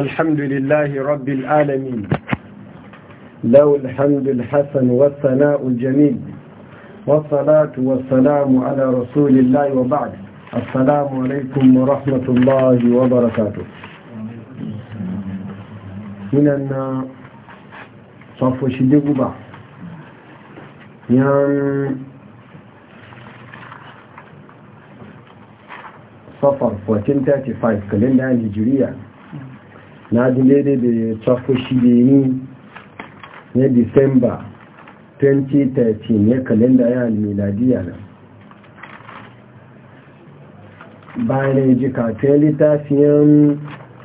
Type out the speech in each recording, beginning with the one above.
الحمد لله رب العالمين له الحمد الحسن والثناء الجميل والصلاة والسلام على رسول الله وبعد السلام عليكم ورحمة الله وبركاته من أن صفو شديق بعض يعني صفر 1435 كلنا الهجرية na dilere da tsakoshi da yi na disamba 2013 ya kalenda ya miladiya na bayan ya ji kafin littafiyan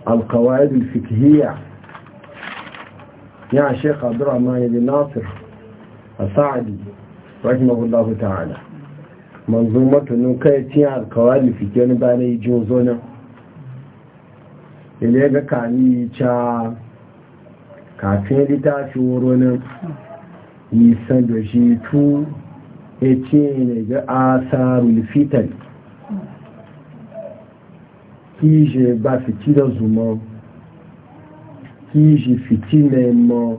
alkawaidul fikihiyya ya shek abdurrahman bin nasir a sa'adi rahimahullahu ta'ala manzo matunan kai tiya alkawaidul fikihiyya bayan ya ji zo ile ga kani ca kafin littafi wurinin nisan da shi tu ya ce ne ga asarul fitar kije ba fiti da zuma kije fiti na yamma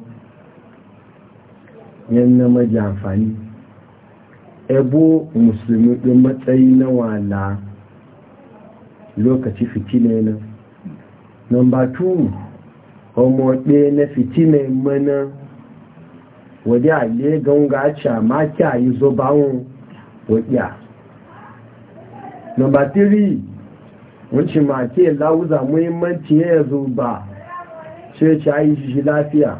yana maji amfani ebo musulmi ɗin matsayi na wala lokaci fiti na yanar Nomba two homo ɗaya na fitina mana wadda a le ganga ca ma a yi zo bawon wadda. Nomba 3, wancin ma ke lauza muhimmanci ya zo ba, sai ce a yi shi lafiya,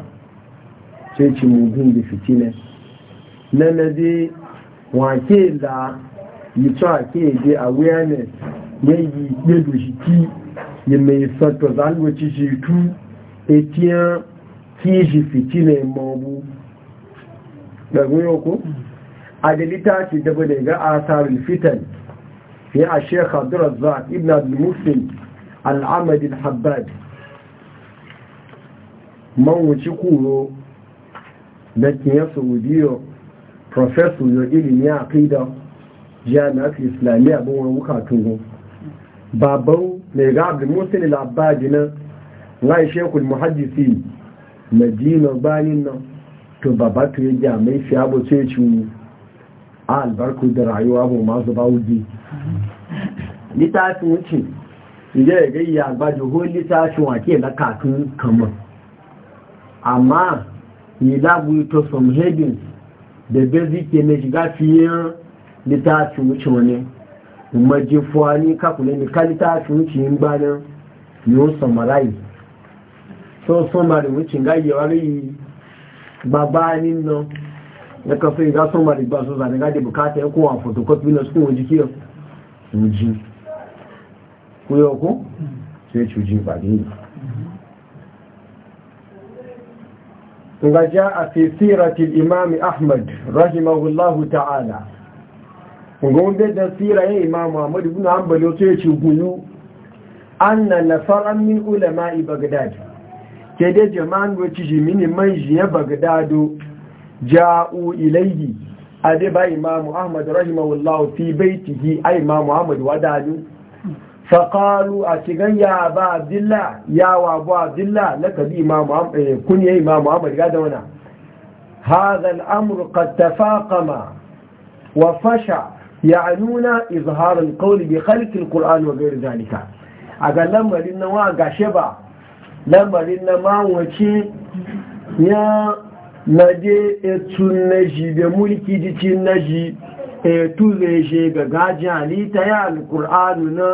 sai ci mugun da fitina. Na na dai, wa ke da yi tsawa ke je awareness, yayi ɗedo shi ki yi mai sato zalwaci shi tu etiyan kiji fiti mabu ɗagun yoko a da littafi daba da ga asarul fitan fi a sheikh abdurrazzak ibn abdulmuslim muslim al-habbad manwuci kuro da kiyar saudiyo professor yo ilimi a aqida da fi islamiyya bo wani tungo. babau mai ga abu musul al nan ngai shekul muhaddisi madina banin nan to baba to yi ja mai fi abu sai ci albarku da rayuwa bu masu ba wuji litafin wuce ile ya ga iya agbajo ho litafin wake da katun kama amma yi lagu to some headings da ke na shiga fiye litafi wuce wani majifuwa ni kakule ni kalita fi wuce yin gbanin yóò ń gáyẹ̀ wá rí bàbá nínú ẹkọ̀ fẹ́ ìgá sọmọlì gbà sọ́sà ní gáde bukata ẹkùn wà fòtòkọ́pì lọ síkún ojú kí ọ ojú kúrò ọkún tí ó ṣojú ìpàdé yìí ahmad rahimahullahu ta'ala gungun da siraye imam muhammad ibn hanbali wato ya ce An anna nasaran min ulama i bagdad ke da jama'an wacce ji mini man ya bagdado ja'u ilayhi ade ba imam ahmad rahimahullah fi baitihi ai imam muhammad wadadu fa qalu a cikin ya ba abdullah ya wa bu abdullah na kabi imam eh, yi imam muhammad ya da wana hadha al-amru qad tafaqama wa fasha يعنون إظهار القول بخلق القرآن وغير ذلك أقول لما لنا واقع شبع لما لنا ما وشي يا نجي اتنجي بملكي جتنجي etu zai je ga gajin halitta ya alkur'anu na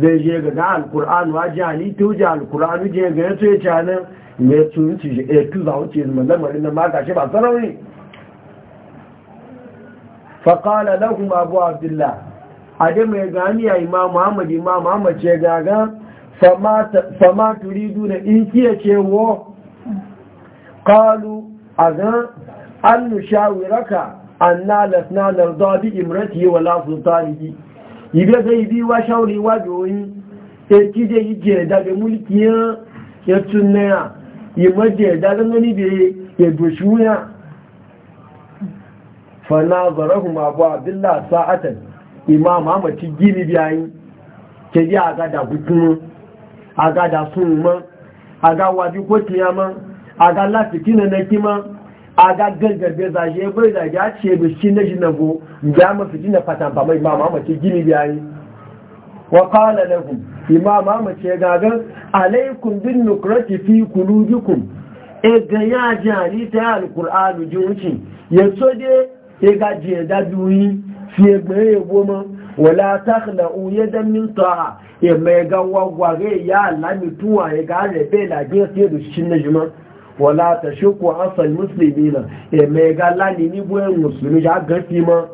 zai je ga ga alkur'anu wajen halitta wujen alkur'anu je ga yato ya canin mai tunci etu za wuce zama lamarin na maka shi ba sarari faƙala kuma abu abdullah adam ya gani ya imam muhammad imam muhammad ce gaga fama turidu na in kiya ce wo qalu azan an nushawiraka anna lasna narda bi imrati wa la sultani ibe zai bi wa shawri wa joyi e kije yije da be mulkiya ya tunna ya imaje da gani ya doshuya fanazarahum abu abdullah sa'atan imam ahmad ti gini biyayin ke di agada gukunu agada sunuma ga waju ko ma, a ga lati kina na kima aga gangarbe zaje bai da ya ce bi shi na jinago ya ma fiti na fatan ba mai imam ahmad ti gini biyayin wa qala lahum imam ahmad ce gagan alaikum bin nukrati fi qulubikum e ga ya jani ta yi alqur'anu Ya so dai sai ka da ya fi yi fiye goma wala takla uye da min ta'a ya mai ga wagware ya lami tuwa ya ga rabe la biya da cikin na juma wala ta shuku asal musulmi na ya mai ga lani ni buwan musulmi ya gafi ma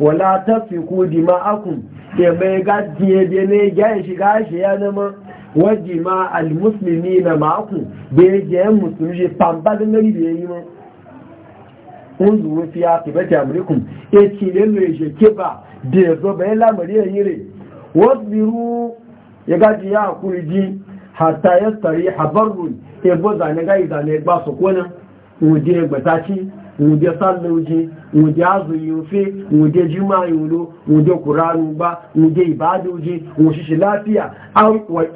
wala ta fi ku ma akun ya mai ga diye biya ne ya shiga shi ya nama wajima al musulmi na ma akun bai je musulmi ya pamba yi ma unzu fi ya tibati amurikun e ci mai no je ke ba de zo be la mari yire wasbiru ya gaji ya kurji hatta yastari habarun e boza ne ga idane ba su kona uje gbataci wùdẹ́ sálójí wùdẹ́ azùyìnfẹ́ wùdẹ́ jímáyìnló wùdẹ́ kùránúgbá wùdẹ́ ìbádójí wùṣíṣì láfíà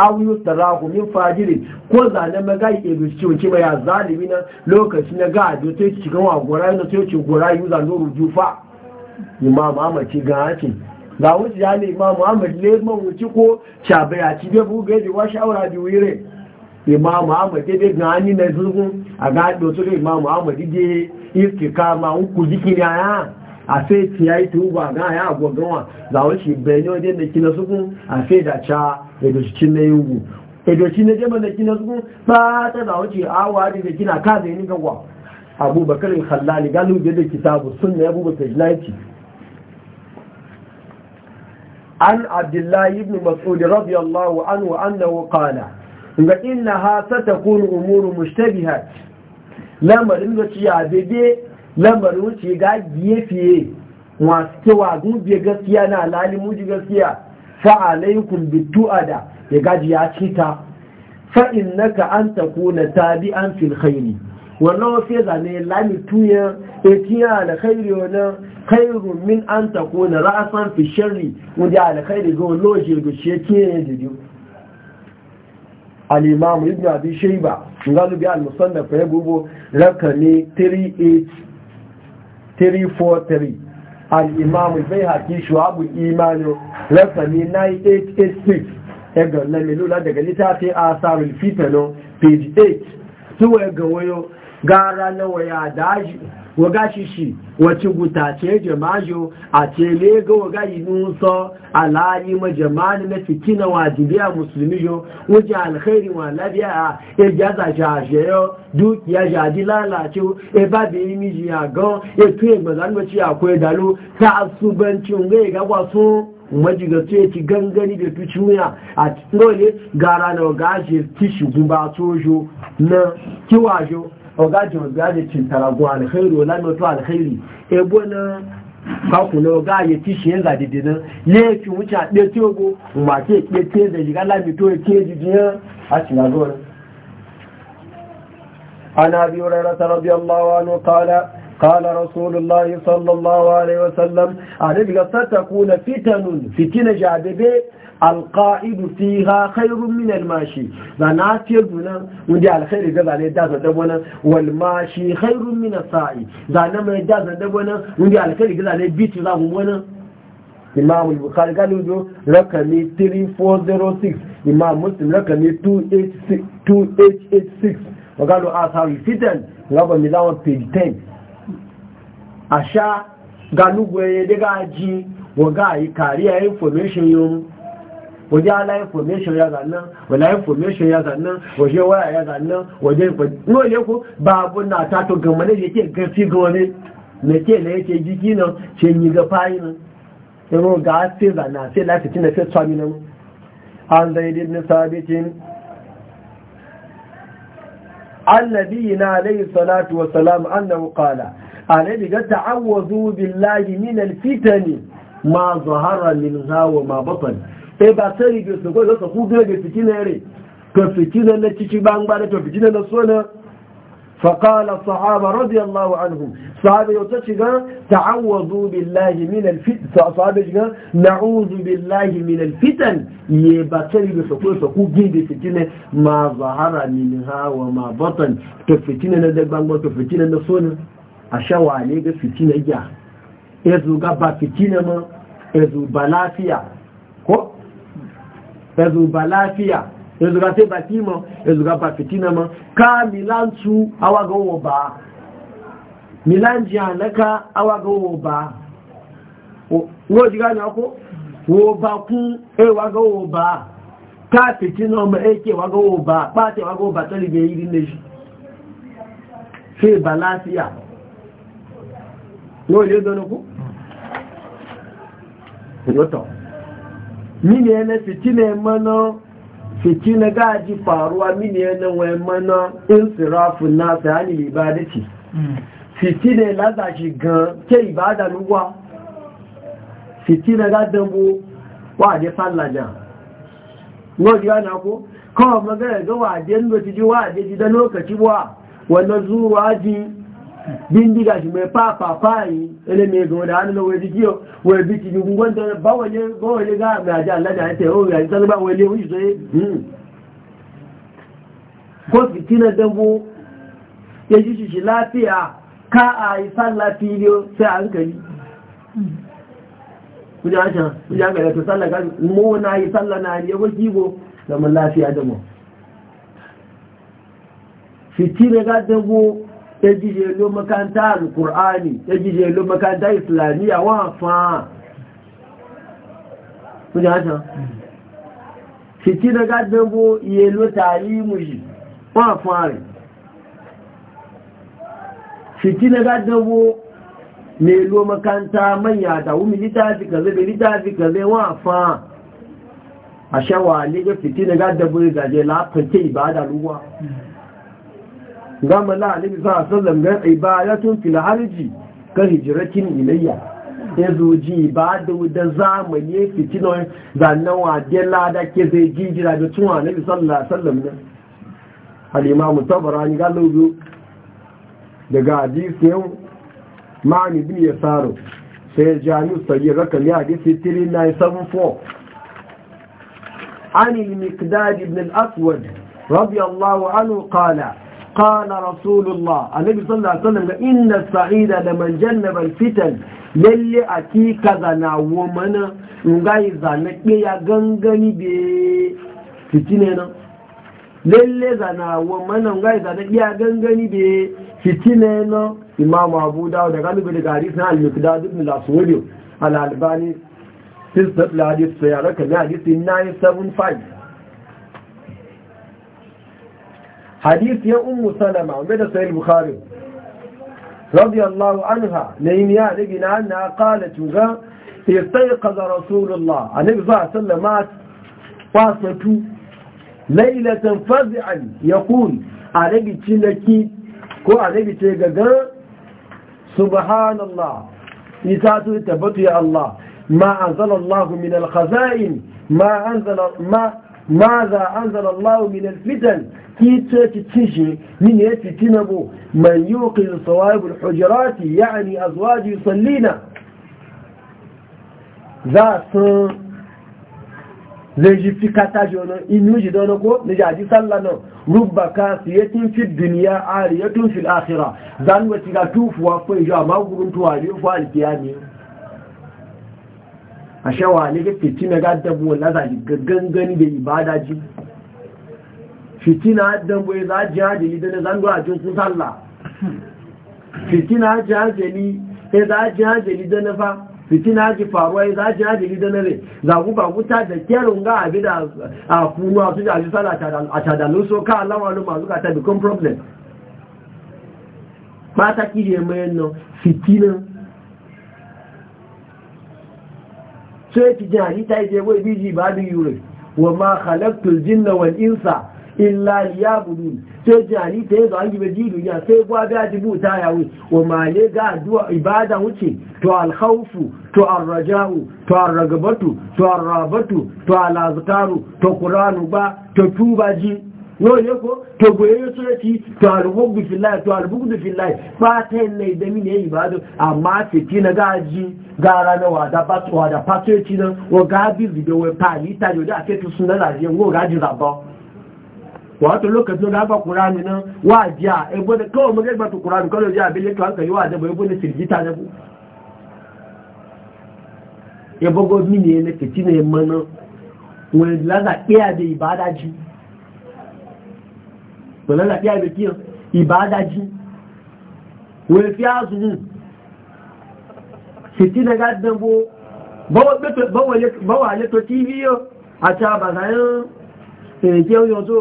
awuyó tàràkù ní fàájírì kó zane maga ìrù tí òkè mai azalimi na lokaci na gáàdó tó ci cikin wa gora yana tó ci gora yi zane rujú fa imam amaci gaci ga wuce ya ne imam amadi ko cabaya ci bai bugaji wa na a gaɗo su imam amadi dai istikama uku jikiri aya a sai tiyayi tuba ga aya agwagawa za wani shi bayan yau da kina sukun a sai da ca edocicin na yugu edocin na jama da kina sukun ba ta za wani awa da kina ka zai ni gagwa abubakar khallali galibu da kitabu sunna abubakar jilaici an عبد الله بن مسعود رضي الله عنه أنه inna إنها ستكون أمور مشتبهة lamarin da ci ya bebe lamarin wuce ga biye fiye masu cewa dubiya gaskiya na lalimu muji gaskiya fa'alaikun bitu'a da ya gaji ya cita fa'in na ka an takuna tabi an fil khairi wannan ya zane lamituya etiya alkhairi wani khairu min an takuna ra'asan fi sharri wanda alkhairi zo loje da ke ne al'imamu ibn abi shaiba galibi al-musannaf ya gubo rakami 343 al'imamu bai haƙi shuwabu imanu rakami 9886 ya ganna milula daga littafi a sarul fitano page 8 tuwa ya gawayo gara na waya daji waga shishi wace gutace jamajo a tele ga waga inuso alayi majamani na fitina wajibiya musulmi yo wajen alkhairi wa labiya a e jaza jaje yo dukiya jaji lalace e ba bi yi miji ya gan e tu e gbazan wace akwai dalo ta asubancin ga ga wasu majiga e su ya ci gangani da tuci muya a cikin gara na gashi tishi gumba sojo na kiwajo ọgájì wọn gáyẹ tí tàràgùn alìkẹ́rì olámọ́tọ́ alìkẹ́rì ẹgbọ́ náà kakunlẹ̀ ọgáyẹ tí ṣe ń gà dìde náà lẹ́ẹ̀kì ń ṣe àpẹ́ tí ogun wà tí èpẹ́ tí ẹ̀zẹ̀ yìí gálámi tó ẹ̀kí ẹ̀dìdì yán àṣìlágọ́ rẹ̀ عن أبي هريرة رضي الله عنه قال قال رسول الله صلى الله عليه وسلم أنك تكون فتن فتن جعبه alqa'idu fiha khairun min almashi zana ce dunan wanda alkhairi ga zane da zan dabo nan wal mashi khairun min sa'i zana mai da zan dabo nan wanda alkhairi ga zane bitu za mu wannan imam al-bukhari galu do rakami 3406 imam muslim rakami 286 2886 wagalu asawi fitan ngaba milawa page 10 asha galu gwe daga ji ga yi kariya information yun waje ala information ya zannan wala information ya zannan waje waya ya zannan waje no ne ko babu na ta to gamane yake gafi ga wani ne ke ne yake jiki nan ce yi ga fayi nan sai ga sai zanna sai lafi tina sai tsami nan an zaid ne sabitin annabi na alayhi salatu wa salam annahu qala annabi ga ta'awwazu billahi min alfitani ma zahara min hawa ma batana e ba sai ribe su da fitina re na da to na sona fa sahaba radiyallahu anhum sahaba yota shiga ta'awwazu billahi min alfitan sahaba shiga billahi min alfitan ye ba ribe su da fitina ma zahara wa ma batan na da bangba na sona a ne ga fitina ya ezu ga ba ma ezu ba lafiya ko ya zuba lafiya ya zuga sai ba kima fitina ma ka milantu awa ga wo ba milan jihanaka awa ga wo ba wo jiga na ko wo ba ku e wa ga wo ba ka fitina ma e ke wa ga wo ba ba te wa ga wo ba to libe yiri ne shi sai ba lafiya wo le dono ku Yoto. mini yana fitina mana fitina gaji faruwa mini yana wai mana insirafin nasa hannun ibadati hmm. fitina laza gan ke ibada nuwa fitina gadon bu wade sallaja wadi ya ko kawai magana ga wa nuna ti ji wade ji da lokaci wa wanda zuwa ji bindiga shi mai fafa fayi ele mai ga wani hannun wai jikiyo wai biki yi gungun da ba wani ba ga ga ji Allah da ta oh, yau ga ji sanin ba wani wani sai hmm. ko fitina dambo ya ji shi lafiya ka a yi sallah filiyo sai a hankali kuja asha kuja ga ta sallah ga mu na yi sallah na yi ba kibo da mun lafiya da mu fitina ga dambo ta jije lo makanta alkur'ani ta jije lo makanta islamiyya wa fa kuja hata fiti na gadon bo iye lo tari mushi wa fa re fiti na gadon bo me lo makanta manya da wumi littafi kaze da littafi kaze wa fa a shawa ne ga fiti na gadon bo ya gaje lafafe ibada ruwa gama la alibi sa sallam ga ibadatun fil harji ka hijratin ilayya ya zo ji ba da zamani fitino zannan wa de lada ke zai jinjira da tun nabi sallallahu alaihi sallam ne halima mutabara ni ga lozo daga hadisi yau ma'ani bin saro sai jami'u sayyid rakam ya hadisi 3974 عن المقداد بن الأسود رضي الله عنه قال قال رسول الله النبي صلى الله عليه وسلم إن السعيد لمن جنب الفتن lalle a ti kaza na womana ngai zana ya gangani be fitine na lalle zana womana ngai zana ya gangani be fitine imam abu daga lubu daga hadis na al-miqdad ibn al-aswadi al-albani sisat al-hadis sayaraka hadis 975 حديث يا أم سلمة ومدى سيد البخاري رضي الله عنها نيميا نبينا أنها قالت يستيقظ رسول الله النبي صلى الله عليه وسلم مات ليلة فزعا يقول عليك تلكي كو عليك تلكي سبحان الله نساته التبت يا الله ما أنزل الله من الخزائن ما أنزل ما ماذا أنزل الله من الفتن Kita cikin shi ne, min yi man yi wa ƙirar saurayin guda, cuci raa Za su na yi fikata juna, in nu ko? Najaji sallar na. Rubaka, siya shi ne fito duniya, a yanzu ya tun fili asira. Za ni wace ka tufu wa kuma yanzu? Amma ku ɗum tufawa biyu fa al'adu ya ne. Ashe wane ne ka ke ci na ga dabba wanda zai gangani da ibadajin? fitina dan boye za jihadili da zan zango a cikin sallah fitina ni sai eh, za ni da fa fitina ji faruwa ya eh, za ni da ne za ku ba kuta da kyarun ga abi da a a su ji sallah a tadalu so ka alama no masu ka ta become problem ba ta kiri mai nan fitina sai ki jihadi ta yi jebo biji ba da yure wa ma khalaqtul jinna wal insa illa liyabudu sai jani ta yanzu an gibe jidu ya sai gwa ga jibu ta yawo wa male ga addu'a ibada wuce to alhaufu, to arraja'u to arragabatu to arrabatu to alazkaru to qur'anu ba to tubaji N'o ne ko to goye ya surati to alhubbu fillahi to albughdu fillahi ba ta ne da mini yayi ba do amma ce ki na gaji gara na wada ba wada patoci na. wa gabi zibe wa pali ta yo da ke to sunan da ga go gaji ba. wato lokacin da ba kurani nan wajiya. jiya e eh, bude kawai mu gaba to kurani kawai jiya bile to hankali wa da bai bude firgita da ku e bogo mini ne fitina e mana wani lada iya da ibada ji wani lada iya da kiyan ibada ji wani fi azu fitina ga dambo bawa leto tv yau a ta ba zayen ẹ̀rẹ̀kẹ́ oyin ọjọ́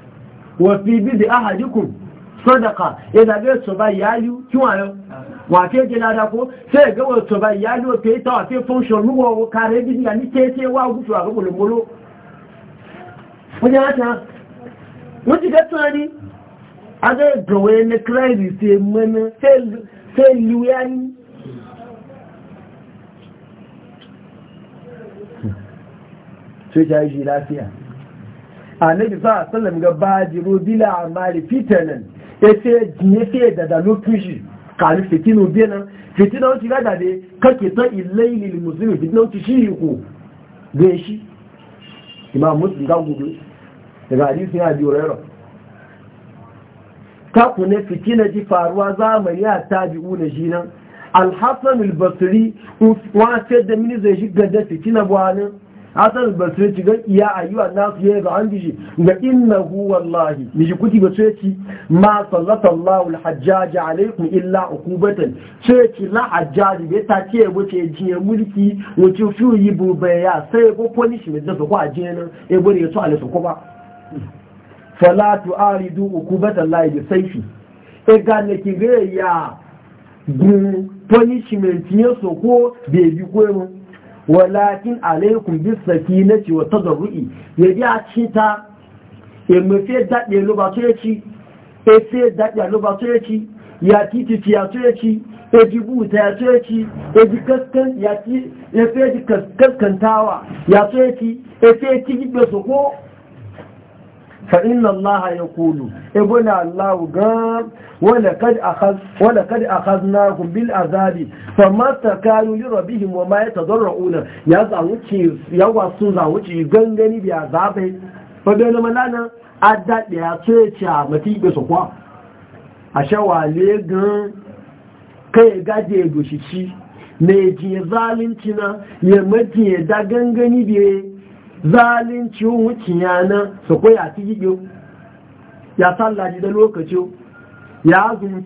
wọ̀fí bíbi ahàdíkùn sọ́dọ̀kà ìdàgbé tọba ìyáyú kí wọ́n yọ wọ́n àti èdè ládàkó tí ẹgbẹ́wọ̀ ìyáyú òkè ìtọ́ àti fúnṣọ̀n àní tẹ́ẹ̀tẹ́ wà tí ó jẹ́ ìṣẹ́ annabi sa sallam ga bajiru bila amali fitanan yace jiye da da lokaci kali fitinu bena fitina wuce gada dade kake ta ilaili musulmi fitina wuce shi ko zai shi imam muslim ga gudu daga hadisi ya biyo rero ta ne fitina ji faruwa zamani ya tabi'u na shi nan al-basri wa sai da mini zai shi da fitina bwana? ba su ci ga iya ayyuwa nasu ya ga an gishi ga innahu wallahi ni shi kuti su ci ma sallata Allahu al-hajjaj alaikum illa ukubatan su ci la hajjaji bai ta ce wace jiye mulki wuce fiu yi bube ya sai ko punishment da ko ajiye nan e gore to ala ko ba fala tu'aridu uqubatan la bi Saifi, e ga ne ki ga ya gun punishment ne so ko be bi ko walakin alaikum bis sakinati wa tadarrui ji a ta emefe dade lo ba to yaci efe dade lo ba to yaci ya titi ya to yaci ejibuta ya to yaci ejikaskan ya ti efe ejikaskantawa ya to yaci efe ti gibe ko فإن الله يقول ابن الله قال ولقد, أخذ ولقد أخذناهم بالعذاب فما تكالوا لربهم وما يتضرعون يوصوا زعوتي غنغني بعذابه فبين ملانا أدى لأسويتي عمتي A أشوى لغن kai gaje ya gushici mai jiye zalunci na ya majiye da gangani biye zalunci wuciya yana su kwai a ci ya sallaji da lokaci ya azu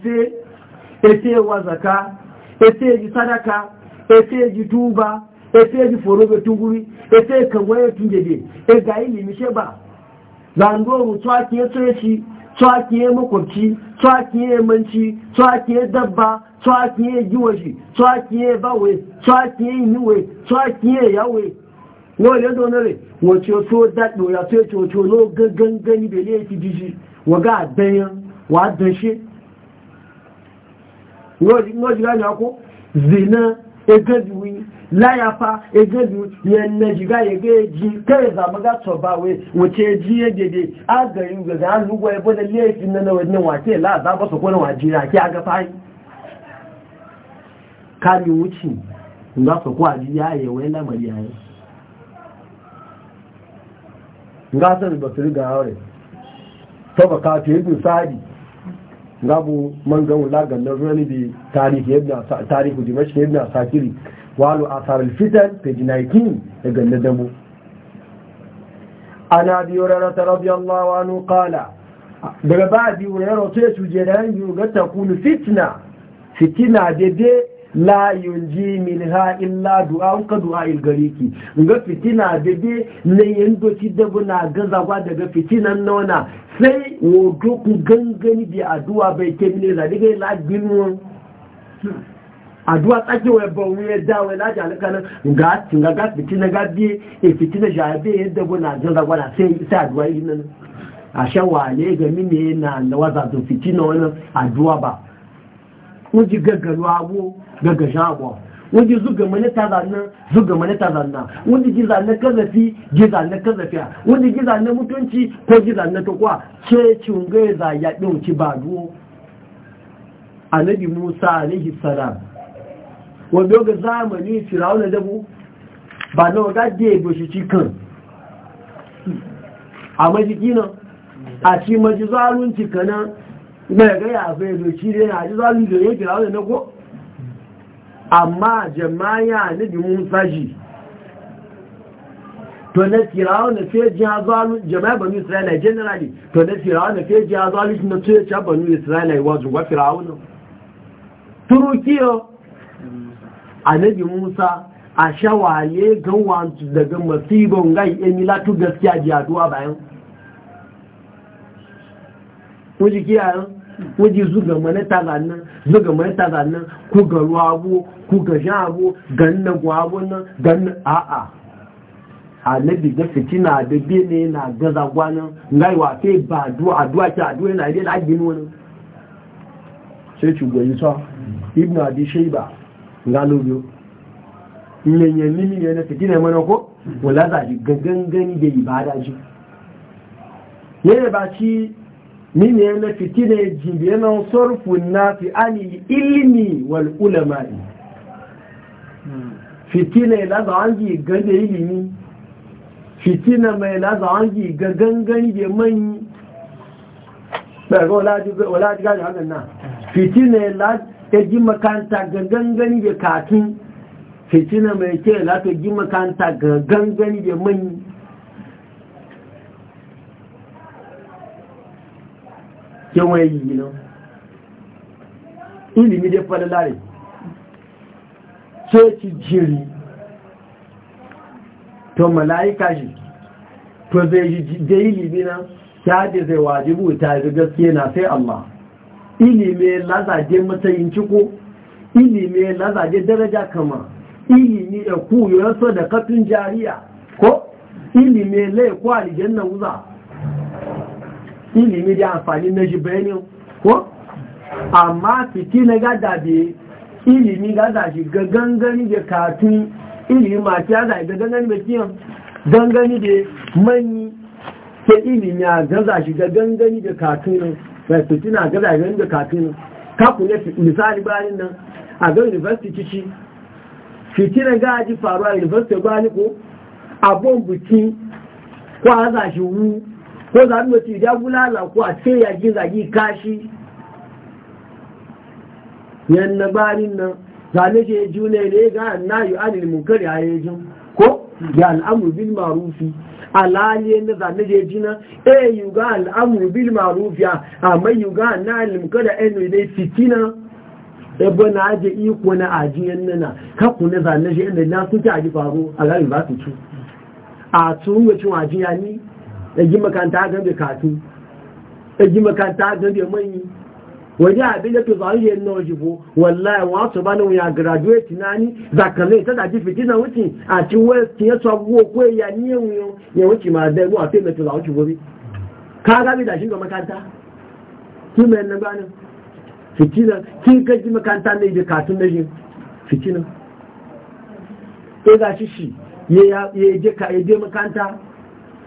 ete wa zaka ete ji sadaka ete ji tuba ete ji forobe tunguri ete kan waye tunjede e ga ilimi she ba zango rutu ake tsoyeshi tsakiye makwabci tsakiye manci tsakiye dabba tsakiye giwashi tsakiye bawe tsakiye niwe tsakiye yawe wọ́n yẹ́ tó nẹ́rẹ̀ wọ́n tí ó tó dájú ọ̀yà tó ètò òtò ló gẹ́gẹ́gẹ́ níbẹ̀ ilé ti jíjí wọ́n gá àdẹ́yàn wà á wọ́n jí láyé ọkọ́ zina egẹ́bìwí láyapa egẹ́bìwí yẹnẹ́jìgá Kami wuce, za su kwa ji yayewa lamari yayewa. nga san basiri ga aure saba ka ce ibn sa'di gabu man ga wala ga da bi tarihi ibn tarihi dimashq ibn sakiri walu asar al fitan page 19 daga nadamu ana bi Allah radiyallahu anhu qala daga ba bi urana ta su suje da yan yu ga takunu fitna fitina dede la yunji minha ha illa du'a ka du'a il gariki ga fitina da be ne yando ci da buna gazawa daga fitinan nona sai wo doku gangani bi addu'a bai ke mine za diga la ginu addu'a tsaki wa ba mu ya da wai la jalaka nan ga tinga ga fitina ga bi e fitina ja be yadda buna gazawa na sai sai addu'a yin nan a shawale ga mine na na waza to fitina wannan addu'a ba Mun ji gaggaru abuwa daga shagon wanda zuga mani ta zanna zuga mani ta zanna wanda ji zanna kazafi giza na kazafiya wanda giza na mutunci ko giza na tukwa ce cunga za ya ci ba duwo nabi musa alaihi salam Wani ga zamani firawuna dabu ba na waga da ya doshi cikin a majiki nan a ci maji zarunci kanan mai gaya a fai doshi ne a ji zarunci da ya firawuna na ko amma jama'a ne bi musa saji to na firawo na fiye jiha zalu jama'a banu isra'ila generally to na firawo na ji jiha zalu na ce jiha banu isra'ila wa zuwa na turukiyo a musa a shawaye ganwa daga masibon gai emila tu gaskiya jiyaduwa bayan kuji kiyayen waje zuga mana tazan nan zuga mana tazan nan ku ga ruwa abu ku ga shan abu na gwabo nan A a'a annabi ga fitina da bene na gaza gwanan ngai wa sai ba du'a addu'a ki addu'a na da ajin wani sai ci goyi sa ibnu abi shayba ngalo biyo nyenye nimi ne na fitina mana ko wala za gangan gani da ibada ji ne ba ci min ya na fitina ya jibi yana sorfin fi ani ilimi wal ulama'i fitina ya laza an ji gada ilimi fitina mai laza an ji ga gangan da manyi ɓarga wala ji gani hannun na fitina ya laza ji makanta ga gangan ya katun fitina mai ke laza ji makanta ga gangan ya manyi ke wọ́n èyí yìí ilimi dé fọ́lẹ̀ láre tí ó ti jìrì tó to zai da ilimi nan ta da zai wajibu tari ga gaske na sai Allah ilimi lazaje matsayin ciko ilimi lazaje daraja kama ilimi ya ku yasa da kafin jariya ko ilimi lai ku aljanna wuza ilimi da amfani na shi bayani ko amma fiti na gada be ilimi gada shi ga gangani da katun ilimi masu yada ga gangani mai kiyan gangani da mani ta ilimi a gaza shi ga gangani da katun mai fiti na gaza shi gangani da katun kaku ne misali bayanin nan a ga university kici fiti na gaji faruwa university ni ko abon buki ko a shi wu ko za mu ci da bulala ko a ce ya ji zagi kashi yan na barin nan za ne je june ne ga na yu anil munkari a yejin ko ya al'amru bil ma'rufi alaliye na za ne je jina e yu ga al'amru bil ma'rufi amma yu ga na anil munkari a yejin ne fitina ebe na aje iko na ajiyan nana kakku na za ne je inda na sun ci aji faru a gari ba su ci a tun wacin ajiya ni ɗagi makanta gan bai katu ɗagi makanta gan bai manyi wani abin da to zaru yin na ojibo wallahi wa su ba nan ya graduate na ni zakalai ta daji fitina wuce a ci wani ya sabuwa ko ya ni ya wuyo ya wuce ma da ruwa sai mai to zaru gobe ka gabi da shi ga makanta ki mai nan ganin fitina ki ji makanta ne da katun da shi fitina ko ga shi shi ya je makanta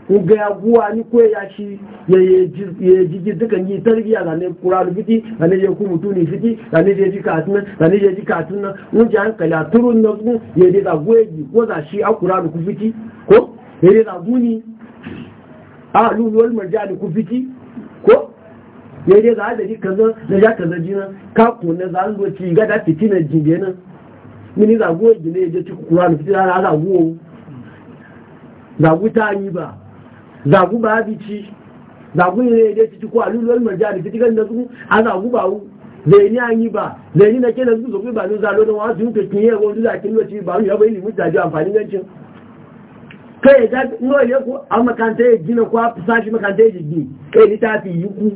ga ya guwa ni ko ya shi ya jigi dukan yi tarbiya ga ne kuranu fiti ga ne ya kuma tuni fiti ga ne ya ji katun nan ga ne ya ji katun nan mun ji an kala turun na su ya ji da ji ko za shi a kuranu ku fiti ko ya ji da guni a luluwar marjani ku fiti ko ya ji da ji kaza na ya kaza jina kaku ka kuna za a ga da fiti na jibe nan mini za gweji ne ya ji kuranu fiti na za guwa? za ta yi ba zagu ba bici zagu ne da ciki, ko alulul marjani fitigan da su a zagu ba wu zai ni an yi ba zai ni na ke su zo ba ni zalo da wasu yi kinye ko da kin lokaci ba ya bai limu da ji amfani gancin kai da no ya ko a makanta ya gina ko a sashi makanta ya gini kai ni ta fi yi ku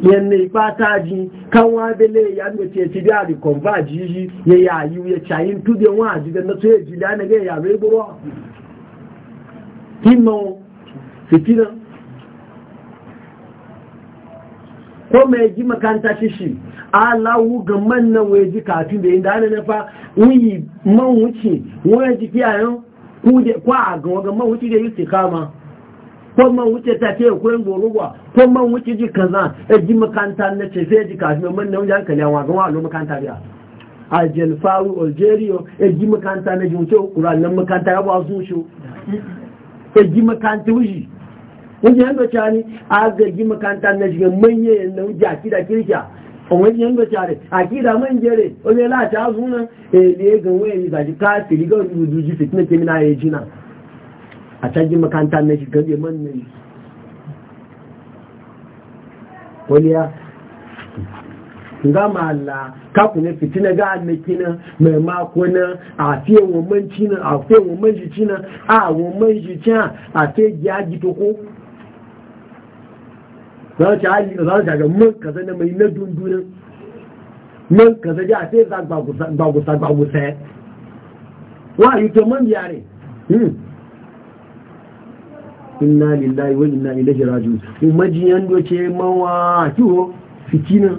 yanne ipata ji kan wa bele ya ngo ce ti da ri konva ji ya ya ya chayin tu de wa ji da na to ya ji da na ga ya reboro himman fitina ko mai ji makanta shi shi alawu ga mannan wai ji kafin da inda ana fa wuyi man wuce wani ji kiyayen kwa a ga waga man wuce da yi kama ko man wuce ta ce ko yin goruwa ko man wuce ji kaza ya ji makanta na ce sai ji kafin man na wuce hankali yawa ga wani makanta biya aljelfaru algeria ya ji makanta na ji wuce kura nan makanta ya ba su shi ta gi makanta wuji wajen yanga cani a ga gi na shiga manye yanzu wuji a kida kirkiya wajen yanga cani a kida man jere wajen lati a zuna eh, da ya gan waya yi zaji ka riga wani wani duji fitina ke kemina ya jina a ta gi makanta na shiga bai man na yi wani ya gama ka ku ne fitina ga annaki mai mako na a fiye wa manci na a fiye wa manjici na a wa manjici na a fiye ya ji to ko za ta hali za ta ga mun kaza na mai na dunduna man kaza ga a fiye za gbagusa gbagusa wa yi to man yare hmm. inna lillahi wa inna ilaihi raji'un do doce mawa kiwo fitina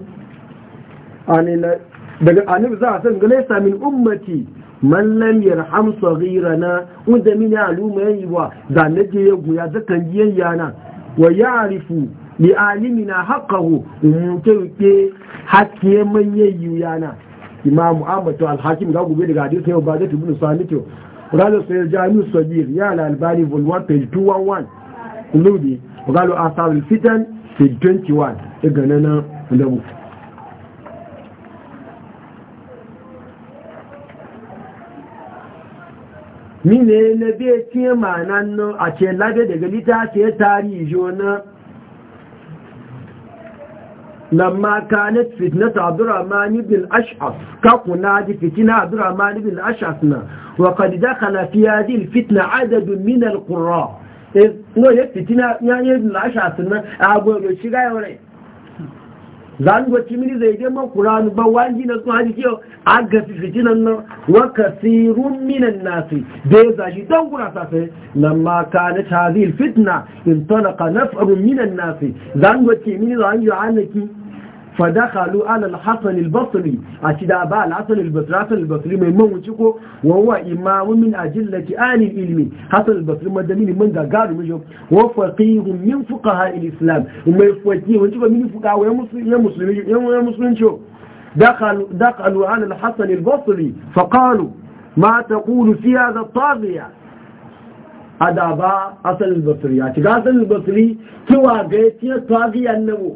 daga annabi za a san gane laisa min ummati man lam yarham saghirana wanda min aluma yayi wa da naje ya guya zakan jiyayya na. wa ya'rifu li alimina haqqahu mutauke hakiye man yayi na imam ahmad to al-hakim ga gobe daga hadith sai ba zai tubun samito قال Jamiu جامع ya يا albani vol 1 page 211 قلوبي qalu آثار fitan fi 21 da mu mine na bai ce ma'anan nan a ce labe daga lita ce tarihi na lamma kanat fitnat abdurrahman ibn al-ash'af ka kuna di fitina abdurrahman ibn al-ash'af na wa qad dakhala fi hadhihi al-fitna adad min al-qurra eh, no ya fitina ya ibn al-ash'af na ago shiga yore zan wace mini zai je man Qur'an ba wani na sun haji kiyo an ga fitinan nan wa kasirun minan nasi da za shi dan gura sa sai lamma kana tazil fitna in ka naf'un minan nasi zan wace mini zan yi fadakalu alal hasan al a ci da ba al-hasan al-basri hasan al basri hasan al mai man wuce ko wawa imamu min ajillati ali ilmi hasan al-basri madami man gagaru mijo wa faqihun min islam mai ba wa دخلوا دخلوا على الحسن البصري فقالوا ما تقول في هذا الطاغية أدابا حسن البصري أتقى حسن البصري كوا قيتي الطاغية النبو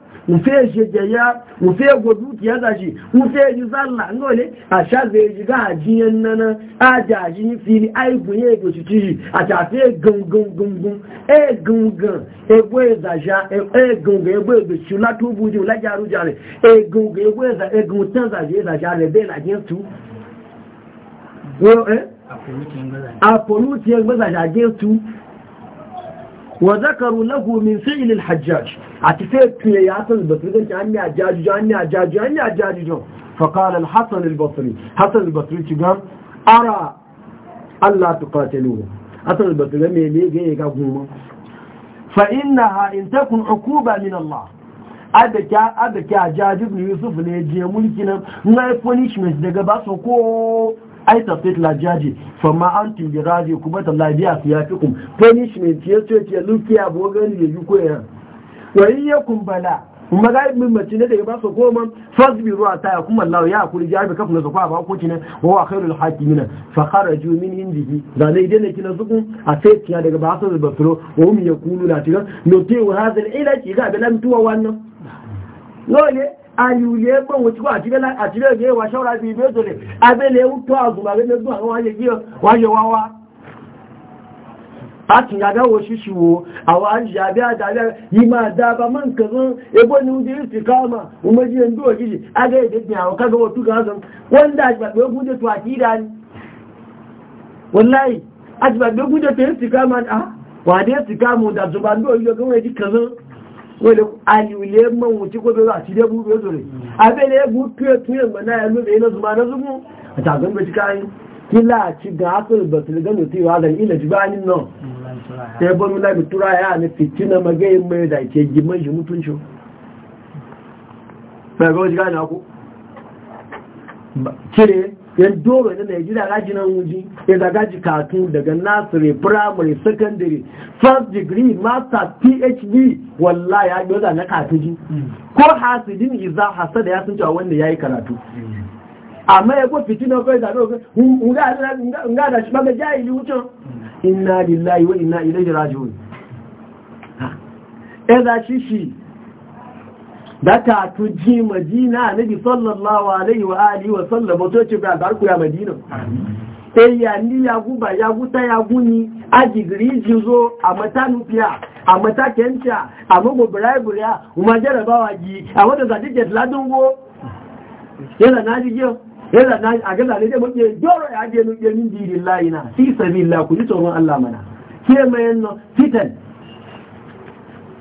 mufe shejaya mufe godu ya zashi mufe ji zalla ngole a sha zai ji ga ajiyan nana a jaji ni fili ai bunye go ci a ta fe gungun gungun e gungun e boye zaja e gungun e boye go ci la to buji la jaru jare e gungun e boye za e gungun tan za je za jare be na jin tu wo eh apolu ti e gbe za jare tu wa zakaru lahu min fi'l al-hajjaj atifatu ya hasan al-basri dan anni hajjaj anni hajjaj anni hajjaj fa qala al-hasan al-basri hasan al-basri tigam ara alla tuqatilu hasan al-basri me ne ga ga kuma. fa innaha in takun uquba min Allah adaka adaka hajjaj ibn yusuf ne je mulki nan na punishment daga ba so ko ai fit lajaji fa ma antu bi kuma ta labiya fi yafikum punishment ya ce lukiya bogan ya yuko ya wa iyyakum bala kuma ga ibn mace ne ba su goma fasbiru a taya kuma Allah ya kuri jami kafin su kwa ba ko kinan wa wa khairul hakimin fa kharaju min indihi da ne dai kina zuku a sai tiya daga ba su basiro wa ya yakulu la tiga no te wa hadal ila ki ga da tuwa wannan ne àyùlé gbọ́n òtí wà àtìlẹ́ ìgbé wa ṣọ́ra bí ibi òtòlè abẹ́lẹ̀ ń tọ́ àgùnbà gẹ́gẹ́ gbọ́n àwọn ayé gbé wáyé wá wá láti yàdáwò ṣíṣù wo àwọn àṣìṣàbí àdàlẹ́ yìí máa dába mọ́ nǹkan rán ni oúnjẹ yìí káàmà ọmọdé ẹ̀ndú òjìjì agẹ́ ìdẹ́gbìn àwọn kágbọ́ tó gan gan wọ́n dá àṣìgbàgbé ogun jẹ́ tó àkídá ni wọ́n láì àṣìgbàgbé ogun tó yìí káàmà wani aliwule man wuce ko bai a cire buɗe zo ne abin ya buɗe ya tuye mana ya lube yana zuma na zumu a tagon bai cika ga asali ba yi da ke giman shi mutunci bai ga wajen gane ku yan doro na Najeriya gaji nan wuji ya zagaji katu daga nursery primary secondary first degree master phd wallahi ya biyo na katu ji mm. ko hasidin iza da ya sun cewa wanda ya yi karatu mm. amma ya ko fitina ko da ro nga nga da shi baga jahili wucin inna lillahi wa inna ilaihi raji'un eh da shi shi data ji madina nabi sallallahu alaihi wa alihi wa sallam to ce ba ku ya madina sai eh, ya ni ya guba ya guta ya guni a digiri zo a mata nufiya a mata kenta a mago biraibiriya kuma jarabawa ji a wata zaɗi jet ladun go yana na ji yo yana na a ga lalle mu ke joro ya je nuke min dirillahi na fi sabi la ku ji tsoron allah mana ke mayan fitan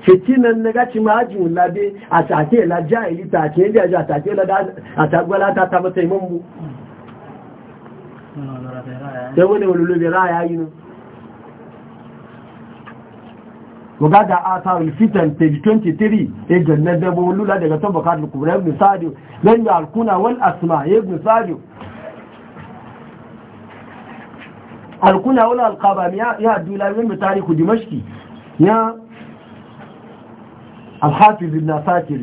fitinan na gaci majin labe a take la yi ta ke da ja ta ke la a tagwala ta ta mata imam mu sai wani wululu bi raya yi no waga da ata fitan page 23 e ganna da bo lula daga tabakat al-kubra ibn sadi lan ya al-kuna wal asma ibn sa'd al-kuna wal al ya ya dula min tariku dimashqi ya الحافظ ابن ساكر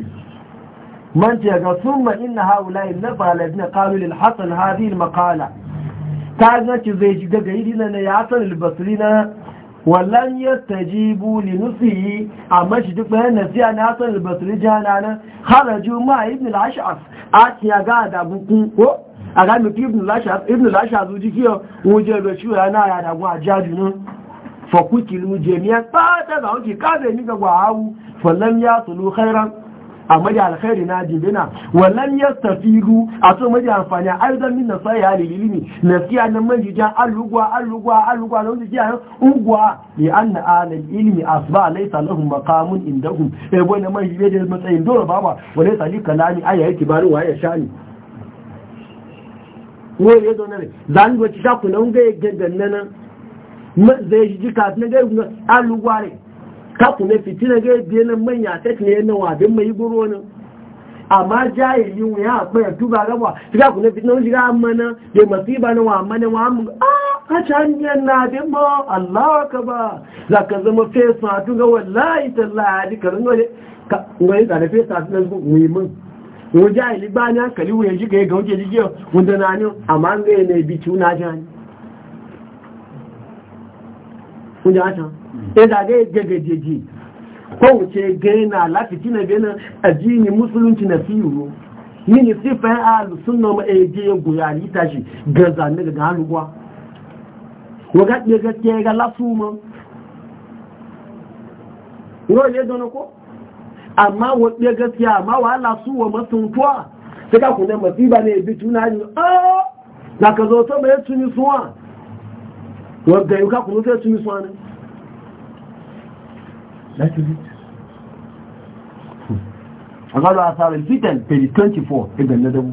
من تيغا ثم إن هؤلاء النفع الذين قالوا للحسن هذه المقالة تعزنك زي جيغا غيرنا نياسن البصرين ولن يستجيبوا لنصه أما شدك بها نسي أن حسن البصري جانانا خرجوا مع ابن العشعف آتيا قاعد أبوكو أغاني في ابن العشعف ابن العشعف وجيكيو وجيبه شو أنا يعني أبو عجاجنا فقتلوا جميعا فاتبعوا كي كابل نيغا وعاو fallan ya tsulu khairan a maji alkhairi na jibina wallan ya ru a to maji amfani aizan min nasai ya lilimi nasiya nan maji jan alugwa alugwa alugwa na wajen jiya ugwa li an na alal ilimi asba laisa lahum maqamun indahum E, boy na maji bai da matsayin dole ba wala sali kalani aya yake bari wa ya shani wai ya zo ne zan go ci shaku nan ga gangan nan zai ji kafin ga alugwa ne kafu na fitina ga yadda yana manya ta ne yana wabin mai guro nan amma jahili mu ya akwai ya tuba gaba shiga ku na fitina wani shiga amana da masiba na wa amana wa amana a ah, a can yan na bin ma Allah ka ba za ka zama fesa tun ga wallahi tallahi a dika ringo ne ka ngwani tsada fesa tun ga muhimmin wani jahili ba ni hankali wuyan shiga ya ga wuce jigiyar wanda na ne amma an ga na bi ciwo jani. Kun ji a can? ezage gagajeji ko wuce gaina lafiki na gaina ajini musulunci na fiyo mini sifan alu ni tashi gaza ne daga halugwa waga ne gaske ga lafuma no le dono ko amma wadde gaskiya amma wa Allah su wa ah! suwa a a tsarin fitan page 24 igan na dabu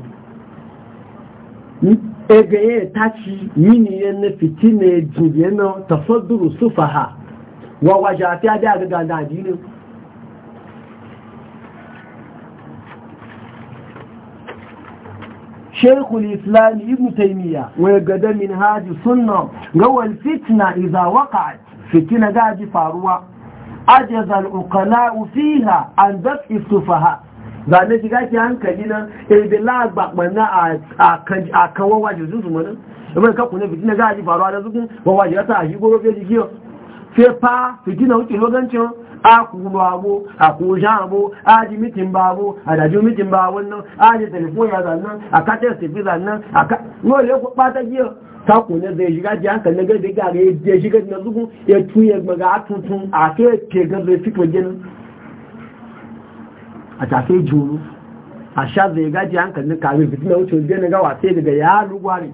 ya tashi mini na fitine jiriyar na tafadduru sufaha wa a gada شيخ الإسلام ابن تيمية ويقدم من هذه السنة قوى الفتنة إذا وقعت فتنة قاعد فاروة ajaza al'ukala'u fiha an dafi sufaha ba na shiga ki hankali nan ebe lagbagba na a kawo waje zuzu mana ebe ka kuna fitina ji faruwa da zukun wawaje ya sa a shi goro fiye jikiyo Fiye fa fitina wuce logancin akulu abu akuja abu aji mitin ba abu adaju mitin ba wannan aji telefon ya zannan a katar tafi zannan a ka nole ku bata giya taku ne zai shiga ji hankali na gaji gare ya shiga na zugun ya tuye maga atuntun a ke ke gan zai fito ginin Aka ke juru a sha zai gaji hankali na kare fitina wuce gina gawa sai daga ya gwari?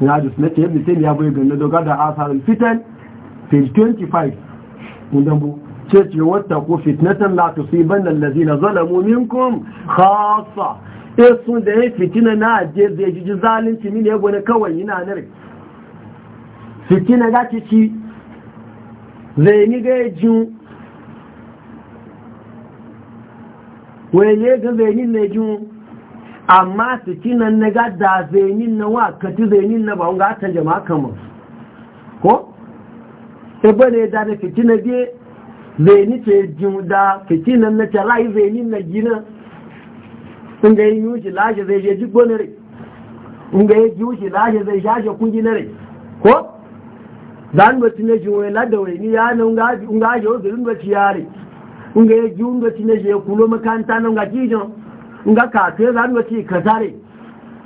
na jisnata yadda sai ya bai gani dogara da asarar fitan page 25 ودبو تيتي واتقوا فتنة لا تصيبن الذين ظلموا منكم خاصة إيه سون ده فتنة ناجز يجي ظالم تمين يبون كوي ينا نرك fitina za ci zai ni ga jin waye ga zainin na jin amma fitina na ga da zainin na wa kati zainin na ba wanga ta jama'a ko ebe ne da ne fitina biye zeni ce jimda fitina na tarayi zeni na gina inda yi yuji lashe zai je jigbo na rai inda yi yuji lashe zai shashe kungi na rai ko dan ba bati ji wai la da ni ya na nga nga yo ba ci yare nga ya jiwo bati na je kulo makanta na nga jo nga ka dan ba ci ka tare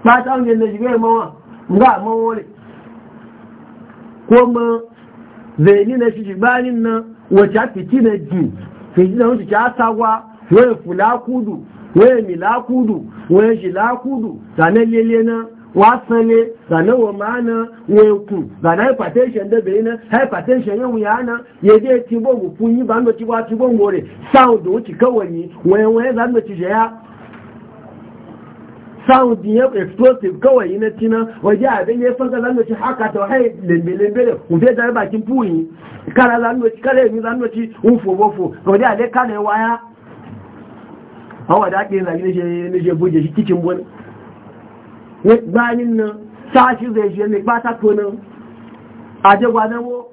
ba ta ne ji jibe mawa nga mawole ko ma zai na shi jibanin nan wacce a fiti na ji fiti na wuce ta sagwa waya fula kudu waya mila kudu waya shila kudu sanar lele na wasale sanar wa ma'ana waya ku sanar hypertension da bai na hypertension yau ya na ya je ti bogu funyi ba mu ti ba ti bongore sound wuce kawai ne waya waya za mu ya saudi ya explosive kawai yi na tina waje abin ya fasa lannoci haka ta wahai lembe da kufe bakin puyi kara kara yi ufo waje a dai waya hawa da ake zagi na je buje shi cikin wani bayanin nan sashi zai shi ne wo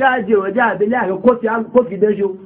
a abin ya ga kofi don shi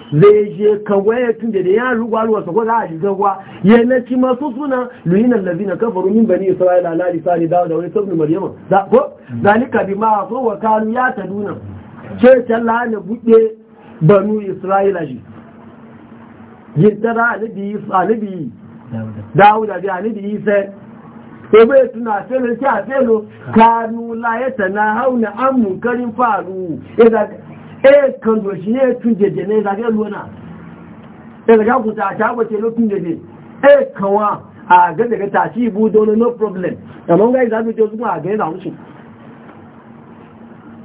zai je kawai waya tun da da ya ruwa ruwa sa ko za a shiga kuwa ya na ci masu suna luyin allazi na kafaru min bani isra'ila ala lisani dawo da wani sabni maryama ko zalika bi ma so wa kanu ya taduna ce talla lana buɗe banu isra'ila shi yin tara alibi alibi dawo da bi alibi isa ebe tuna felo ki a felo kanu la ya tana hauna an karin faru e eh kan doshi ne tun jeje ne zage lona eh daga ku ta ta bace lokacin jeje E kanwa a ga daga ta ci bu don no problem amma ga za mu je zuwa ga yana mushi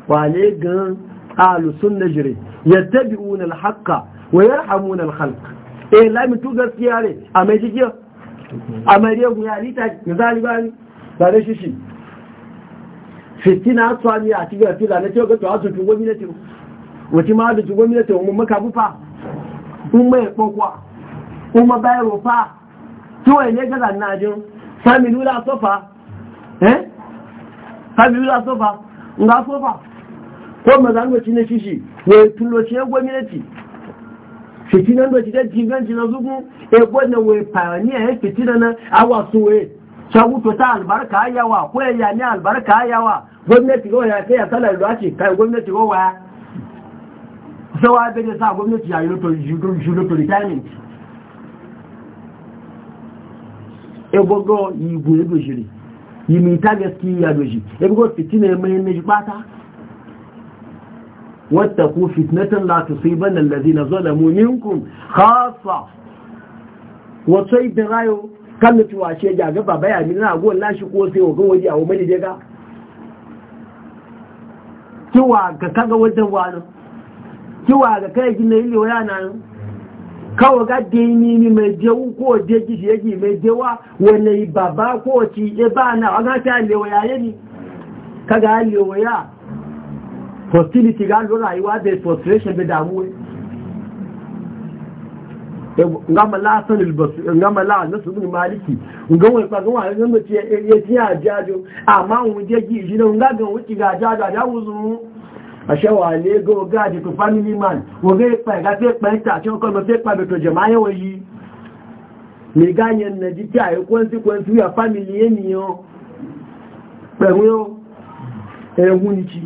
wale gan ahlu sunna jire yattabi'una al-haqqa wa yarhamuna al-khalq eh la mi tu gaskiya ne a mai jigiya a mai riya guya lita zalibani ba da shishi fitina tsani a cikin fila na ce ga to a tun gwamnati wacce ma da jigon mila tawon mun maka bufa un mai kokwa un ma bai rufa kiwai ne gaza na jin sami lula sofa eh? nga ko gwamnati zugu e gwanna na awa suwe shagutu ta albarka yawa ko ya ne albarka yawa gwamnati go ya kai salar da ce kai gwamnati go waya zawa gane sa gwamnati ya yi loto retirement ebogo igwe egoshiri yimita gaski ya goshi ebogo fitina ya mayan naji bata wata ku fitnatan la tusiban allazina zalamu minkum khassa wato idan rayo kan mutuwa ce ga gaba bayani na go lashi ko sai wa waje a wa mai daga kiwa ga kaga wajen wani kiwa ga kai gina ile waya kawo ga deni ni mai jewu ko je kishi yake mai jewa wani baba ko ci e ba na ga ta ile waya ka kaga ile waya hostility ga lo rayuwa da frustration da damuwa ngama la san albasu ngama la nasu bin maliki nga ba gwa ngama ya tiya jajo amma ji nga ga ga jajo àṣẹwà àlégó ọgá àdìtò family man ogé ipa ẹ̀gá tí ẹ̀pẹ̀ ń tàṣẹ ọkọ̀ lọ sí ẹ̀pà bẹ̀tọ̀ jẹ̀má ayẹ́wọ̀ yìí mẹ́gá yẹn nà jí tí àyẹ́ kọ́nsíkwẹ́nsí wíwà family ènìyàn pẹ̀lú ẹ̀hún nìkí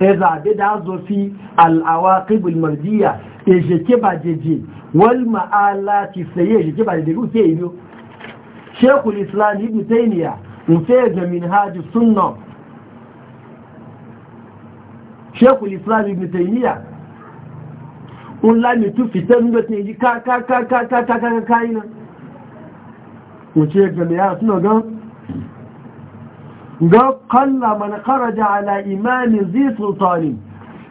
ya zaɓe da zofi al'awaƙibul mardiya ya sheke ba jeje wal ma'alati sai ya sheke ba jeje shekul islam ibn taimiyya musaye ga sunna shekul islam ibn taimiyya un lami tu fitan da ta yi ka ka ka ka ka ka ka ka ka ka ka ka ka ka ka ga kalla mana kharaja ala imami zai sultanin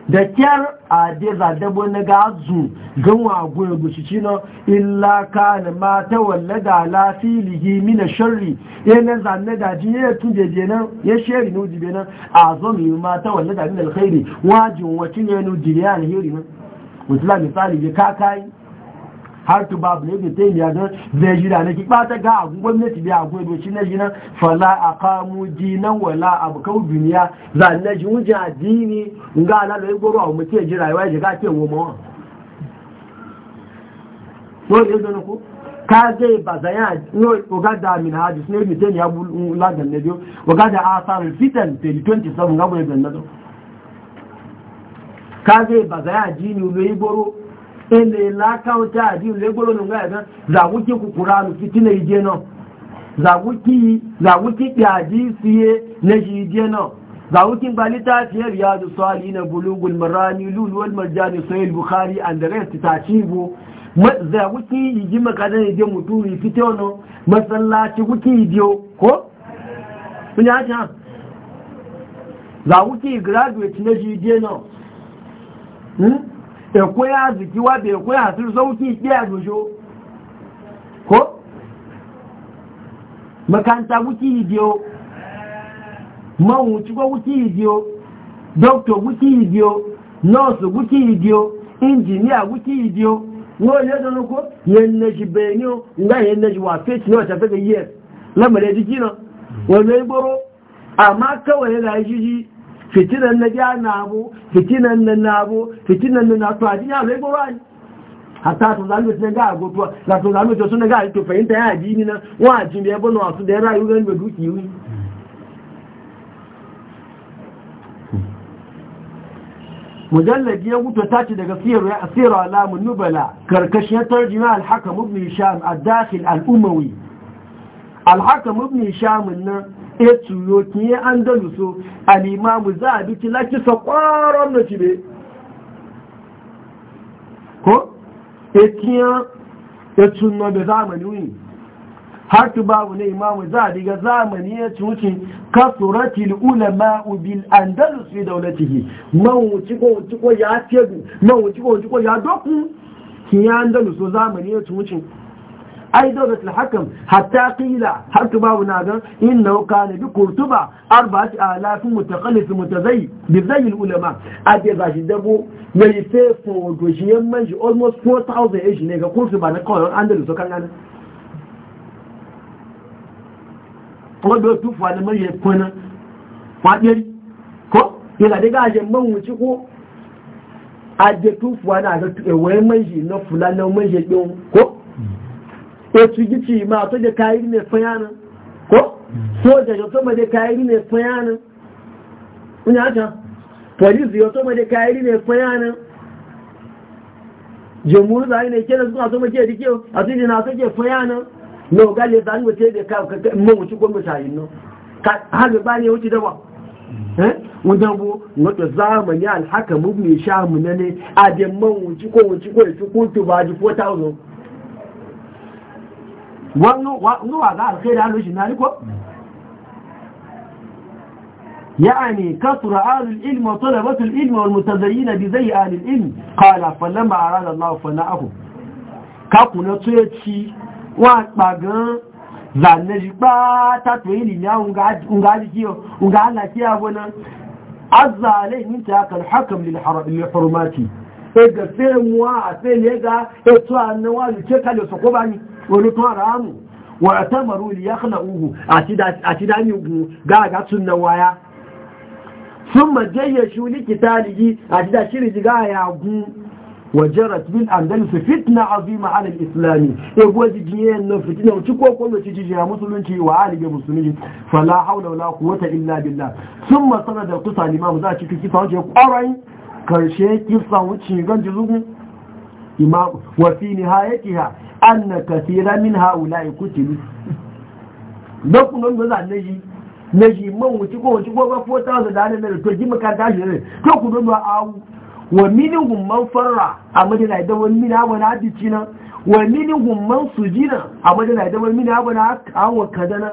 da kyar a deza dabo na gazu ganwa goya gushi na illa e na mata wallada la filihi mina sharri yana zanne da ji tuje je nan ya sheri no jibe nan azam yi mata wallada min alkhairi wajin wacin ya no jibe alheri nan misali misali ya kakai har tu babu ne da tayi yana zai jira ne ki bata ga a gwamnati biya akwai doci na jina fala aqamu dinan wala abkau duniya za na ji wujen addini ga na da goro goro a jira yawa ji ga ya shiga mu goma wa wani yanzu na ku ka zai ba zaya no ga da min hadis ne bi taimiya la ladan ne wa ga da asar fitan 27 ga bu ne zanna ka zai ba zaya jini ulo goro ele la kaunta adi le gboro nu ga gan za wuki ku qur'anu fitina ije no za wuki za wuki ti adi siye ne ije no za wuki balita fi riyadu salihin bulugul marani lulu wal marjani sahih bukhari and the rest ta cibo za wuki fiti makadan ije muturi fitono masallaci wuki idio ko kunya ta za wuki graduate ne ije no hmm ẹ̀kọ́ yá zìkí wá bẹ̀ ẹ̀kọ́ yá sí sọ́wọ́kí ìpé àjòjò kó makanta wiki ìdíò mawuncikọ wiki ìdíò dọ́kítọ̀ wiki ìdíò nọ́ọ̀sì wiki ìdíò injiniya wiki ìdíò wọ́n lè dọ́nà kó o ńgbà yẹnlẹ́jì wà fẹ́ẹ̀tì náà yẹ́ lẹ́mọ̀lẹ́ fitinan na ja na abu fitinan na na abu fitinan na na tuwaji ya zai gora ne hatta su zalmi sun ga agotuwa na su zalmi to sun ga to fahimta ya ji ni na wa ji me yabo na wasu, da ya rayu ganin da duki yi mujallabi ya ta ce daga sirra alamun nubala karkashin tarjima al-hakam ibn hisham ad-dakhil al-umawi al-hakam ibn hisham nan etuyo ki ya andaluso alimamu za a biki laki sa kwaron na cibe ko etiyan etun na da zamani wuyi har tu babu na imamu za a diga zamani ya cuci kasuratil ulama bil andalus fi daulatihi mawuci ko wuci ko ya tegu mawuci ko wuci ko ya doku ki ya andaluso zamani ya cuci ai dawlatul hakan hatta har ta babu na ga inna ne bi kurtuba arba'at alaf mutaqallif mutazai bi zayl ulama ade ba shi dabo yayi sai fo gojiyan manji almost 4000 shi ne ga kurtuba na kawai an kan nan kan bí ó tún fà na mọ́ yẹ pọ́nà fàájẹ́rí kọ́ ìlàdígá ajẹ́ mọ́wùn tí a na otu gici ma to da kayi ne fayana ko so da yo to ma da kayi ne fayana ina ta police yo to ma da kayi ne fayana jamhur da ne ke da zuwa to ma ke dike a tuni na so ke fayana no ga le dan gote da ka mun ko gwamnati sai no ka hali ba ne wuce da ba eh wajen bu wata zamani alhaka mun sha mu ne a da man wuce ko wuce ko ya ci kuntu ba ji 4000 wa ga alkhairi halin shi na ko يعني كثر آل العلم وطلبة zai والمتدين بزي آل العلم قال فلما أراد الله فناءه كاكونا تيتي واتباغان zanne shi ba ta toyi limiya unga jikiyo unga ana kiya wani azalai minta ya kan hakan lilhurmati e ga sai mu a sai ne ga eto annawa ce kalle su ko ba wani tora mu wa ta maru ya kana uhu a ci dami sun na waya sun majayya shuli kitaligi a ci da shiri ji gaya gu wajarat bin fitna azima ala islami ya e guwa ji jiye na fitina wuce, ko kuma ci ji musulunci wa alibi musulunci fala haula wala wata illa billa sun masana da kusa limamu za a ci kisa wuce kwarai karshe kisa wuce gan imam wa fi nihayatiha anna kathira min haula'i kutilu da kun nan za ne ji ne ji man wuci ko wuci ko ba 4000 da ne to ji makanta shi ne to ku don awu wa minhum man farra a madina da wani mina wani hadisi na. wa minhum man sujina a madina da wani mina wani hawa kadana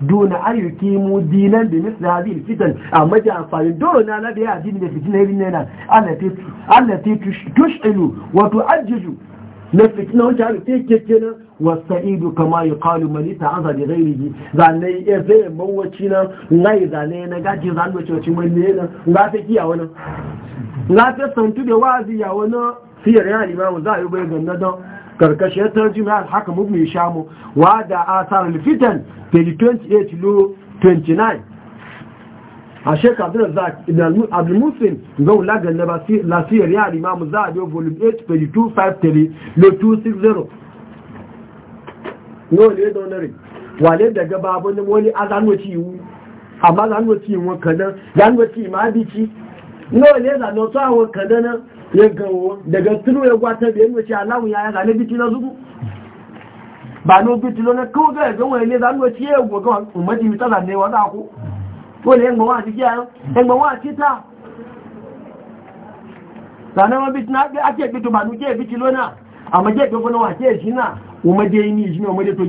duna ayyuki mu dinan da misli hadhihi fitan a ji amfani dole na na da ya addini da fitina irin nan allati allati tushilu wa tu'ajjiju na fitina wacce aka ce kekkena wasa'idu kama yi kalu mani ta an zaɓi zai rigi zane ya zai mawaci na ngai zane na gaji zane wace wace wani ne na nga ta kiya wani nga ta santu da wazi ya wani siyar yana limamu za a yi bai ganna don ya tarji mai haka mubmi shamu wa da asar fitan page 28 lo 29 a sheik abdulrazak ibn abdulmusin zau lagan na lasiyar ya limamu za a biyo volume 8 page 253 lo 260 yau ne donare wale daga babon wani a zanwaci yiwu amma zanwaci yiwu kanan zanwaci ma bici wani ne zanwaci yiwu kanan gawo daga tunu ya gwata da yanzu ce alamun ya yaga na biti na zugu ba no biti na kawo ga yaga wani ne zanuwa ce ya gwaga umarci mita zane wa za ku wani yan a ciki yan gawa ta zanen wa biti na ɗaya ake biti ba nuke biti a maje ga shi na umarje yi ni shi ne umarje to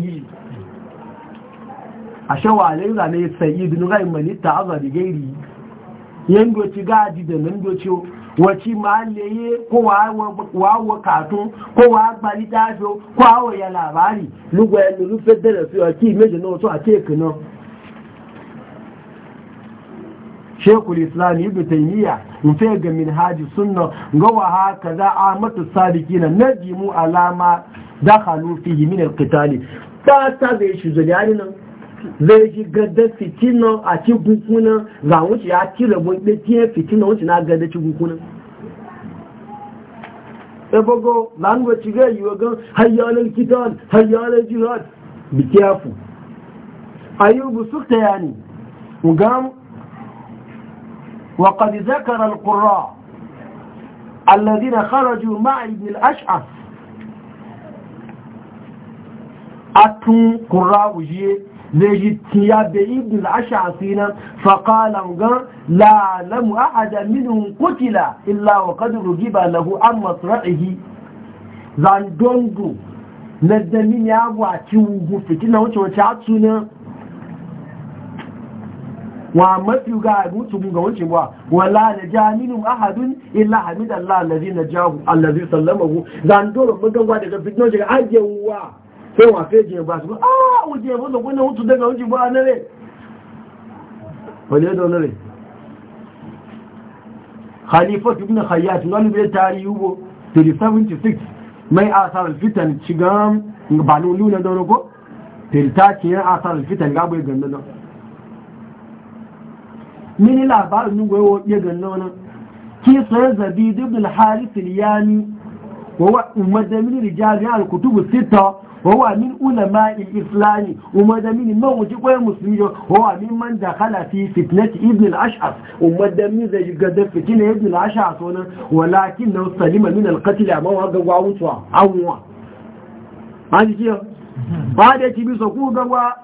a shawa zane sayi dunu ga wàtí máa lè ko wa wàá wa kàtún ko wa gbalí dájọ́ ko àwọ̀ ya làbárì lúgbà ẹnu lúfẹ́ dẹ̀rẹ̀ fi ọtí méje náà tó àti shekul islam ibn taymiya in fi ga minhaji sunna ga wa haka za a mata sadiki na najimu alama dakhalu fihi min alqitali ta ta zai shi zuri nan zai ji gada fitina a ci gukuna ga wuce ya ci rabon ɗaya fitina wuce na gada ci gukuna ebogo language ga yiwa gan hayyalar kitan hayyalar jihad be careful su ta yani ugam zai tiya da ibn ash'asi nan fa qala gan la lam ahada minhum qutila illa wa qad rugiba lahu an masra'ihi zan dongo na da min ya gwaci ugu fitina wuce wace hatsu tuna wa mafi ga mutu ga wuce ba wala na ja minhum ahadun illa hamidallah allazi najahu allazi sallamahu zan doro mugan gwa daga fitina daga ajewa sai wa fe je ba su ah o je bo do gona hutu daga hutu ba na re wale do na re khalifa ibn khayyat ngal be tari yubo 376 mai asar fitan cigam ba no na da ko tiltaki ya asar fitan ga bai ganda da mini labarin ni goyo ya ganda wannan ki sai zabid ibn al-harith al-yami wa huwa umadan min rijal al-kutub as-sittah wọ́wà ní ulama islami umadami ni mọ́ wọ́n ti kọ́ musulmi yọ wọ́wà ní mọ́ da kala fi fitnati ibn al-ashas umadami zai yi gada fitina ibn al-ashas wọ́n walakin na salima min alkatila ma wọ́n gagwa wutuwa awuwa ma ji ba da ti bi so ku gagwa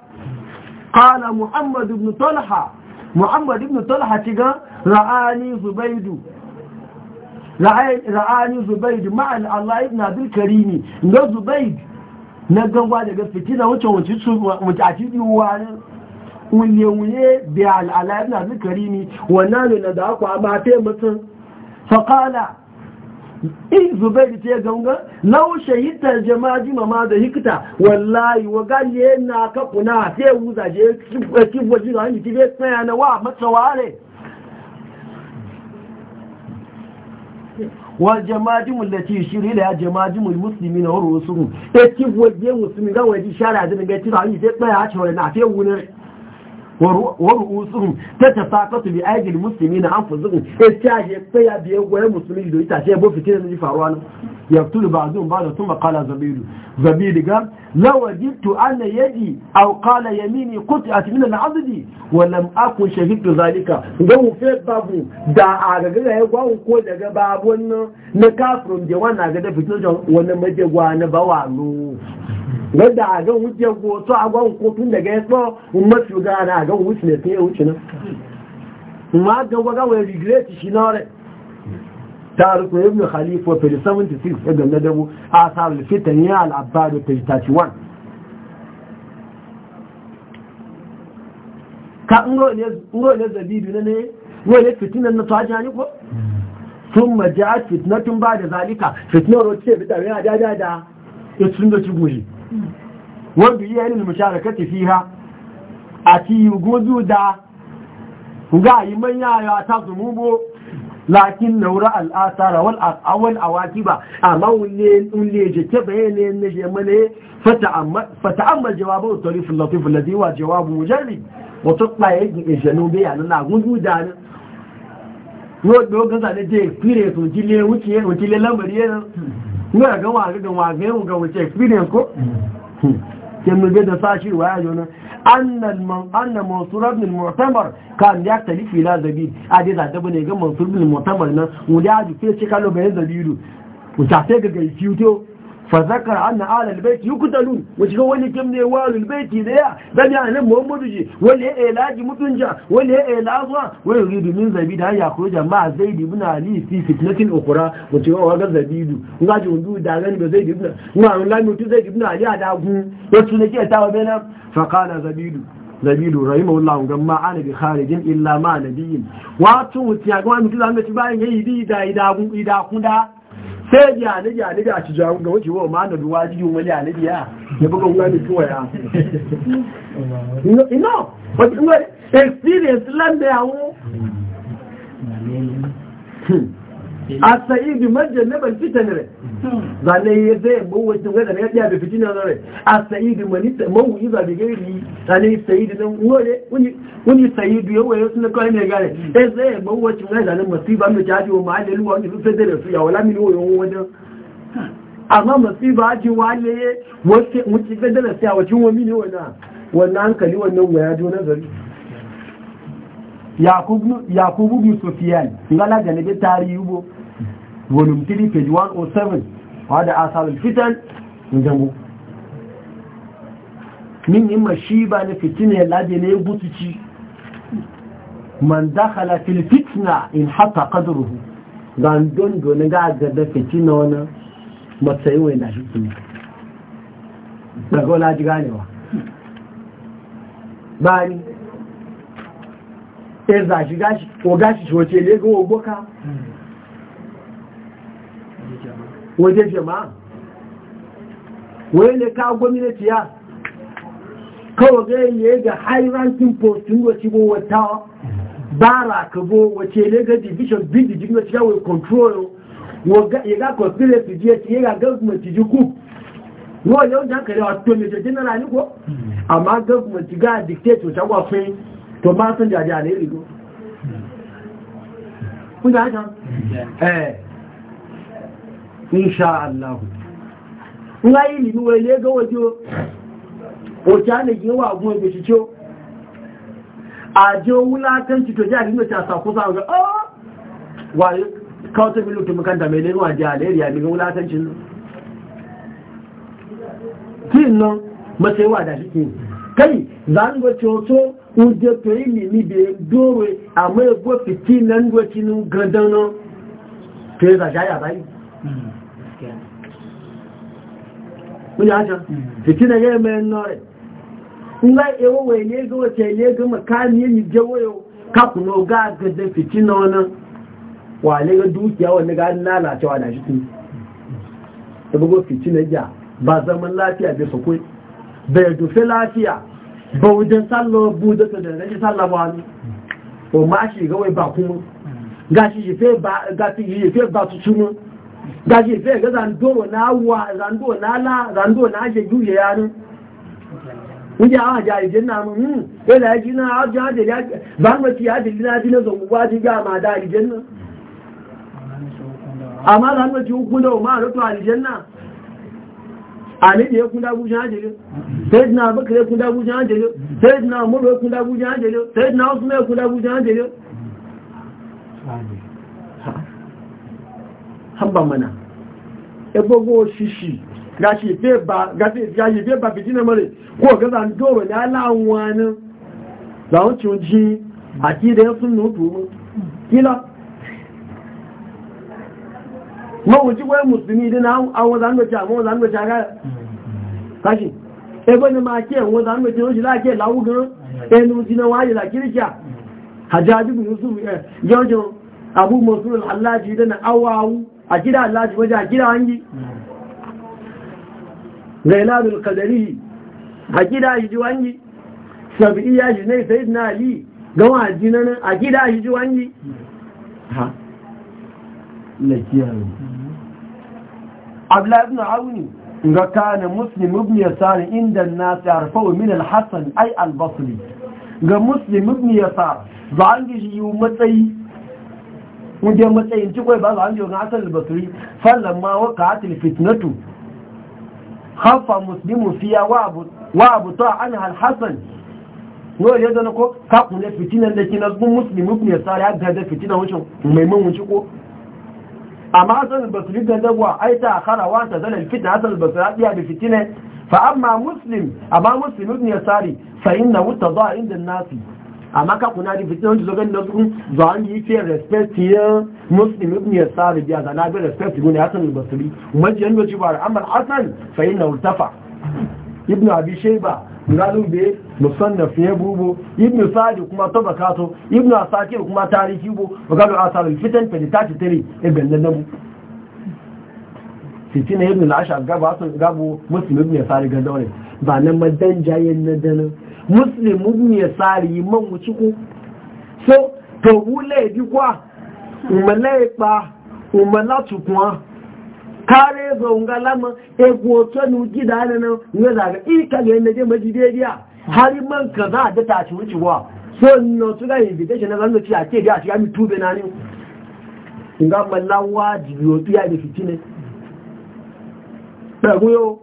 kala muhammad ibn talha muhammad ibn talha ti ga ra'ani zubaidu ra'ani zubaidu allah ibn abdul karimi ga zubaidu na gangwa daga fitina wuce wuce a cikin wani wunye-wunye da al'ala yana zikari karimi wannan ne na da akwa ma fe mutum faƙala in da ce ganga lau shahita jama'a mama da hikita wallahi wa gani na kakuna fe wuzaje kifo shi ga hanyar kife tsaya na wa matsawa ne. والجماجم التي يشير إليها جماجم المسلمين ورسولهم تكيف وجه المسلمين وجه شارع ذنبيتي رأيي تتنا يا عشر ونعفيه ونرئ ورؤوسهم تتساقط بأيدي المسلمين أنفسهم استعجي يا بيقوى المسلمين دو إتعجي أبو فتنة نجي فاروانا يقتل بعضهم بعضا ثم قال زبيل زبيل قال لو وجدت أن يدي أو قال يميني قطعت من العضد ولم أكن شهدت ذلك لو في بابو دا أغغى يقوى كل بابو نكافر جوانا أغغى فتنة ونمجي وانا بوانو yadda a gan wuce goto a gwan kotun daga ya tso in mafi gana a gan wuce ne ya wuce nan ma ga gwagwa wani rigireti shi na rai tariku ibn khalifa page 76 ya na dabu a sarar fitan ya al'abbado 31 ka ngo ne zabibi na ne ngo ne fitinan na tuwaji hannu ko sun a fitnatun ba da zalika fitnar roce bitar fitar yana dada da ya tun da ci guri wanda yi yanin musharakati fiha a ti gudu da ga yi manya ya ta zumubo lakin naura al'asara wal awaki awakiba amma wunne wunne je ke bayanai na je fata amma fata amma jawabu tarif wa jawabin mujarrid wa tutla yaji janu be yana na gudu da ne gaza ne je kire to jile wuce wuce lambari yana muna ga wa ga wa ga mu experience ko kin mu da sashi waya jona annal man anna mansur ibn mu'tamar kan ya tali fi la zabi a dai da dabu ne ga mansur ibn mu'tamar nan mu da ji sai ce kallo bayan zabiru mu ta sai ga gaiti Fasakar an na alal baiti yi kudalu wace ga wani kim ne wa alal baiti da ya ga ni a nan mawan mutunci wani ya elaji mutunca wani ya elazuwa wani ya ridu min hanyar kuro jama'a zai di muna alisi fitnatin okura wace ga wagar zabi du in ga jihun duk da gani ba zai a lami mutu zai di muna ali a dagun wasu na kiyata wa bena fakala zabi du zabi du rahim allah ga ma'ana bi kharijin illa ma nabiyin wato wuciya ga wani mutu zai ci bayan yayi bi da idakun da sai ji anabi anabi a ci jawo ga wuce wa ma'ana duwa jiyun wani anabi ya ya buga wani tuwa ya ino wata kuma experience land da yawo hmm. a sa'idu majalabar rai. zane ya zai mawacin wadda ya ɗaya da fitina na rai a sa'idu manita mawuyi za da gairi zane sa'idu don wani wani sa'idu ya waye suna kawai mai gane ya zai mawacin wadda na masifa mai jaji wa ma'adar ruwa wani sun sai da su ya wala mini wayo wajen amma masifa ji wale wace wuce sai da su ya wace wani mini wana wannan hankali wannan waya jo nazari yakubu bin sufiyan ngala gane da tarihi volume 3 page 107 wadda asalin fitan in jango min yi mashi ba na fitina ya lade na ya gutuci man dakala fil fitna in hata qadruhu dan dondo don ga ga da fitina wani matsayi wai na shi kuma daga la ji ganewa bani e za shi gashi ko gashi shi wace lego ogboka waje jama'a wani ne ka gwamnati ya kawo gayyaye ga high ranking post in wace wata bara ka wace ne ga division big division wace ya wai control ya ga conspiracy je ya ga government ji ku wọ́n yóò jákèrè ọ̀tọ́ méjì general ní kó àmá government gá dictate òṣàwọ̀ fún tó bá tún insha Allah yi limi ni wele ga wajo o jane ge wa gun ebe a ajo wula kan chito ja ni ta sa ko ga oh wa ka to makanta me le wa ja ya mi wula kan chin tin no wa da shi kai zan go chocho uje to ili ni be dore amma e go fitin nan go chinu gandano te za ya bai hmm. kuja hajjan mm. fitina ya mai nore in ga ewo wai ne ga wace ne ga makami ni nije wayo ka kuno ga gaza fitina wani wale ga dukiya wani ga lalacewa da shi tun da bugo fitina ya ba zaman lafiya bai su kwai bai dufe lafiya ba wajen sallo da ta da rashin sallah ba wani O ma shi ga wai ba kuma mm. ga shi shi fe ba mu. gashi sai ga zando na wa zando na la zando na je juye Mun Wuje awa jari jin na mun hmm, sai da yaji na aji hajji ya ban ya na gwa ji ga ma da amma zan da ma ali sai na kunda sai na mulu sai na kunda hamba mana ebogo shishi gashi be ba gashi gashi be ba fitina mare ko ga zan doro da wani za mu tunji aki da sun nutu mu kila ma wuji wai musulmi dina awon zan ga jama'a zan ga jaga kashi ebe ne ma ke won zan ga jino shi la ke lawu gan enu dina waje la kirkiya hajaji bin yusuf eh jojo abu mansur al-allaji dana awawu a gida Allah shi waje a gida hangi gailadul kadari a gida shi ji wangi sabi'iya shi ne sai na yi gawa a jinanin a gida shi ji wangi ha na kiyaye abla ibn auni ga kane muslim ibn yasar inda nas yarfa'u min al-hasan ay al-basri ga muslim ibn yasar gishi yi matsayi wuje matsayin ci kawai ba su hanjo na asali basuri fallan ma waka atil fitnatu hafa muslimu fiya wa abu ta an halhassan yau ya zana ko kaku ne fitinan da kina zuwa muslimu ne tsari ya gada fitinan wucin mai man wuci ko amma asali basuri gada wa aita a karawa ta zana fitina asali basuri haɗiya da fitinan fa amma muslim amma muslimu ne tsari fa inna wuta zuwa inda nasi amma ka kuna da fitin wanda zogan da su za an yi fiye respect ya muslim ibn ya sa biya za na bi respect gune hasan al-basri majiyan da jibar amma hasan fa inna urtafa ibn abi shayba ngalu be musannaf ya bubu ibn sa'd kuma tabakato ibn asakir kuma tarihi bu magalu asar al-fitan fa 33 ibn e nanabu fitin ibn al-ashar gabu hasan gabu muslim ibn ya sa ga dole ba nan madan jayen na dana. muslim ibn yasari man wuci ko so to wule bi kwa umale pa umala tukwa kare zo ngalama egwu to nu gida ne no ne daga ika ga ne je majide dia har man kaza da ta ci wuci wa so no to ga invitation na zan ci a ce dia ci ga na ni nga malawa jibiyo tiya ni fitine da guyo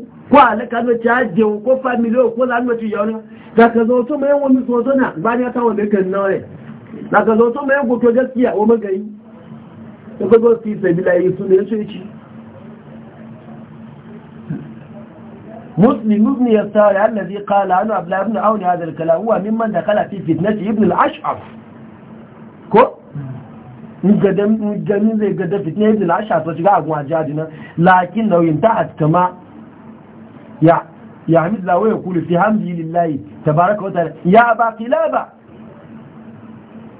ko alaka no ta je ko family ko la no ti yo da ka zo to mai wani so so na ba ni ta wanda kan nawe da ka zo to mai go gaskiya o magari to e ko go sai bila yi su ne so yi مسلم ابن يسار الذي قال عنه عبد الله بن عون هذا الكلام هو ممن دخل في فتنة ابن الأشعر ko gadan ganin zai gada fitne ibn al-ashaf ta shiga agun ajadi nan lakin nauyin ta atkama ya ya hamid lawa ya kulu fi hamdi lillahi tabaraka wa ta'ala ya ba qilaba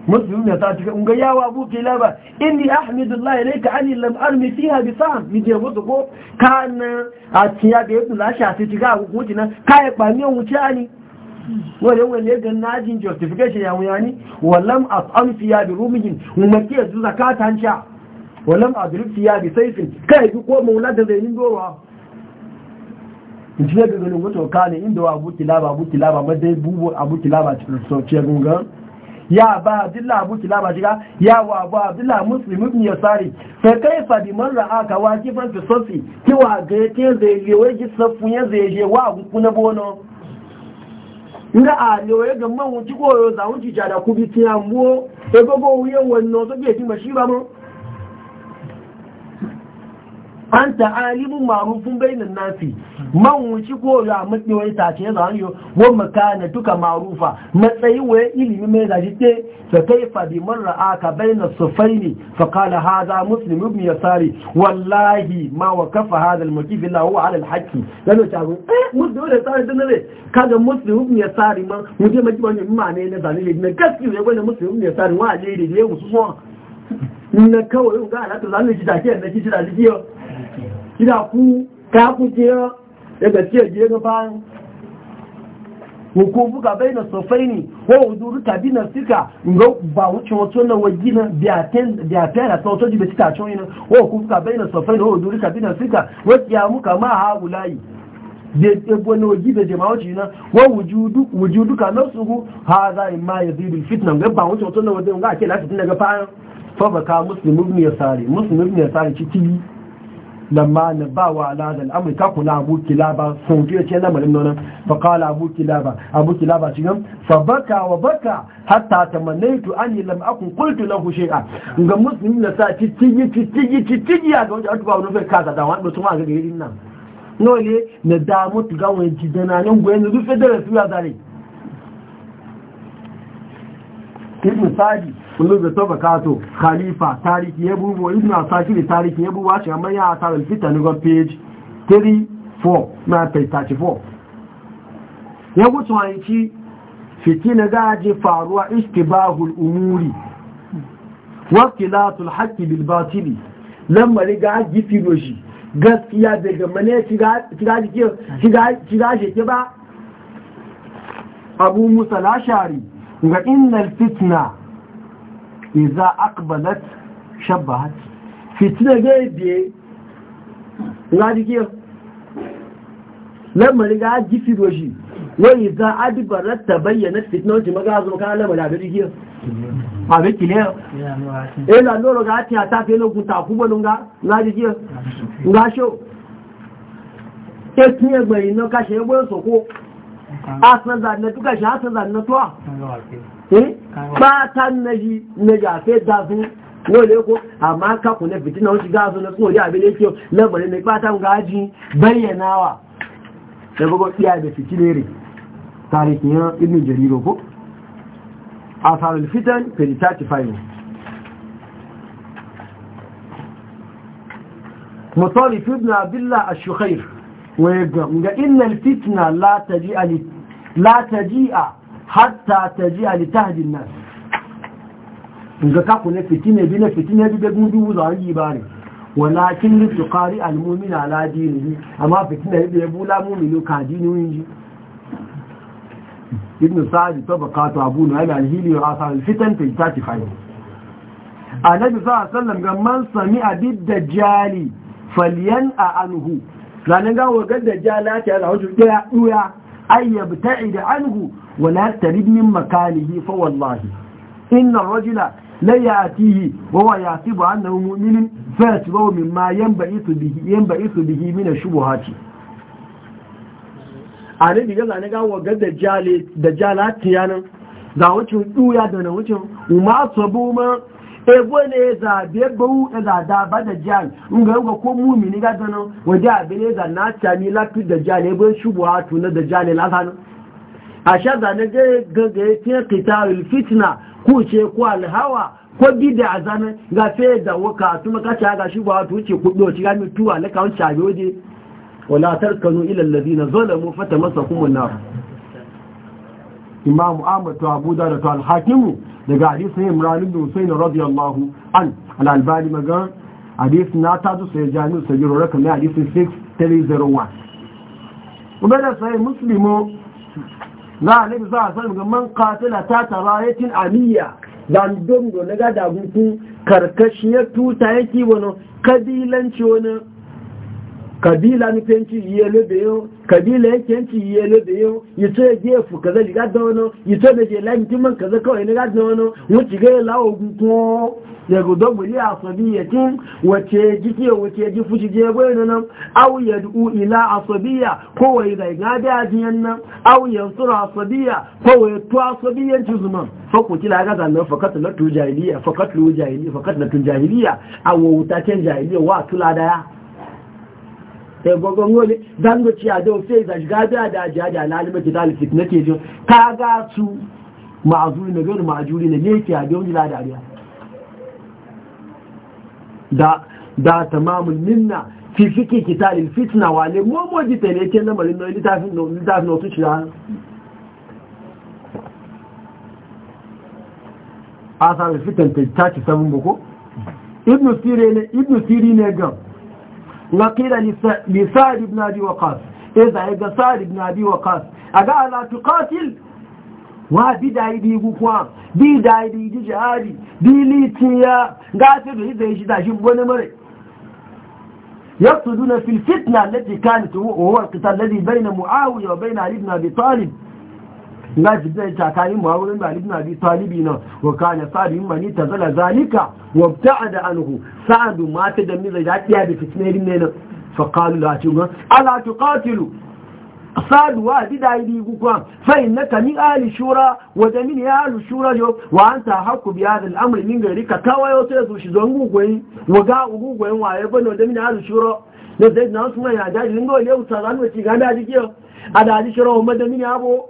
muslim ya ta cikin unga ya wa bu qilaba inni ahmidullahi ilayka ani lam armi fiha bi sahm mi je wato ko kana a tiya da yadu la sha sai tiga ku tinan kai pa ni un ci ani wale wale ga najin justification ya wuyani wallam as'am fiya bi rumihim umaki zakata hancha wallam adrib fiya bi sayfin kai ko da zainin dowa jiya ga ganin wato kane inda wa abu kilaba abu kilaba madai bubu abu kilaba cikin sauce gungan ya ba abdullah abu kilaba shiga ya wa abu abdullah muslim ibn yasari fa kaifa bi man ra'aka kifan fi safi ki wa ga yake zai yi wai ki safu ya zai je wa ku na bono nga a ne wai ga man wuci koyo za wuci jada ku bi tiyan bo e gogo wuyen wannan so ke ti mashi ba mu an alimun marufin bainin nasi man wuci ko ya matsi wani tace ya zanyo wa makana duka marufa matsayi wa ilimi mai da jite fa kaifa bi man ra'aka baina sufaini fa qala hadha muslim ibn yasari wallahi ma waqafa hadha al-makif illa huwa ala al-haqqi dano ta go eh mu dole sai dan ne kaga muslim ibn yasari ma mu je maki wani mane na zanile ne gaskiya wannan muslim ibn yasari wa ajeje ne musu so na kawai ga alatu lalu shi take na kishi da jiyo kida ku ka ku je daga ciye je ga fa hukumu ga baina sofaini wa uduru kabina sika ngo ba wuce wato na wajina bi attend bi attend to to jibe ta chon ina wa hukumu ga baina sofaini wa uduru kabina sika wa kiyamu kama ha ulai je ebo na wajibe je mawo china wa wujudu wujudu ka nasuhu hadha imma yazidu fitna ngo ba wuce wato na wajina ga ke la fitna ga fa fabaka muslim ibn yasari muslim ibn yasari ciki lamma na ba wa al'adar amurka kula abu kilaba sun fiye ce lamarin nonon faƙala abu kilaba abu kilaba cikin fabaka wa baka hatta ta manaitu an yi lamakon kultu na hushe'a ga musulmi na sa cicigi cicigi cicigi a ga wajen atuba wani fai kasa da wani mutum a ga gari nan nole na damu tuga wani jidana nan gwayen rufe da rasu ya zare ibn sadi kullu da saba kato khalifa tariki ya bubu ibn sadi asakir tariki ya bubu shi amma ya ta alfita ni go page 34 na 34 ya gutu an ci fitina ga ji faruwa istibahul umuri wa qilatul haqq bil batili lamma riga gifiro shi gaskiya daga mane shiga shiga shiga shiga ba abu musa lashari ga innal fitna iza akbalat shabbahat fitna ga biye na dike lamari ga ji fido shi wani za a ta bayyana fitna wajen maga zo ka lamari a da dike a beki kile eh la loro ga ti ata fe logun ta ku bonu ga na dike nga sho e tun egbe ina ka se so ko. asan zanne tuka shi asan zanne tuwa batan eh? na yi na yafe dazu lóòlé ko àmá kàkùnlẹ̀ fìtí náà ó ti gáàsù lọ fún òdí àbílé kí o lẹ́gbọ̀lẹ́ ní pátá ń gáájí bayyanawa lẹ́gbọ́gbọ́ tí a bẹ̀ fìtí lérè tàríkìyàn inú ìjẹ̀rí rògbó asàrùn fitan pẹ̀lú 35 mọ̀tọ́lì fíbnà abdullahi ga innal fitna la a hatta taji'a a tahdin nan. ga kaku ne fitine bi na fitine bi da gudu za yi ba ne walakin li tuqari al mu'mina ala dinihi amma fitina bi ya bula mu'minu ka dinin ji ibn sa'd tabaqatu abu nu'aym al hili wa asal al ta fi tatifayn A sallallahu alaihi wasallam ga man sami sami'a Jali dajjali a anhu ranar gawa gadda ja lati ala wajen ɗaya ɗuya ayyab ta'i da anhu wa la tarib min makanihi fa wallahi inna rajula la yatihi wa huwa yasibu annahu mu'minun fa yasbu mimma yanba'isu bihi yanba'isu bihi min ash-shubuhati a ne diga zane da gadda jale da jalati yanan da wucin ɗuya da na wucin umar sabu ebo ne ya zabe bau ya zada ba da jan nga ga ko ni ga dano waje abin ne za na tani lafi da jan ebo shubu hatu na da jan la sanu a sha da ne ga ga ga tiya qitalul e fitna ku ce ku al hawa ko bid'a azana ga fe da waka tuma ka ta ga shubu hatu ce ku do ci ga mi tuwa la kan kanu waje wala tarkanu ila alladhina zalamu masa nar imam ahmad to abu da to al-hakimu daga hadisin imran ibn husayn radiyallahu an al-albani magan hadisi na ta zo sai jami'u sajiro rakam hadisin 6301 ubada sai muslimu za a nufi za a sami ga man katila ta tara yakin aliyya zandon na gada gutu karkashiyar tuta yake wani kabilanci wani kabila ni penci yiye lobe yo kabila ya kenci yiye lobe yo yito ya gefu kaza liga dono yito da je la ntima kaza kawai ni ga dono wuci ga la ogun ko ya go dogbo ni ya yatim wace jiki ya wace ji fuci je go nan ya duu ila asabiya ya wai da ga da ajiyan nan aw yansuru asabiya ko wai to asabiyan ci zuman fa ku kila ga zan nan fakat la tu jahiliya fakat lu jahiliya fakat na tu jahiliya aw wuta jahiliya wa tula daya sai eh, gogon wani zango a da sai ya shiga da ajiya da alalima ke da na ke jin ka ga su ma'azuri na gani ma'ajuri na ne a don jila da da ta mamun minna fi fiki kitalil fitna wa le momo ji tele ke na marin na litafin no litafin no fitan ta ci sabon boko ibnu sirine ne gan وقيل لسعد بن أبي وقاص إذا يقى سعد بن أبي وقاص أقع تقاتل wa bidayi bi gukuwa bidayi bi ji jihadi bi litiya gafi da hidda ya shi tashi wani mare ya su duna fil fitna lati kanit wa huwa alqital na zai tsakanin muawiya da ali ibn abi talib na wa kana sa'd ibn mani zala zalika wa da anhu sa'd ma ta da miza da tiya da fitne din ne fa qalu la tuqa ala tuqatilu sa'd wa dida yi ku kwa fa innaka min ali shura wa da min ya ali shura jo wa an ta hakku bi hadha al-amr min Ka kawai sai ya shi zongu goyi wa ga ugu goyin waye bano da min ali shura da zai na su mai ya daji lingo le utara no ci ga daji kiyo a daji shura wa madamini abo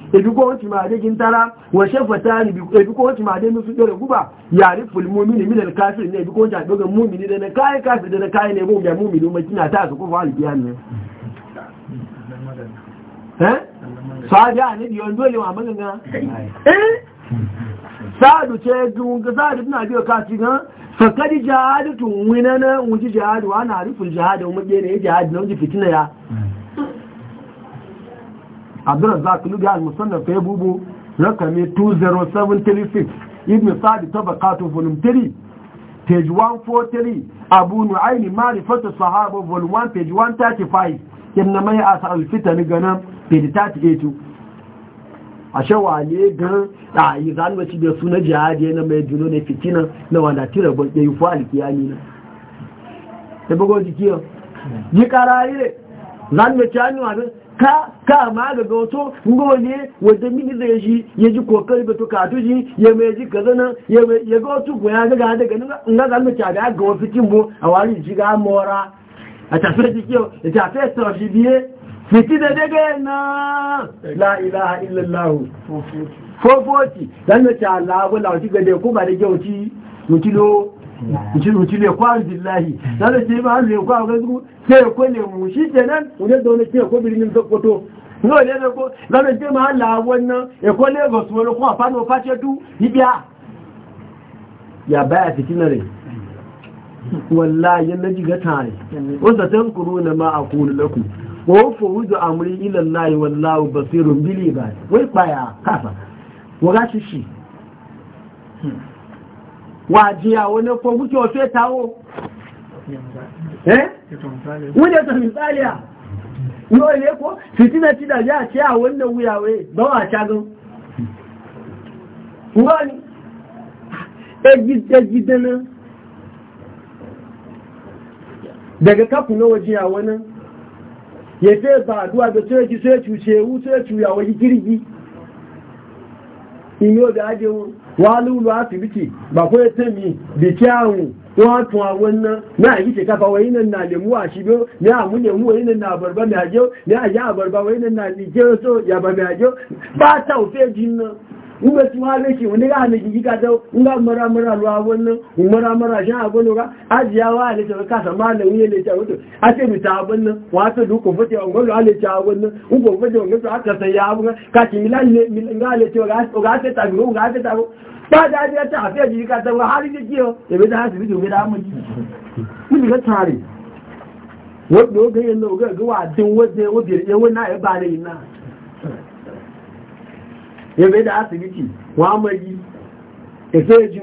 ebi ko wanci ma dai gintara wa shafata ni ebi ko wanci ma dai musu dore guba ya riful mu'mini min al-kafir ne ebi ko wanci daga mu'mini da eh? eh? na kai kafir da na kai ne go ga mu'mini ma kina ta su ko fa alkiyan ne eh saja ne biyo dole ma magana eh sadu ce gunga sadu na biyo kaci ga fakadi jihadu tun winana wuji jihadu ana riful jihadu mu ne jihadu na wuji fitina ya abdurrazzaq lubi al-musannaf ya bubu rakami 20736 ibn sa'd tabaqatu volume 3 page 143 abu nu'ayni ma'rifatu sahaba volume 1 page 135 ibn mai asal fitan ganan page 38 ashe wale gan a yi zanuwa da suna jihadi na mai juno ne fitina na wanda tira ban yayi fa alkiyami na ta bugo jikiyo ji karayire zanuwa ci hannu ka ka ma ga goto ne wadda mini zai ji ya ji kokari ba tuka ka tuji ya mai ji kaza nan ya ga to ko ya ga daga nuna ga mace da ya ga wasu kimbo mu a wani ji ga mora a tafe ji yau da tafe to biye fiti da daga yana la ilaha illallah 440 dan mace Allah labu ji ga da kuma da kyauci mutilo shi zuci ne kwa billahi da ce ba ne kwa ga sai ko ne mu shi kenan wani da wani ke ko birnin sokoto no ne ko da da ce ma la wannan e ko Lagos wani kuma fa no fa hibiya ya baya fitina ne wallahi na jiga tare wanda tan kuruna ma aqulu lakum wa fuhudu amri ila Allah wallahu basirun bil ibad wai baya kafa wa gashi shi wà jí àwọn ẹ̀kọ́ mú kí ọ̀ṣọ́ ẹ̀tàwó wọ́n jẹ́ tọ̀rọ̀ ìsáàlẹ̀ yóò ilé fìtínà tí dàjá àti àwọn ẹ̀nà wuyàwó bọ́wọ́ àṣágún wọ́n ẹgbìdẹ́gbìdẹ́nà daga kafin na waje yawon nan ya fẹ́ ba tó yẹ inú da ajé wọn wà lúlù asibiti bàkó ẹ̀tẹ́ mi bìkí àrùn wá tún àwọn náà náà yìí ṣe káfà wọ́n iná náà lè mú àṣìbí ní àmúlẹ̀ mú wọ́n náà àbọ̀rọ̀bá àjẹ́ ní àyà náà nígbà tí wọ́n á lè ṣe wọn nígbà àmì jìjì kájọ́ ńgbà mọ́ramọ́ra lọ àwọn náà mọ́ramọ́ra ṣe àwọn ọ̀gá ájì àwọn àlejò kásà máa lè wúyẹ lè ṣe àwọn tó àtẹ̀mìta àwọn náà wọ́n á tó lù kò fọ́tẹ̀ ọ̀gọ́lù àlejò àwọn náà ya àwọn káàkiri àlejò ta afiya ka tawa har yi kiyo da bai da hasu bi dobe da amon mun ga tare wadda ga yin ga ga wa din wadda wadda na ya ba da na e yabe da asibiti wa ya amari efeju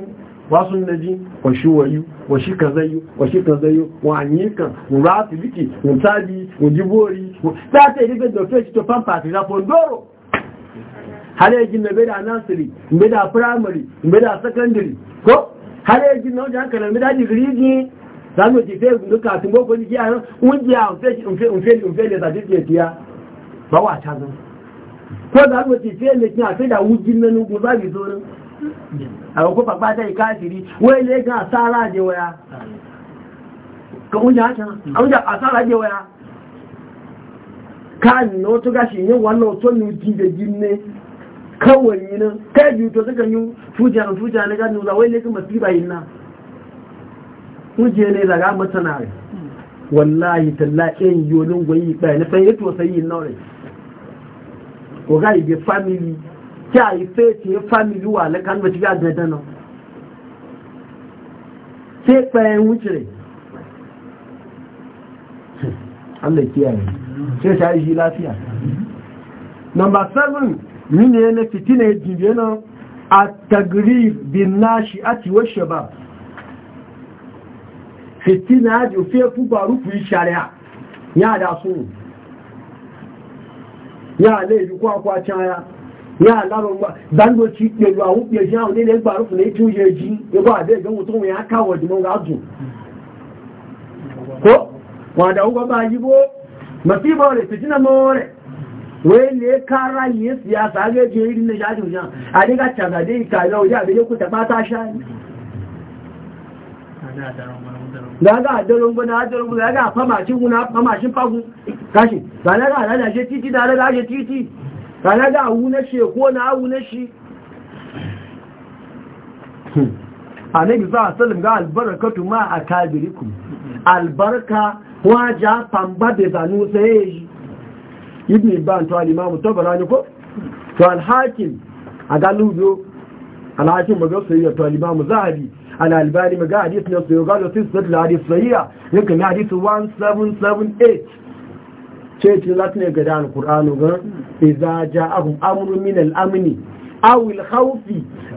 wa sunnaji wa shuwayu wa shi kazayu wa shi kazayu wa an yi anyika wa asibiti wa tabi ji bori. ta ta ribe da feshi to pampa ti ra fondoro hare ji na beda da beda primary beda secondary ko hare ji na jan kana da degree ji mu ti fe duka tun boko ji ya unji a fe fe fe fe da dike tiya ba wa ta zan ko da hannu ce fiye da kina fi da wujin nan ko za ki zo a ko papa ta kafiri wai le ga sara je waya ka unja haka a asara je waya kan no to shi ne wannan to ni din da ne kawai ni nan kai biyu to suka yi fuja fuja ne ga da wai le ga masiba yin nan kuje ne daga masana wallahi tallahi in eh, yolin gwayi ɗaya na sai yin nauri ọ̀gá ìgbé fámìlì tí àyè fẹ́ tí é fámìlì wà lẹ́ka ní a bí àgbẹ̀dán náà tí é pẹ́ ẹ̀hún tìrẹ̀ alẹ́kí ààrẹ tí ó ṣáà yí láfíà nọmbà 7 nínú ẹni fìtínà ìdìbẹ̀ náà àtàgírí bí náà ṣe àti wọ́ṣẹ̀bà fìtínà àti òfin fún gbàrúfù shari'a, ya dá sóhùn ya laifi kwa kwa caya ya laron ba dan do ci ke ruwa hu ke shan ne ne ba rufu ne tuje ji ya ba da ga mutum ya kawo ji mun ko da ba yi bo ne more ne ne a ta daga adarin guna adarin guna daga famashin guna famashin fagu kashi ba daga alada shi titi da daga shi titi ba daga awu na shi ko na awu na shi a nabi za a salim ga albarkatu ma a kabiriku albarka waja famba da zanu sai yi ibn ibn to al-imam tabarani ko to alhakin a galubiyo al ba ga sai ya to za a zahabi al'albani ma ga hadis na tsoyo galo sun sadu da hadis sahiya ya kami hadis 1778 ce ce za ta ne gada alkur'anu ga iza ja abu amuru min al'amini أو الخوف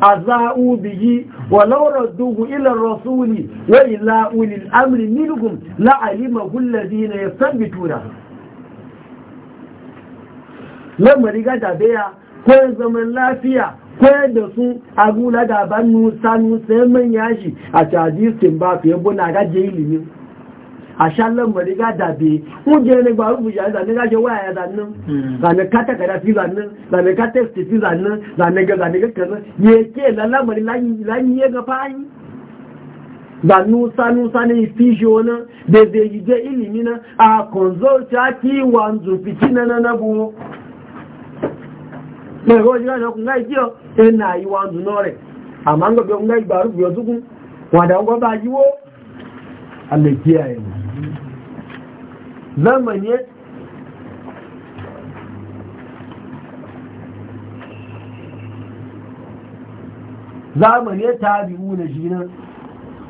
أذاؤوا به ولو ردوه إلى الرسول وإلى أولي الأمر منهم لعلمه الذين يستنبتونه لما رجع بيها كل زمن لا فيها koyar da su a gula da ban nusa nusa ya manya shi a caji ba fiye buna gaje ilimi a shallon mari ga dabe kuje ne ba rubu ya zane gaje waya ya zannin zane hmm. kata kada fi zannin zane kata fi fi zannin zane ga zane ga kaza ya ke lalamari lanyi ya ga fayi ba nusa nusa ne fi shi wani da zai yi ga ilimi na a konzolta kiwon zufi na na na buwo. Mai rojiya na kun gaji yau ina yi wa rẹ̀ àmà ń gọ́gbẹ̀ ọmọ ìgbà rúgbì ọdúnkún wọ́n àdá bá yíwó alẹ́kí àyẹ̀wò zamani zamani tabi na jina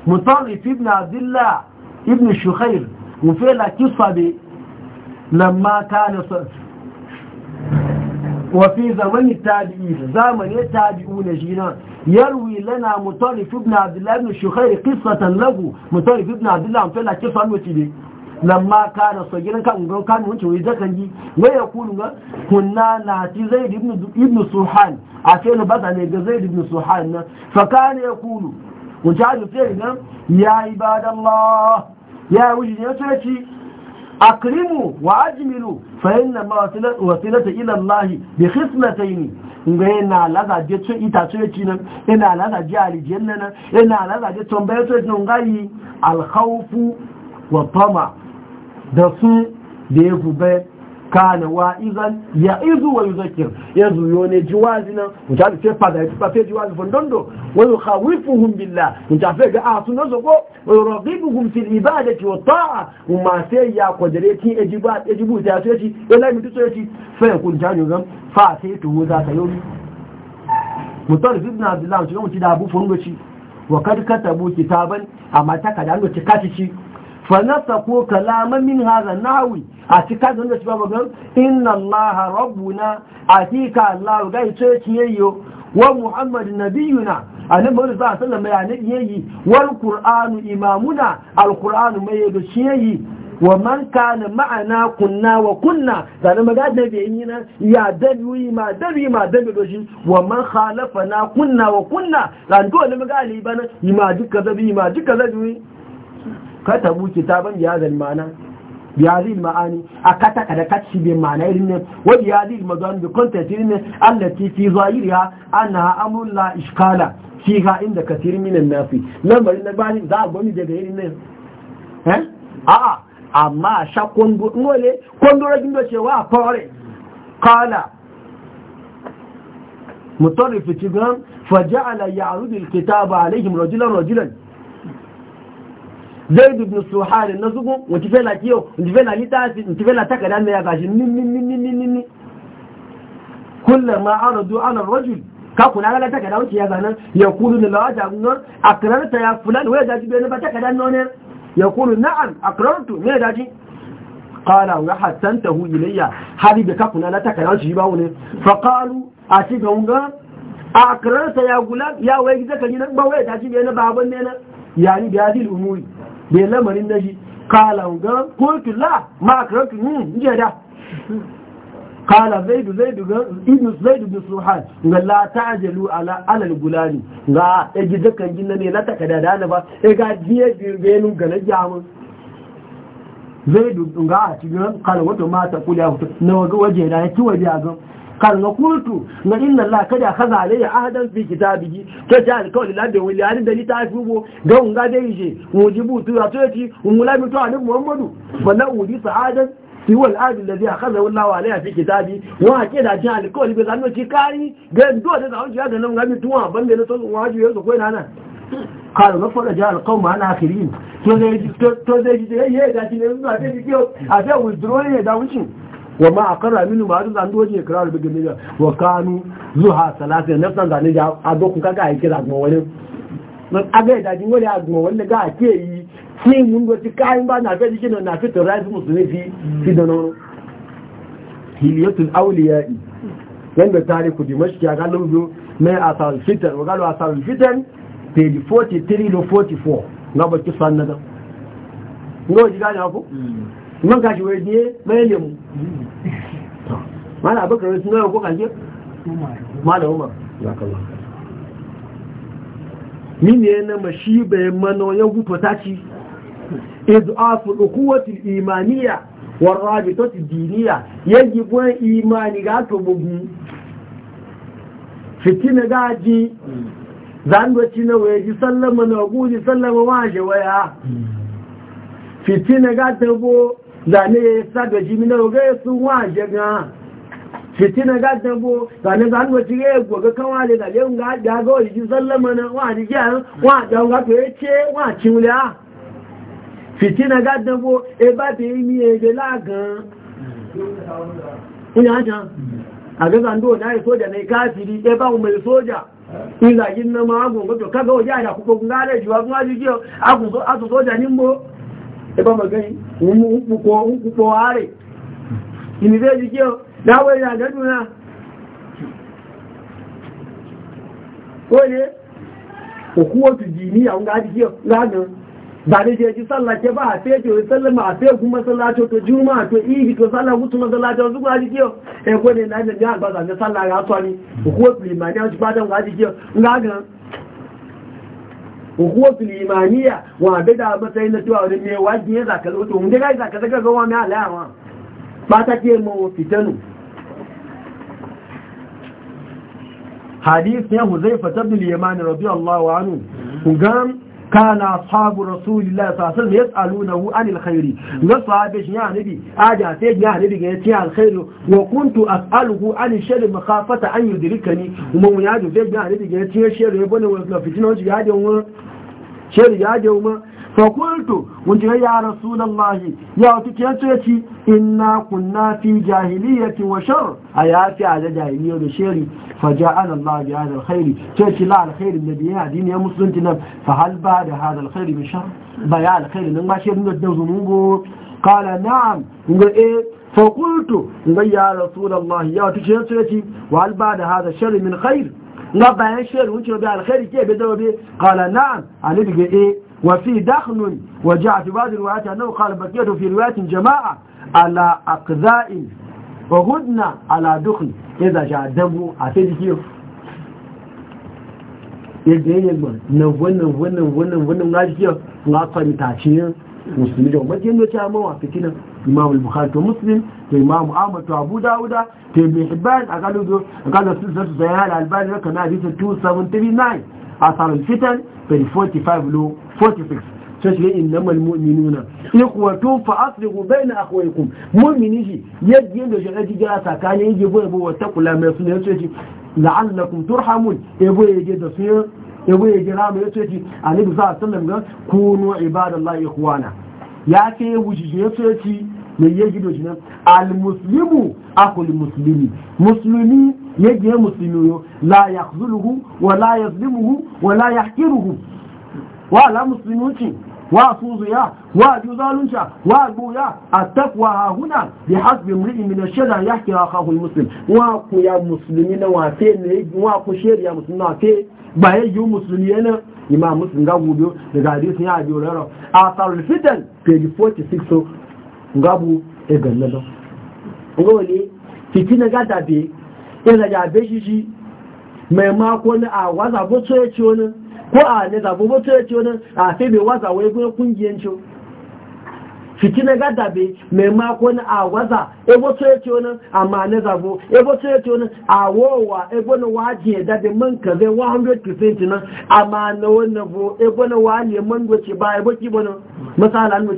mutarrif ibn abdullah ibn shukhair wufela kisabe lamma وفي زمن التابعين زمن التابعون جينا يروي لنا مطارف ابن عبد الله بن الشخير قصة له مطارف ابن عبد الله فلا كيف لي لما كان صغيرا كان كان وانت ويزكني ويقول كنا ناتي زيد ابن ابن سوحان عشان بعد ان زيد ابن سوحان فكان يقول وجعل فيه يا عباد الله يا وجد يا akrimu wa ajmilu fa inna ma wasilata ila Allah bi khismatayn ngai na laza je to ita to yaki nan ina laza je aljanna nan ina laza je tambaye to nan al khawfu wa tama da su da yafu bai kana izan ya izu wa yuzakir ya zuyo ne jiwazi nan mutafi ce fada ya tuba fe jiwazi fondondo wa yukhawifuhum billah mutafi ga a sunan zoko wa yuraghibuhum fil ibadati wa ta'a umma sai ya kwadare ki ejiba ejibu ta so ci ila mi ya ci fa kun janyo gam fa sai to za ta yomi mutarif ibn abdullah shi ga da abu fondo ci wa kad katabu kitaban amma takada an ci kaci ci فنسقوا كلاما من هذا النحو اعتقاد ان شباب قال ان الله ربنا اتيك الله غاي تشييو ومحمد نبينا ان محمد صلى الله عليه وسلم يعني يي والقران امامنا القران ما يدشيي ومن كان معنا كنا وكنا فانا ما قاعد نبينا يا دوي ما دوي ما دوي دوشي ومن خالفنا كنا وكنا لان دول ما قال لي بنا ما دك دبي ما دك دبي katabu kitaban bi hadha al-ma'na bi hadhihi al-ma'ani akata kada kashi bi mana irin ne wa bi hadhihi al-madan bi content irin ne allati fi zahiriha annaha amrun la ishkala fiha inda kathir min an-nasi lamarin na bani za a gwani daga irin ne eh a'a amma sha kondo ngole kondo rajin da cewa fare kala mutarrif tigan faja'ala ya'rudu al-kitaba alaihim rajulan rajulan zaidu ibn suhari na zugun wacce fela kiyo wacce fela litasi wacce fela takada na ya gashi nini nini nini ni kullum ma aradu ala rajul ka kuna ga takada wuce ya zanen ya kulu ni lawaja gunnar akrarta ya fulan waya daji bai ba takada nonen ya kulu na'am akrartu me daji qala wa hasantahu ilayya hadi da ka kuna la takada wuce ba wune fa qalu a ci gunga akrarta ya gula ya waya zaka ni nan ba waya daji bai na baban ne na yani bi hadil umuri bai lamarin da shi ga kotu la makarantu nje da kala zaidu zaidu ibn zaidu bin suhan ga la ta'jalu ala alal gulani ga e ji dukkan jinna ne la takada da ba e ga biye birgenu ga na jamu zaidu ga a cikin kala wato mata kula na waje da ya ci waje a قال ما ان الله قد اخذ علي عهدا في كتابه كجاء القول لا بين ولي عند اللي تعرفه غون غادي يجي وجبوت ياتي وملامي تو على محمد فلو ودي سعادا هو الآب الذي أخذه الله عليه في كتابه وكذا جاء القول بغنو تكاري قال دو هذا عوجي هذا لم غادي توان بند لتو واجي يوسف وين انا قالوا نفر جاء القوم انا اخرين تو زي تو زي يا يا داتي نزوا تي كيو افا وذروني داوشين wa raminu aqarra minhu ma hadu zandu kira da bi nijar wa kanu zuha salasa san zane ga ado kaga a kira gmo wani a da jin wani ga ke yi ni mun go ti ba na fe jikin na fi fi da nono hiliyatul wanda tariku ya mai wa galo page 43 to 44 na da ngo jiga ne man ka shi waje mai lemu mala abakar wasu nawa ko kanje mala umar min ne na mashi bai mano ya guto ta ci izu'afu ukuwatul imaniya warrabitatu diniya yajibu imani ga to bugu fitina gaji zanwaci na waje sallama na guji sallama wa waya fitina ga tabo zane sabe jimina oge sun wa jaga fitina ga dabo zane zan ga goga kan da leun ga ga ga ji sallama na wa ji ga wa da ga to yace wa cimla fitina ga dabo e ba be mi e ga yi e soja ne kafiri e ba mu e mai ga to kaga waje ya ku ko ngare ẹgbọ́n mọ̀gán ìmú púpọ̀ púpọ̀ ààrẹ ọ dáwọ́ ìrìn àjọ́dún jì ní àwọn gáàdì kí ọ lánàá bàdéjì ẹjú sálàkẹ́ bá àfẹ́ẹ̀kì orí sẹ́lẹ̀mà àfẹ́ẹ̀kú mọ́sánlájọ́ tó jú máa tó ìhì tó sálàkú tó mọ́sánlájọ́ ọdún gbájí ọ ẹgbẹ́ ní náà ní àgbàdà ní sálàkà tó hukuwa filimaniya wa bai da matsayin na cewa wani mai wajen ya zaka zuwa wanda ga zaka zaka ga wani alayawa ba ta ke mu fitanu hadith ya huzaifa tabni limani radiyallahu anhu gam كان أصحاب رسول الله صلى الله عليه وسلم يسألونه عن الخير نصابش يا نبي أجا تيج يا نبي يتي عن الخير وكنت أسأله عن الشر مخافة أن يدركني ومن يجب تيج يا نبي يتي الشر يبني وفتنه يجب shari ya da umar fakultu wunce ya rasulallahi ya wata kyace ci inna kunna fi jahiliyyati wa shar a ya fi a da jahiliyya da shari fa ja'ala Allah bi hadha alkhairi ce ci la alkhairi da biya addini ya musulunci nan fa hal ba da hadha alkhairi bi shar ba ya alkhairi nan ba shari da zunubu qala na'am ga eh fakultu ga ya rasulallahi ya wata kyace ci wa hal ba da hadha shari min khair na bayan shirin wuce bi alkhairi ke bi dawo bi qala na'am ali bi e wa fi dakhl wa ja'a fi ba'd riwayat annahu qala bakiyatu fi riwayat jama'a ala aqza'i wa hudna ala dukhl idha ja'a damu a sai dikiyo yadda yayin ma na wannan wannan wannan wannan ngaji kiyo nga kwanta cikin musulmi da mace ne ta mawa fitina imam al-bukhari to muslim to imam ahmad to abu dauda to ibn hibban a galo do galo sirra to sayyid al-albani raka na hadith 2739 asar al-fitan 45 lo 46 sai innamal mu'minuna ikhwatu fa aslihu bayna akhwaykum mu'mini shi yadda yadda shi ga jiga sakani yake boye bo wata kula mai sunan yace la'allakum turhamun ebo yake da sunan ebo yake rama yace annabi sallallahu alaihi wasallam ga kunu ibadallahi ikhwana ya ce wujije soci mai ya gido shi nan al-muslimu akul muslimi musulmi ya je musulmi la ya zuluhu wa la ya wa la ya wa la musulmi wa suzuya wa juzalunta wa buya attaqwa ha huna bi hasbi imri'in min ash-shada yahki akahu muslim wa ku ya muslimi na wa fe ne wa ku sheri ya muslimi na fe ba ya yu muslimi yana muslim ga gudu daga hadisin ya abi urara asarul fitan page 46 ngabu e gannado ngoli fitina ga dabe ina ya be shi mai mako na a waza bo so ya wani ko a ne zabo mutu ya ce wani a sai bai waza wai kuma kungiyan ciwo fiti na gada bai mai a waza ebo to ya ce wani a ma ne zabo e ebo to ya ce wani a wowa ebo na waje ya 100% nan a ma na ebo na wani e man doce ba ebo na gada bai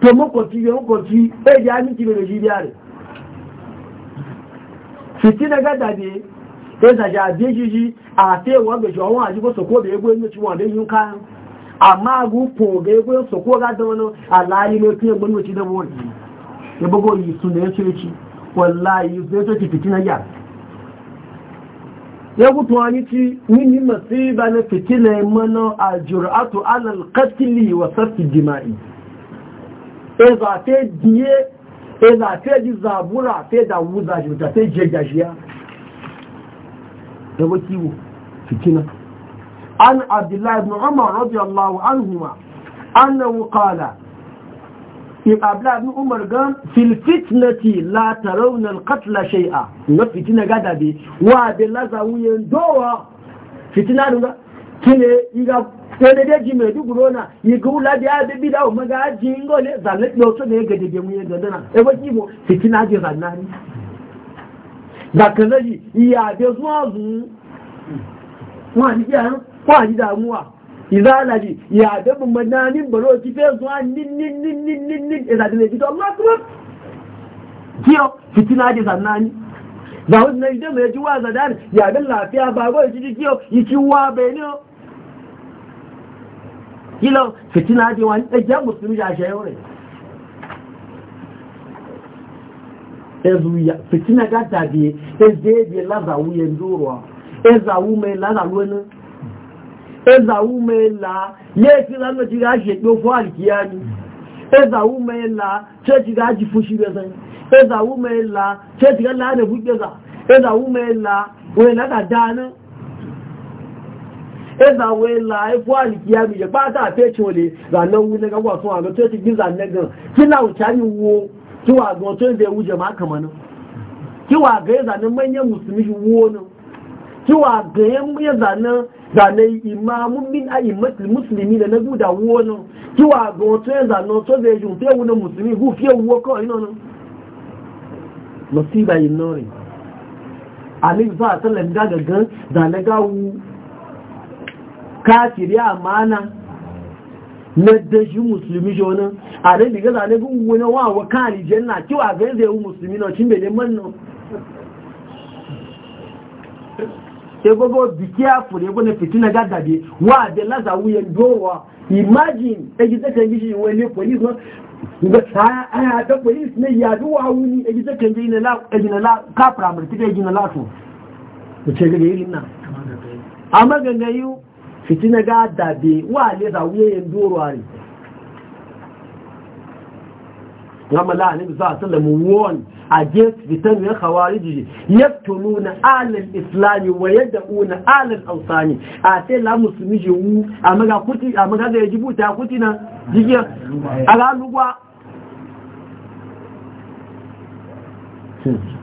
to ya ɗaya ya miki da shi fiti na gada ezaji abejiji ate ewa gbeji ọnwa ajibo sokwo bụ egwe nnochi nwa abeghị nka ama agụ kwụ ga egwe sokwo ga dọnụ ala anyị n'otu egbe nnochi debe ụlọ ebogo yi su na eto echi wala yi su ya na mana zabura fe da wuza ji ta daga kiwo fitina an abdullahi ibn umar radiyallahu anhuma annahu qala in abdullahi ibn umar gan fil fitnati la tarawna al qatla shay'a na fitina gada bi wa bi lazawu yandowa fitina ga kile iga sai de jime du na yi gula da ya bi da maga jingo ingole zalle doso ne gade de mu yanda dana e ba kiwo fitina ji zanna ni bàkànlẹ́ yìí ìyà àjẹ́ fún ààbùn wọn àti jẹ́ wọn àti dàmúwà ìzáàlàjì ìyà àjẹ́ fún mọ̀dá ní bọ̀rọ̀ ti fẹ́ sún á ní ní ní ní ní ní ìsàdìlẹ̀ ìjọ lọ́kùnrin kí lọ wọn ẹjẹ́ mùsùlùmí àṣẹ rẹ̀ ezuya fitina gata biye ezeye laza wuye ndurwa eza wume laza lwenu eza wume la yefi lanu jiga je do fo alkiyani eza wume la che jiga ji fushi beza eza wume la che jiga la ne bugeza eza wume la we la da dana eza we la e fo alkiyani je pata pe chole la na wu ne ga wa so a lo che ti giza kila o wo kiwa ga wato zai wuce ma kamanin kiwa ga ya zanen manyan musulmi wonin kiwa ga ya zanen zanen imamun min a imatul musulmi da na guda wonin kiwa ga wato ya zanen wato zai yi fiye wunan musulmi hu fiye wuwa kawai nonin masiba yi nori alif za a tsallan gagagan zanen gawu kafiri amana na dashi musulmi jona a dai daga zane bin wani wa wa kan aljanna ki wa ga zai musulmi na cin bele manno e gogo be careful e gogo fitina ga wa de laza wuye dowa imagine e gida kan gishi wani polis no ga ta aya ne ya duwa wuni e gida kan gishi na la e gina la ka primary gina la to ce ga na amma fitina ga dabe wa le za wuye yin doruwa ne gama la'anin za a sallamu won against fitan ya khawariji yaktuluna alal islami wa yad'una alal awsani a sai la musulmi je wu a maga kuti a maga ga yajibu ta kuti na jigiya ala lugwa hmm.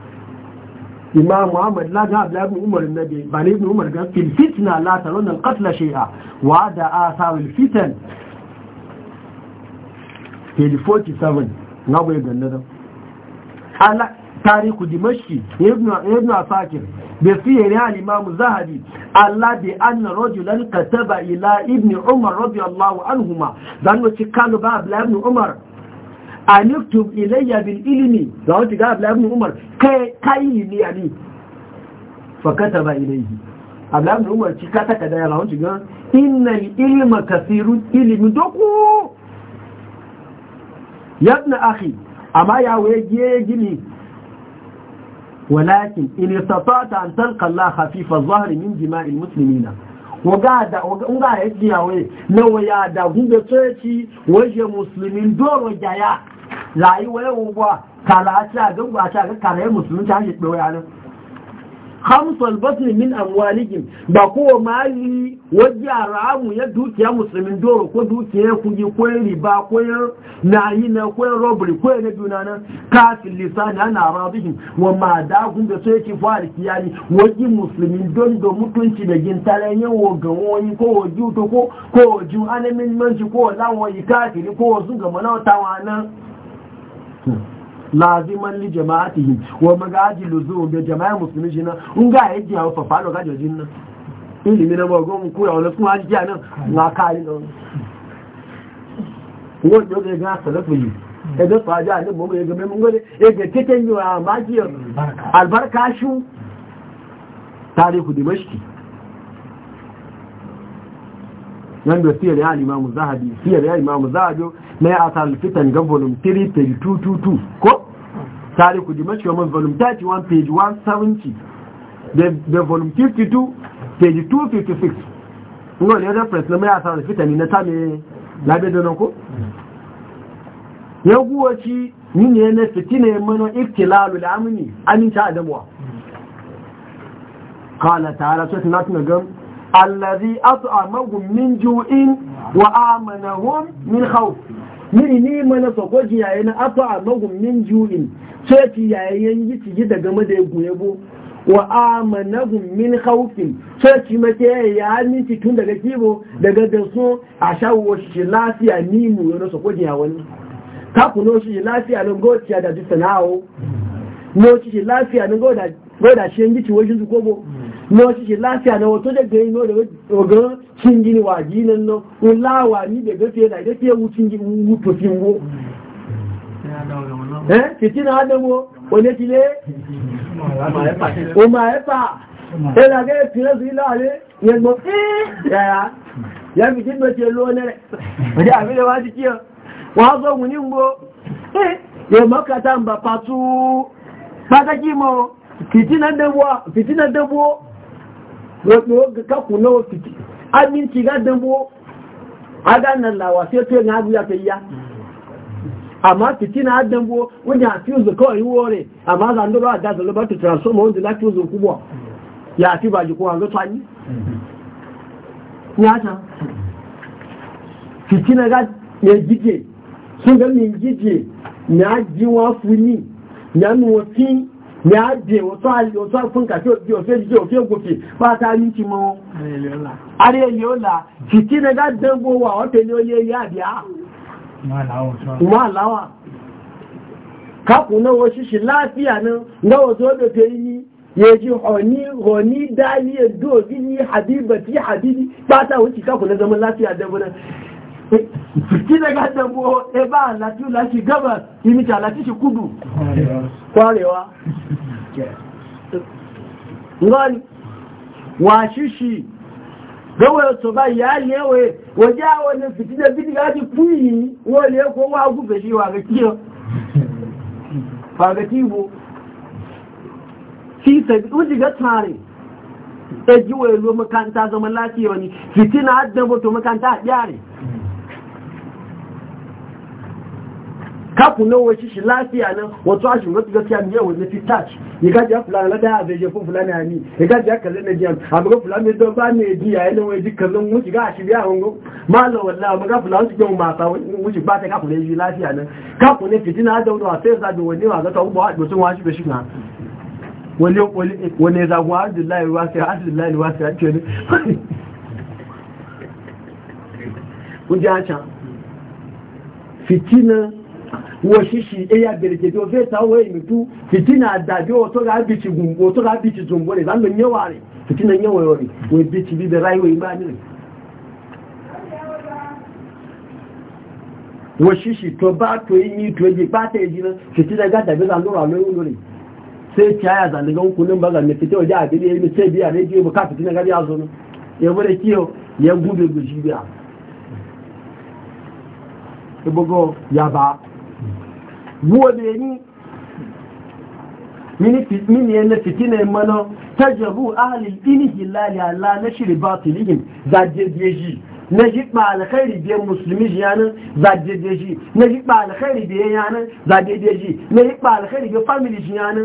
imam muhammad la ga Abdullahi ibn umar nabi bani ibn umar ga fil fitna la tarun al qatl shay'a wa da asar al fitan page 47 na bai ganna da ala tariku dimashki ibn ibn asakir bi fi al imam zahabi alla bi anna rajulan kataba ila ibn umar radiyallahu anhuma dan wa cikalo ba Abdullahi ibn umar a nuktub ilayya bil ilimi ga wata ga abu umar kai kai ne a ni fakata ba ilayhi abu umar ci ka taka da yara wata ga innal ilma kasirun ilimi doku yabna akhi amma ya waye gini walakin in istata an talqa Allah khafifa adh-dhahr min jima'il muslimina wagada unga yajiyawe na wayada gube tsoci waje muslimin doro jaya rayuwar yawon kala a ci a gangu a ci a ga kalayen musulunci an ɗoya nan hamsul basni min amwalihim ba kowa mali wajen haramu ya dukiya musulmin doro ko dukiya kuyi ko riba ko nayi na ko robbery ko na juna nan kafin lisani ana rabihim wa ma da su da sai ki fara kiyani wajen musulmin don da mutunci da gintalan yan wogan wani ko wajen to ko ko wajen alamin manci ko lawan yi kafiri ko wasu ga manauta nan laziman li jama'atihim wa magaji luzum bi jama'a muslimin jina un ga yaji hawa fafalo ga jojin nan ilimi na bago mu koya wala kuma haji nan na kai nan wo jo ga ga salafu yi e da faja ne mu ga ga mun gode e ga keken ma wa maji albarka shu tarihu dimashki nan da siyar ya limamu zahabi siyar ya limamu zahabi na ya asar fitan ga volume 3 page 222 ko tare ku dimashi wa volume 31 page 170 da volume 52 page 256 ngo ne reference na ya asar fitan na ta me labe da nan ko ya ci ni ne na fitina ya mana iftilalu da amini aminta adamuwa kala tare sai na tuna allazi at'amahum min ju'in wa amanahum min khawf miri ni mana sokoji yayi na at'amahum min ju'in sai ki yayi yangi ci daga mada guyebo wa amanahum min khawfin sai ki make ya miki tun daga kibo daga da so a shawo shi lafiya ni mu yana sokoji ya wani ka kuno shi lafiya nan gociya da sana'o no shi lafiya nan goda goda shi yangi ci wajin su kobo lọ ṣiṣẹ́ láti àná wọn tó dẹ̀gbẹ̀ inú rẹ̀ ọ̀gán ṣíngí ni wà yìí nínú ńláwà ní dẹ̀gbẹ̀ fi ẹ̀dà ìdẹ́fẹ́ ewu ṣíngí wú tó fi wó títí mm. náà dẹ̀wọ́ onétílé ọmọ ẹ̀fà ẹ̀làgẹ́ wa sí láàrẹ́ yẹgbọ́n ẹ̀yà yẹ́bì tí mo ṣe lóọ́ nẹ́rẹ̀ wọ́n sọ́gun ní gbogbo yẹ̀mọ́kàtà ń bà pàtó pátákì mọ́ fìtínà dẹ́wọ́ wato ga kaku na wasu abinci ga dambo a ganin lawa sai to yana abu ya ta iya amma fitina a dambo wani a fiye kawai wore amma zandoro a gasa lobar ta transforma wanda na fiye zuku ya fi ba na na ní àjẹ́ òtọ́ àfúnkà tí ó jẹ́ òfẹ́ jíjẹ́ òfẹ́ ògbòfè pátá ní ti mọ́ arí èyí ó là fìtí ní olé ilé wà láwà ní àbíbẹ̀ tí àbíbí pátá zama fiti daga dambo e ba latu lati gabas imita lati shi kudu kwarewa ngani washishi gawo to ba ya lewe waje wannan fiti da bidi ga ti fuyi wole ko wa ku be shi wa ga kiyo ba ga tibo shi sai uji ga tare e yare kafin nan wai shi lafiya nan wato a shugaban gaskiya ne yau ne fitach ya gaji ya fulani na daya bai jefu fulani a ni ya gaji ya kalle na jiya a maga fulani don ba ne ji yayi nan wai dukkan nan wuce ga shi biya hango mala wallah maga fulani su masa wuce ba ta kafin ne shi lafiya nan kafin ne fitina da wani wasa ya wani wa zata ubawa da sun washi da na wani ya zaguwa abdullahi wasu ya abdullahi wasu ya ce ne kun ji a can fitina woshishi eya berkete ofe ta wo imitu fitina adabi oto ga bichi gumbo oto ga bichi zumbo ne zan nyewa ne fitina nyewa yori we bichi bi be rai we imani ne woshishi to ba to ni to je pata ejina fitina ga dabe zan lora lo yori sai caya zan daga kunun ba zan fitina oja abi ne mi sai biya ne je ka fitina ga biya zo ne yabo da kiyo ya gube gushi biya ibogo yaba gobe ni mini yana fitina mana ta jabu ahalin inihi lalala na shiri batilihim zajejeji na ji ba alkhairi biyan musulmi ji yanin zajejeji na ji ba alkhairi biyan yanin zajejeji na ji ba alkhairi biyan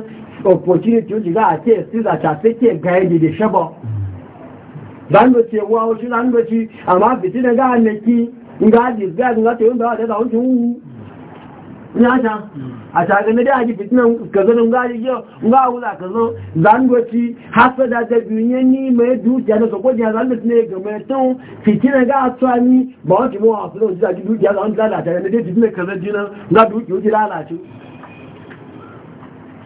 ji a ke da shaba ga ga ga da nyata a tagame da haji fitinan ka zo nga yau nga wula ka zo zangoci hasada da dunye ni mai dukiya da sokoji a zan ne ga mai tun fitina ga tsani ba wata mu a fulon da dukiya zan lalata ne da fitinan ka zan jinan nga dukiya ji lalace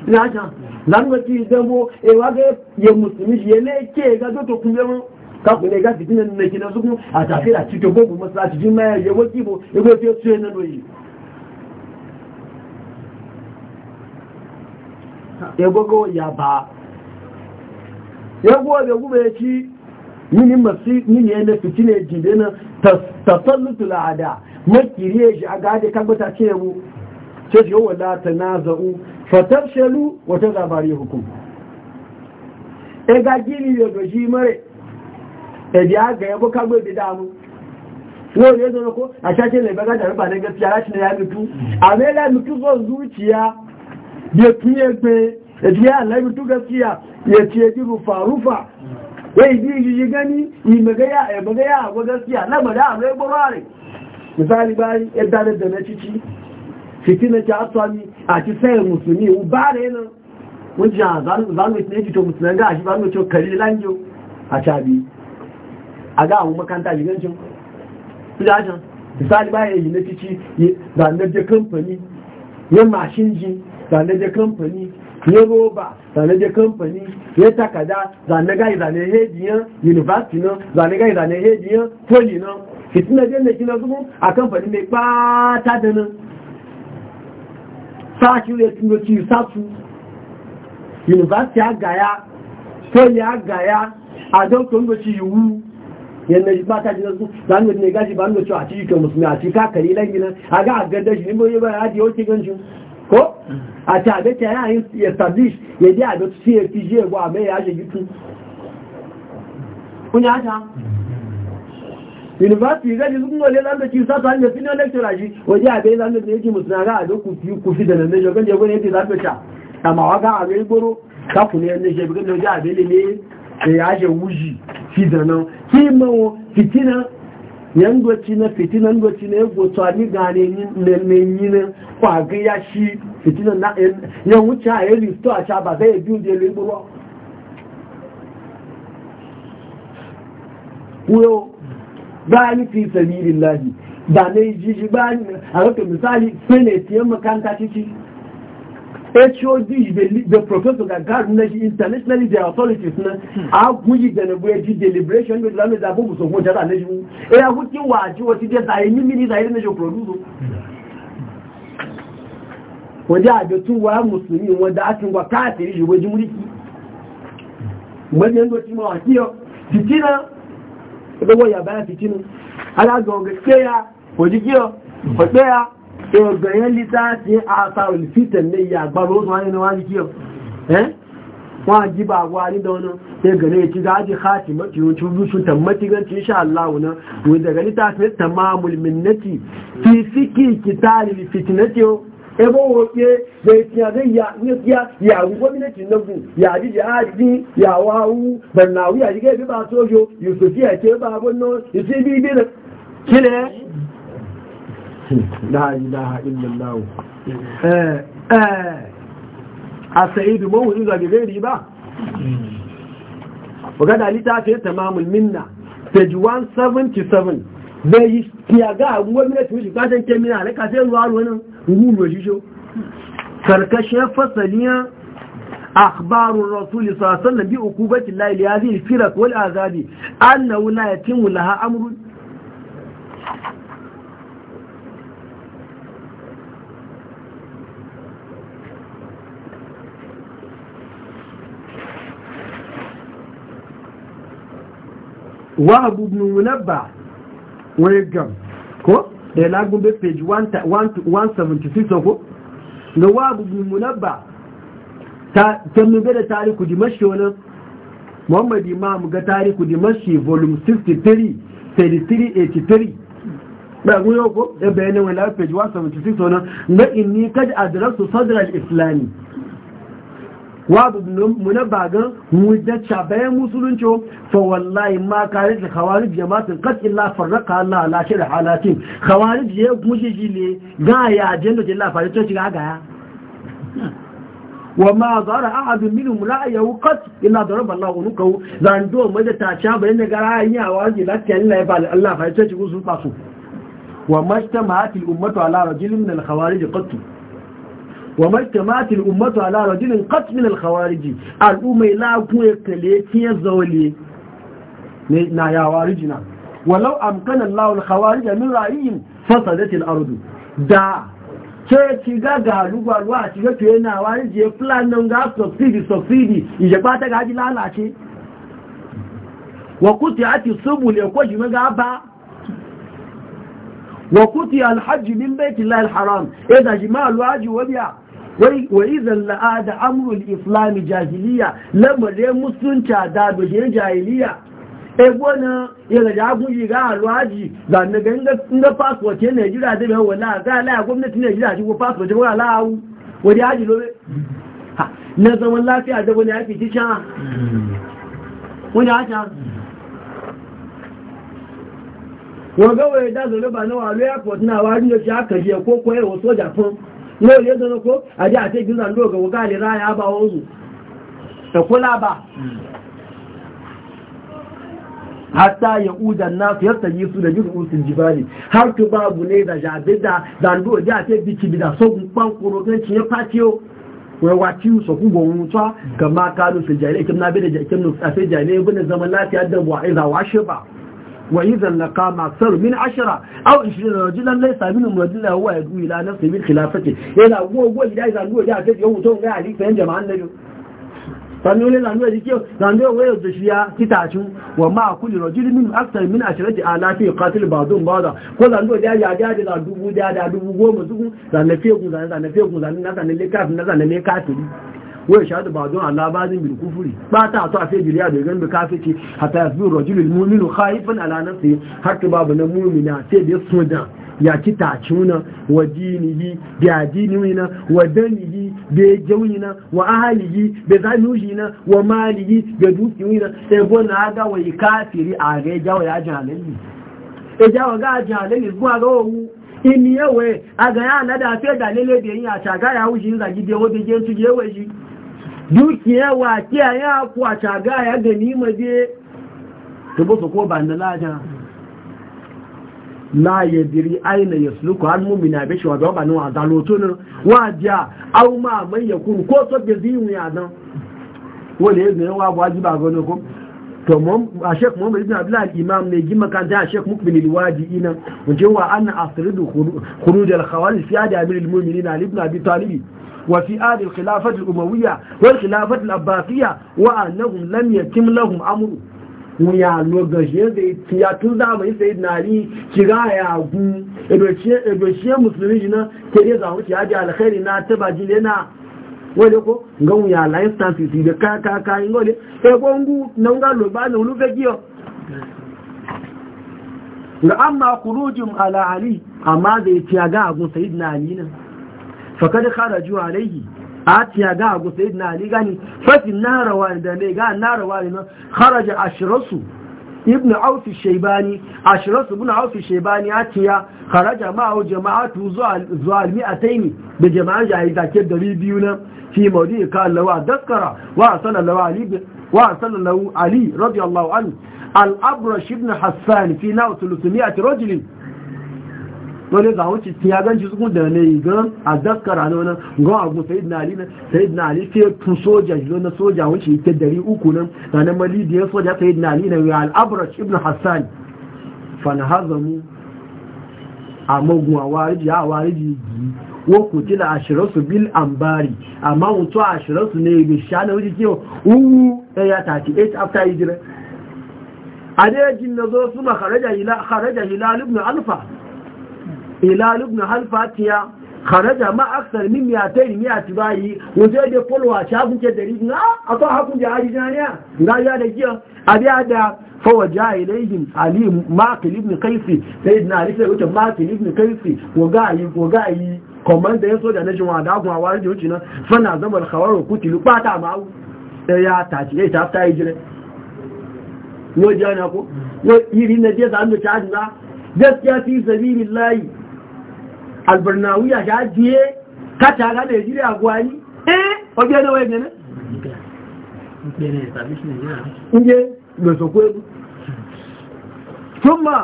nyata zangoci dambo e waga ya musulmi ya ne ke ga to kuma ka kakun ga fitinan na kina zuku a tafi a cikin gobe masu a cikin mayar yawon kibo ya gobe su ne noyi egogo ya ba yago da gube ya ci mini masu mini ya na fiti ne jibe na tasallutu la'ada makiriye shi a gade kagbata ce yabo ce shi yawon lata na za'u fatar shalu wata zabari hukum e ga gini ya doji mare e a ga yabo kagbe bi damu wani ya zo ko a shashe ne da rufa na gaskiya rashin ya mutu a mela mutu zuwa zuciya ya tuye gbe ya tuye alabi gaskiya ya tuye rufa rufa ya yi gani yi magaya ya a gaskiya na mada a rai gbarare misali bayan ya dare da na cici a ci sayar musulmi ubare nan wajen zanwet ne jito musulmi ga a a na cici kamfani ya mashin zanaje kamfani ya roba zanaje kamfani ya takada gai zane hediyan university nan gai zane hediyan poli nan fitina jen da na zubu a kamfani mai kpata da nan sashi ya ci sasu university a gaya poli a gaya a don tunoci yiwu yanda shi ba ta ji nasu za da ne gashi ba mu cewa a cikin musulmi a cikin kakari lagina a ga a gaddashi ne bai yi ba ya ji yau ke gan shi ko a ti àgbẹ́kẹ̀ yáyìn establish yẹ̀dí àgbẹ́ tí a fi yé ẹgbọ́ àmẹ́yà ṣe yìí tún oúnjẹ́ àṣà yunifásitì ìrẹ́jì lúkúnlọ́ o lámbẹ̀kì sátọ̀ ní ẹ̀fínà lẹ́kṣọ́rà yìí òjì àgbẹ́ lámbẹ̀kì méjì mùsùlùmí àgbẹ́ ku fi dẹ̀nà méjọ gẹ́gẹ́ wọ́n èdè lámbẹ̀kà àmàwágá àgbẹ́ wuji fi ẹni ṣe bí fitina? yangoci na fitinan goci na yago a ni gane ne yi na kwaga ya shi fitinan na ya wuce a yi listo a sha ba zai e biyu da e ya lebo kuyo ba ni fi sabilillahi ba ne jiji ba ni a rika misali sai ne tiyan makanta ciki HOD the professor ga na internationally the authorities na hmm. a guji da na buya ji deliberation with da abubu so kuma jara na shi e ya kuki wa ji wata dai zai ni mini zai na shi producer wajen abetun wa musulmi wanda akin wa kafiri shi wajen mulki wani yanzu wacin mawa kiyo fitina ɗago ya bayan fitina ana ga gaskiya wajen kiyo ẹgbẹ̀yẹn lítà tí a ta olùfítẹ̀ ní iye àgbàrò oṣù wáyé níwájú kí ọ wọ́n a jíba àwọ àrídọ́nà ẹgbẹ̀rẹ̀ ti rájí káàtì mọ́tí oúnjẹ olúṣù tàmọ́tígántí ṣàláwọ̀ná daga da ya ya ya gwamnati na gu ya ji ya ji ya wawu bannawu ya ji ga bi ba ya ba bi la ilaha illallah eh eh a sa'idu mawuzi ga gairi ba ga da littafi tamamul minna page 177 zai yi fiyaga a gwamnati mishi kashin kemina na kashin zuwa wani gudu shi shi karkashin fasaliyan akhbarun rasuli sallallahu bi ukubati laili hadhihi firak wal azabi annahu la yatimu laha amrun wahab ibn munabba wai gam ko da lagun be page 176 so ko ga wahab ibn munabba ta tambaye da tariku dimashq wannan Muhammad Imam ga tariku Dimashi volume 63 3383 ba ku yau ko da bayanin wala page 176 wannan na inni kad adrasu sadr al-islami wadu muna bagan mujacca bayan musulunci fa wallahi ma kare da khawarij jama'atin qad illa farraqa Allah la shir halatin khawarij ya mujiji ne ga ya jendo jilla fa to ci ga ya wa ma zara ahad minhum ra'ayahu qad illa daraba Allah unukahu zando majata cha bayan da a ya waji lakin Allah ya ba Allah fa to ci gusu fa su wa majtama'atil ummatu ala rajulin min al khawarij qattu wa martamatil ummatu ala rajulin qat min al khawarij al umay la ku yakale tiya zawli ne na ya warijina walau amkana Allah al khawarij min ra'yin fasadat al ard da ce ci ga ga a ci ga to yana warije ya plan nan ga subsidi subsidi ije kwata ga ji lalace wa quti'ati subul yakwaji maga ba wa qutiya al hajj min baiti Allah al haram idan jima'u al waji wabiya wa izan la'ada amurul islami jahiliya lambarai musulunci da dogin jahiliya ego na yalaja agun yi ga alwaji ga na ga fasfote nigeria da bai wala ga alaya gwamnati nigeria shi ko fasfote wala la'awu wadda ya ji lobe na zaman lafiya da wani ya wani da ló yẹ zọ́nà kó àjẹ́ àti ìgbìmọ̀ ga wuga wọ́gá raya ba bá oòrùn ẹ̀kọ́ lába hata ya uda na su yarta yi su da jirgin usul jibali har ku babu ne da jabe da zando ya ce biki da so kun kwankuro kan cinye fatiyo wai wati so ku gon wuta ga ma kanu su jahilai e kim na bi da jakim nu a sai jahilai bin zaman lafiya da wa'iza e washe ba وإذا لقام أكثر من عشرة أو عشرين رجلا ليس منهم رجلا هو يدعو إلى نفسه بالخلافة إلا هو هو إذا إذا هو جاء تجي يوم تون غير عليك فهم جماعة النجو sannu ne zanduwa da kiyo zanduwa wayar da shiya kitacin wa ma kulli rajul min akthar min ashrati alafi qatil ba'dun ba'da ko zanduwa da ya ga da dubu da da dubu goma su zanne fiye ku zanne zanne fiye ku zanne na zanne le kafin na zanne le kafiri wai shahadu ba don Allah ba zin kufuri ba ta to a sai jiriya da gan kafirci hatta yasbu babu na mu'mina sai da soda ya ci tacuna wa dinihi da dinina wa danihi da jawina wa ahalihi da wa da a jawo ya e jawo zuwa ga wu a ga nada fe da yin a shaga ya wuji zagi da yawo da dukiya wa kiya ya kwacha ga ya gani maje ta ba su ko ba na laja la ya diri aina ya suluku an mumina bai shi wa ba ni wa zaloto ne wa jiya au ma mai ya kuru ko so ke ziyu ya nan wani ya zai wa ba jiba gano ko to mom a shek muhammad ibn abdullah imam ne gima kan a shek mukbil alwaji ina wajen wa an asridu khurujal khawarij fi adi amir almu'minin ali ibn abi talib وفي آل الخلافة الأموية والخلافة الأباقية وأنهم لم يتم لهم أمر wuya lokacin da ya tun zamani sai na ali kira ya gu edoshiyar musulmi jina ke dai zamu ci haji alkhairi na taba jile na wale ko ga wuya layin stansi su da kaya kaya kayan loba ga amma kurujin zai ci ga agun na fakad kharaju a atiya ga abu sayyidina ali gani fatin narawa da mai ga narawa ne kharaja ashrasu ibn auf shaybani ashrasu ibn Shaibani a atiya kharaja ma'a jama'atu zuwa mi'ataini da jama'a jahida ke biyu na fi mawdi kallawa daskara wa sallallahu ali wa sallallahu ali radiyallahu anhu al-abrash ibn hassan fi na'u 300 rajulin wani ga wuce ya ganci su da ne gan a zakkara ne wannan gan abu sayid na ali sayid na ali sai tun soja shi na soja wuce ita dari uku nan na na mali da ya soja sayid na ali na al al'abrash ibn hassan fanhazamu a maguwa wariji a wariji wo kutila su bil ambari amma mutu su ne bi shana wuce kiyo uwu ya 38 after hijira jin na zo su ma kharaja hilal ibn alfa hilal ibn Al-Fatiha kharaja ma aksar min miyatai miyati bayi wajen da folwa shafin ke dari na a kan hakun da na janiya ga ya da giya a biya da fawa jahilaihim ali maqil ibn kaifi sai na sai wuce maqil ibn kaifi wa ga yi wa ga yi komanda ya soja na jima da gwa wani da wuce fa fana zama khawaru kutilu pata ma ya ta ya tafi ta yi jire yau jana ko yau iri na je sa da ta na gaskiya fi sabilillahi albarnawi a ṣá jí na káta ga nàìjíríà buhari ẹ́ ọjọ́ ẹ̀nà wẹ́gbẹ̀ náà ǹjẹ́ lọ́sọ̀kú ẹgbù túnmà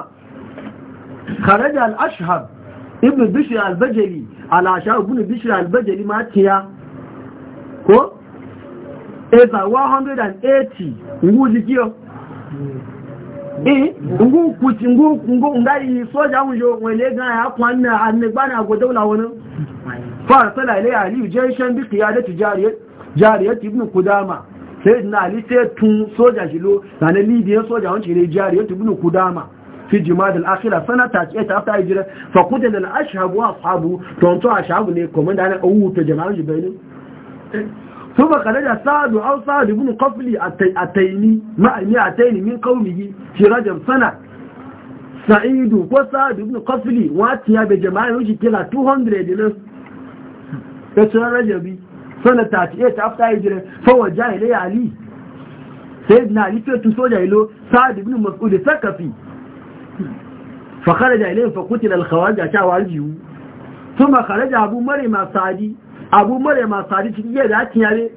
kàrẹ́dà al'ashab ibn bishir al-bajali al'ashab ibn bishir al-bajali ma tíya ko? ẹ̀sà 180 ngúzi kíọ́ ee ngu kuci ngu ngu ngai soja unjo wele ga ya kwanna annabana go daula wani fara sala ile ali jayshan bi qiyadati jariyat jariyat ibn kudama sayyidina ali sai tun soja shilo sanan lidiyar soja wancin ne jariyat ibn kudama في جماد الأخيرة سنة تاتيت أفتى هجرة فقتل الأشهب وأصحابه تونتو أشهب ليكم من ثم خرج سعد أو سعد بن قفلي أتيني مئتين من قومه في رجب سنة سعيد وسعد بن قفلي واتيا بجماعة وشي كلا 200 لنس يسرى رجبي سنة 38 أفتح يجري فوجا إلي علي سيدنا علي فتو سوجا إلو سعد بن مسعود سكفي فخرج إليه فقتل الخواجة شعوالجه ثم خرج أبو مريم سعدي abu mara masu hari cikin yadda ya yare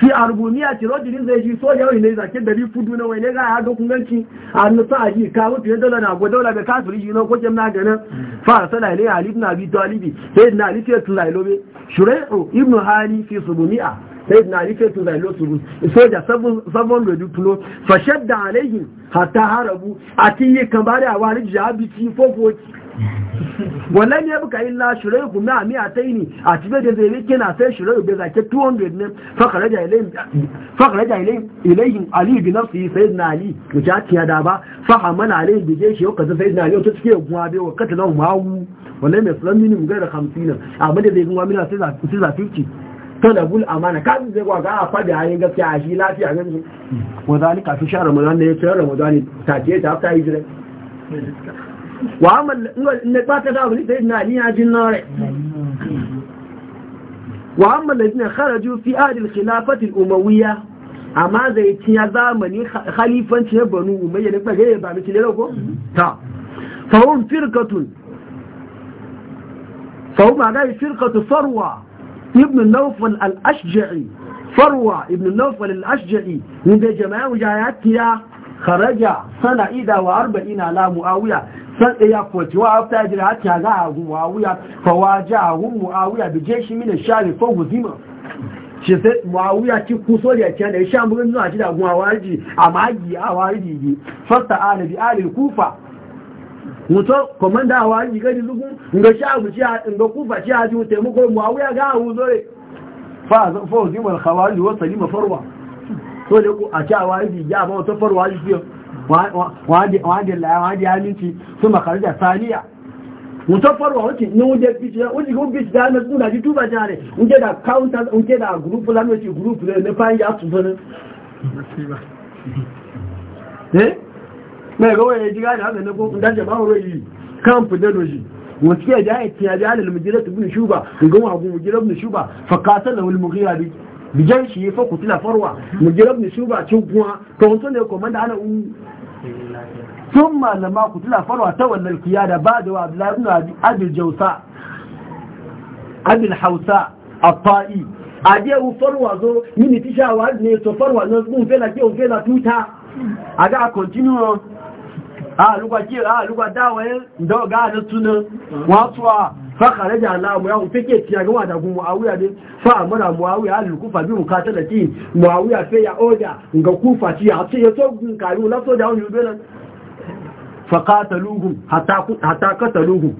fi arbuniya ce rojinin zai ji soja wani ne zake dari fudu na wani ga ya ga kunganci a nusa a ji kawo fiye dala na gwa dala ga kafiri shi na kwakin na ganin fara sana ne ali ibn abi talibi sai na ali fiye tun zailobe shurai'u ibn hali fi subuni'a sai na ali fiye tun zailo subu soja sabon redu tuno fashadda alaihim hatta harabu a yi kamar da wani jihabi ci fofoki wannan ne buka na shirai kuma na miya ta yi a cikin da zai rike na sai shirai da zake 200 ne fakaraja ilayin ali bi nafsi sai na ali wuce ja tiya da ba mana ali bi je shi yau kasu sai na ali wata cike guwa bai wa katalan mawu wannan mai sulan minim gai da hamsin nan amma da zai guwa mina sai za 50 ta da bul amana ka zai gwa ga a fadi a yin gaskiya a shi lafiya ganin wazalika fi sha ramadan ne ya ce ramadan ta ce ta ta hijira wa amal ne ba ta dawo sai na ni ya jin nare wa amal ladina kharaju fi ahli al-khilafati al-umawiyya amma zai tiya zamani khalifanci ya banu umayya ne fage ba miki ne ko ta fa hum firqatun fa hum ala firqatu farwa ibn nawfal al-ashja'i farwa ibn nawfal al-ashja'i ne da jama'a wajayatiya kharaja sana ida wa arba'ina la muawiya san ya kwaci wa afta jira hatta za a gu muawiya fa wajahu muawiya bi jeshi min shari fa huzima shi sai muawiya ki kuso da kiyan da sha mun zuwa ji da gu awaji amma gi awaji gi fasta ala bi ali kufa mutu komanda awaji gadi lugu nga sha bu ci nga kufa ci haji taimako muawiya ga hu zore fa fa huzima al khawarij wa salima farwa so da ku a ci awaji ya ba wata farwa ji wadi laya wadi a su makarar da saniya mutafar wa wuce ni wuje bici ya wuce ko bici da na tsuna ji tuba jare wuje da counter wuje da group la group ne ne fayin ya su zana eh me ya ji ga ne ko dan jama'a royi camp da doji وفي جاءت يا جعل المجيرة بن شوبة وقوم أبو مجيرة بن شوبة فقاتله المغيرة بجيشه فقتل فروة مجيرة بن شوبة شوبها كونتون يكو من ana. sun malama ku tula farwa ta wannan kiyada ba da wa abdullahi ibn abdul jausa abdul hausa at-ta'i ajewu farwa zo mini tishawa ne to farwa no mun fela ke on fela tuta aga continue ah lugwa ki ah lugwa dawo eh ndo ga da tuna watwa fa kharaja ala mu ya fike tiya ga wada gun muawiya ne? fa a amara muawiya al kufa bi mukatalati muawiya fe ya oda ga kufa ti a ce ya to gun karu la so da on yubela faƙataluhun hatta kataluhun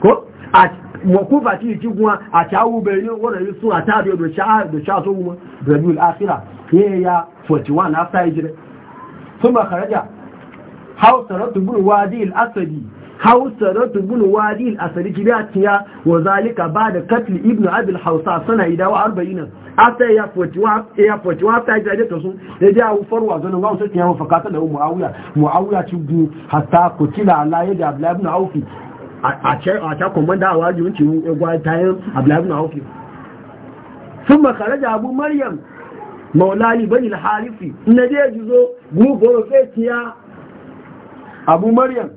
ko a mọ̀kú bàtí ìjígun sun a ní wọ́n rẹ̀ sha àtàrí sha ṣáàtò wọn rẹ̀lú al'afira yẹ́ ya 41 after ìjírẹ̀ tó da kàrẹ́jà hausaratu bin wadi al'asadi hausaratu tubul wadi al asri jibiyatiya wa zalika ba'da qatl ibn abi al-hausa sana ida wa 40 after ya 41 ya 41 ta jaje to sun ya ja wu farwa zanin wa sai ya fakata da muawiya muawiya ci gu hatta kutila ala da Abdullahi ibn aufi a ce a ta komanda wa ji wunci gwa tayin Abdullahi ibn auf thumma kharaja abu maryam maulali bani al-harifi naje juzo gu boro fetiya abu maryam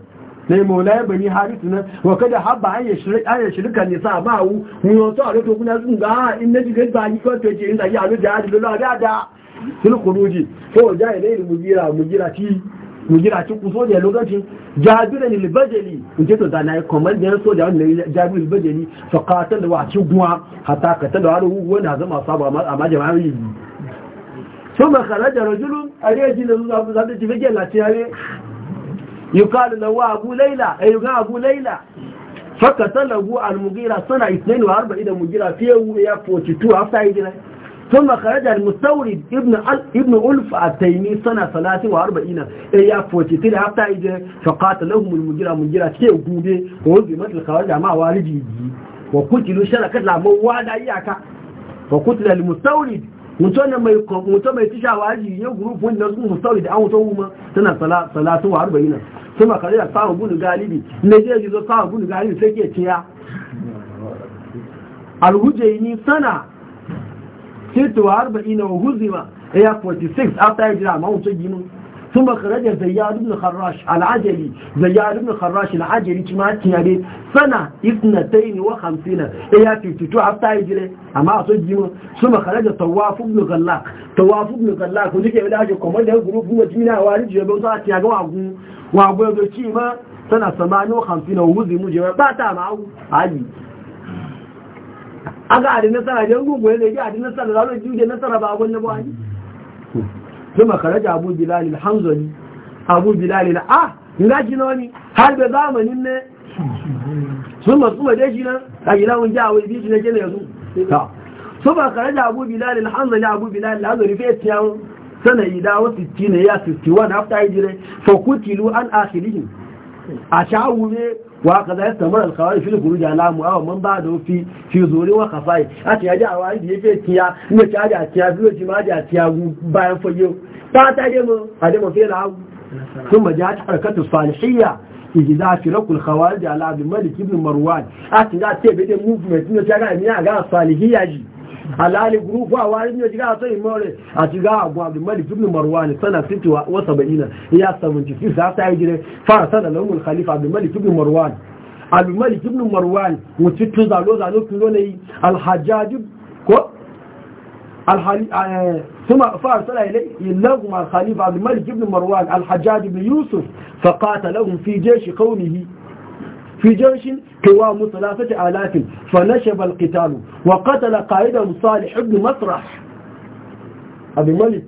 ne ya bani harisu nan wa kada haba an yi shirka ne sa ba hu mun yau sa rato kuna sun ga ah, in na jikin ba yi kwanto ce inda yi a nuja hadi lula a dada sun kuruji ko ja yi da mugira mugira ti mugira ti kuso da lokacin jabira ne libajeli in ce to da na yi komandiyar soja wanda ya jabira libajali fa katar da wa ci guwa hata katar da wani hukuwa na zama saba a majama'a yi sun ba kalajar rajulun a rejin da zuwa zaɓe ci fage lati yare yukalu lahu abu laila ay yukalu abu laila fakatalahu al-mughira sana 42 idan mughira fiyu ya 42 after he died thumma kharaja al-mustawrid ibn al-ibn ulf al-taymi sana 43 ya 43 after he died faqatalahum al-mughira mughira ce gube ko bi matal kharaja ma walidi wa kutilu sharakat la mawada iyaka wa kutila al mutum mai tisha waji ne gurupu wanda sun musauri da an wutan wuma tana salatu wa arba'ina sai makare da samun gudu galibi na je ji zo samun gudu galibi sai ke ciya ni sana sai to arba'ina wa huzima ya 46 after ya jira ma wuce gimin ثم خرج زياد بن خراش العجلي زياد بن خراش العجلي كما تيابي سنة اثنتين وخمسين ايا في تتو حتى يجري اما اتجيمو ثم خرج طواف بن غلاق طواف بن غلاق وديك يبدا جو كوماند جروب هو جمينا وارج يبو ساعه تياغا واغو واغو يبو كيما سنة 58 ووزي مجيبا باتا معو علي aga adin nasara jangu gwe ne ga adin nasara zalo juje nasara ba gwanne ba hadi ثم خرج أبو بلال الحمزني أبو بلال آه نجنوني هل بضامن إنه ثم ثم دجنا أجنا ونجا ويبيجنا جنا يزوم ثم خرج أبو بلال الحمزني أبو بلال الحمزني في اتيام سنة إذا وستين يا ستوان أفتح جري فقتلوا عن آخرهم أشعوا به وقد يستمر الخوارج في الخروج على مؤاوى ومن بعده في في زور وخفاي أتي أجا وعيد يفي تيا نك أجا تيا بلو جما أجا تيا باين فيو تاتا جمو أجمو في العو ثم جاءت حركة الصالحية إذا شرك الخوارج على عبد الملك بن مروان أتي ذات تيبين موفمنت نك أجا ميا أجا الصالحية alali gurufu a wani ne jiga sai more a jiga abu abu mali ibn marwan sana 76 ya 76 za ta yi gire fara sana lamul khalifa abu mali ibn marwan abu mali ibn marwan wuce tun zalo zalo tun ne alhajjaj ko alhali ثم فارسل إليهم الخليفة عبد الملك بن مروان الحجاج بن يوسف فقاتلهم في جيش قومه في جيش قوام ثلاثة آلاف فنشب القتال وقتل قائده صالح بن مسرح أبي ملك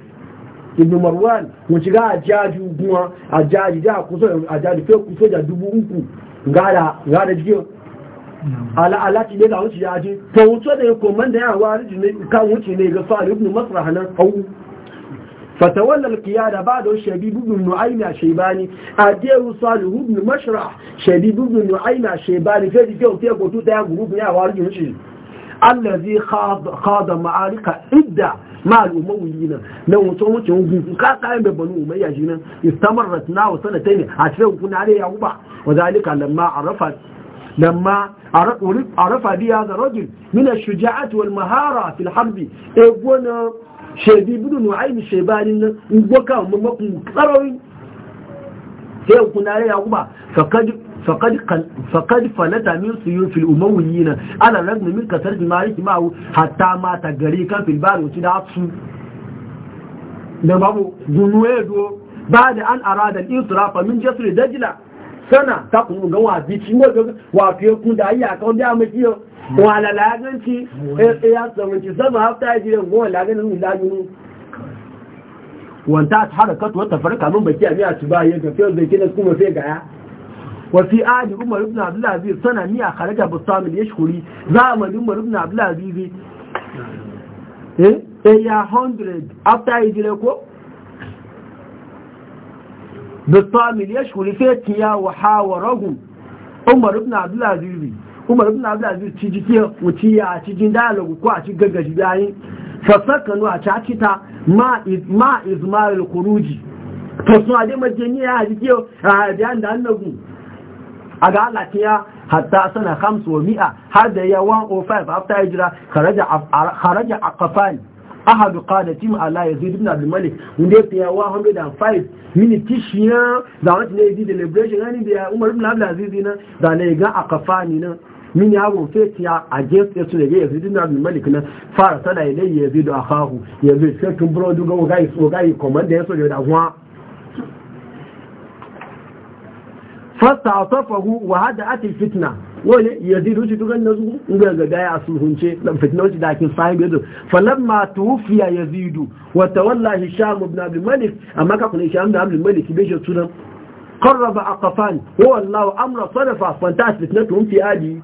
ibn marwan wọ́n ti ga ajaji ogun wọn ajaji dá àkóso ajaji fẹ́ kú sójà dúbú ukù gára jíò aláti lé láwọn ti yájí tọ̀wọ́n tó dẹ̀ kò mọ́ ní àwọn arìnrìn káwọn ti lè gẹ́fà ibn masra hannun ọwọ́ فتولى القيادة بعد شبيب بن نعيم الشيباني أديه صالح بن مشرح شبيب بن نعيم الشيباني فدي فيه وفيه قلتو تايا قلوب نيا وارجي نشي الذي خاض خاض معارك عدة مع الأمويين لو نعم، تومت يوم كاكا بنو أمية جينا استمرت ناو سنتين عشان كنا عليه يا أبا وذلك لما عرفت لما عرف عرف هذا الرجل من الشجاعة والمهارة في الحرب ابونا إيه، shebi budu no ai mi na ngoka mu maku tsarawi sai ku na ya kuma fakad fakad fakad fanata min suyuf al umawiyina ana ragu min kasar malik ma'u hatta ma ta gari kan fil bari wuci da su da babu dunuwe do ba da an arada al israfa min jasr dajla sana ta kun ga wa bi ci mo ga wa fiye kun da ayi aka wanda amaki yau? wà làlágánci eh, eh, ya tsamanci sama hafta ya jiran gowa laganin da laginu wanta ta harakatu wata farka min baki a miya su ba ya gafe zai kina kuma sai gaya وفي آل عمر بن عبد العزيز سنة a خرج بسام eh ya 100 after hijira ko بسام اليشكري فتيا umar ibn da ci jiki wuci ya ci jin dialogue ko a ci gaggaji bayan fasakanu a cacita ma ma izmaril khuruji to sun ade majeni ya ke a biyan da annabu a ga alatiya hatta sana mi'a. har da ya 105 after hijira kharaja a aqfan ahadu tim ala ya ibn abd malik wanda ya fiya 105 minute shiya da wani ne yi da liberation ne da umar abu da aziz na da yi ga aqfani na min ya wofe ya a gefe ya tuna ya zidu na malik na fara sana ilai ya zidu a kahu ya zai sai tun buro duga ogayi ogayi komanda ya so da kuma fasta a tafahu wa hada ake fitna wani ya zidu shi dugan na zuwa inda ga gaya a sulhunce na fitna wacce da ake sahibi yanzu falamma tuwufiya ya zidu wata wallahi shamu ibn abdul malik amma ka kuna shamu ibn abdul malik bai shi sunan قرب أقفان هو الله أمر صرفا فانتهت فتنتهم في آدي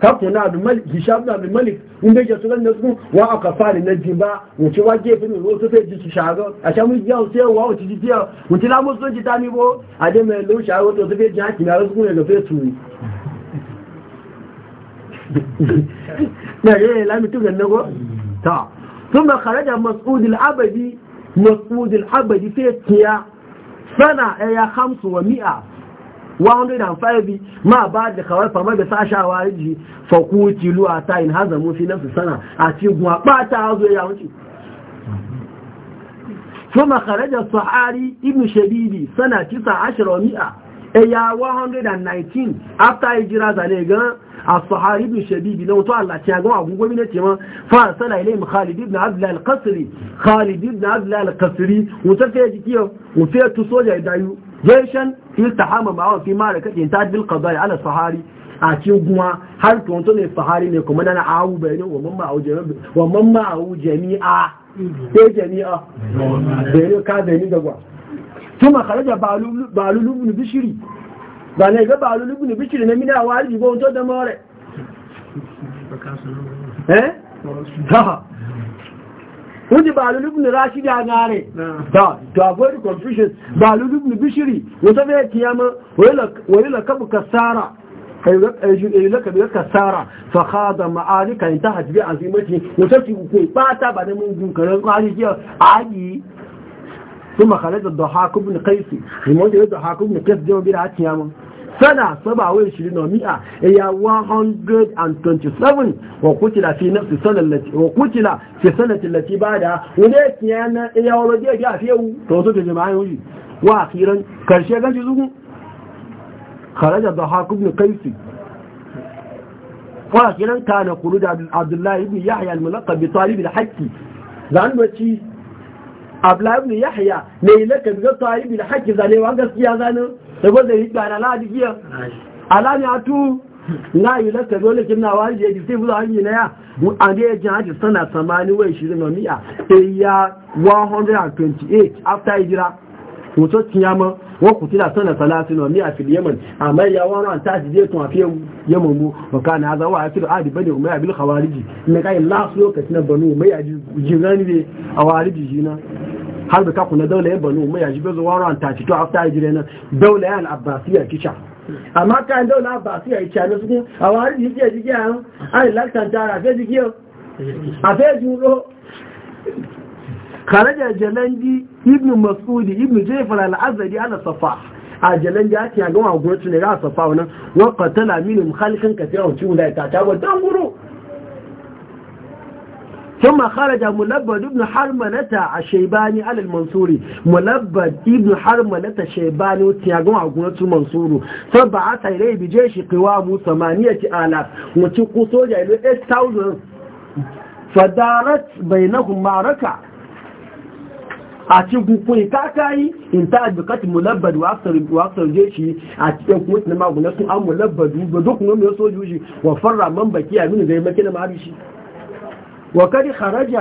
kakun na abdulmalik hishab na abdulmalik in bai jasu ganin su wa aka fari na jiba wuce wa gefe mai rosu sai ji shago a sha mu jiya sai wa wuce jiya wuce la musu ji tani bo a mai lu shago to sai ji ya rosu ga sai su na ga la mi tu ganin go ta ثم خرج مسعود العبدي مسعود العبدي في سنة 105 ma ba da kawai fama da sasha wariji fakuti luwa ta yin haza mun fi nan su sana a cikin guwa ba ta hazo ya wuce su makarajar sahari ibn shabibi sana cisa ashirar mi'a a e ya 119 after ya jira zane ga a sahari ibn shabibi na wato allah ci agama agungobi na ce ma fara sana ilayin khalid ibn abdullahi al-kasiri khalid ibn abdullahi al-kasiri wuta fiye jikiyar wuta ya tuso jeshen iltahama ba wa fi mara kaɗe ta bil qadai ala sahari a ci guma har to tuwanto ne sahari ne kuma nana awu bayanin wa mamma awu jami'a wa mamma awu jami'a ko jami'a bayanin ka da gwa kuma kharaja balulu ibn bishiri ba ne ga balulu ibn bishiri na mina wali ba wanto da more eh ha wani ba ne rashidi a gare da to avoid confusion ba ne bishiri wata bai kiyama wani lakabu kasara ayyulakabu ya kasara fa kada ma'arika ta hajjibi a wata ki kuke bata ba da mun gunkarin kwari jiya a yi ثم خلد الضحاك kuma قيس الموجود sana sabawa ishirin wa mi'a ya 127 wa kutila fi nafsi sanallati wa kutila fi sanati lati bada wanda ya na ya waje ya fi yau to so ta jama'a yi wa a akhiran karshe ganci zugu kharaja dhahak ibn qais wa a akhiran kana da Abdullahi ibn yahya al-mulaqab bi Haƙƙi. al-hakki zan wace abdullah ibn yahya ne lakabi ga talib al-hakki zalewa gaskiya zanin ẹgbọ́n lè rí gbàrà láàdì gíẹ̀ àtú láàyè lẹ́sẹ̀ ló náà wáyé èdè sí ìfúlọ̀ àyè náà àdé ẹjẹ́ àti sánà sàmà níwẹ̀ 128 na azawa ne na lokaci na banu umar yà jirgin ne har da kakuna na daula banu mai yaji bezo waro an tafi to after hijira na daula ya al-abbasiyya kicha amma kan daula abbasiyya kica ne su a wani a yau a yi laktan tara fe yau a fe juro kharaja jalandi ibn mas'udi ibn jayfar al ana safa a jalan da ake gama gwamnati ne ga safa wannan wa qatala halikan khalqan kathira wa tu'la ta ta wa danguro ثم خرج ملبد ابن حرملة الشيباني على المنصوري ملبد ابن حرملة الشيباني وتياغون عقونة المنصور فبعث إليه بجيش قوامه ثمانية آلاف وتقو سوجة إلى 8000 فدارت بينهم معركة a cikin kun kakayi in ta advokat mulabbad wa jeshi a cikin kuma na magunan an mulabbadu ga duk wani sojoji wa farra man baki a mini zai maki na marishi وقد خرج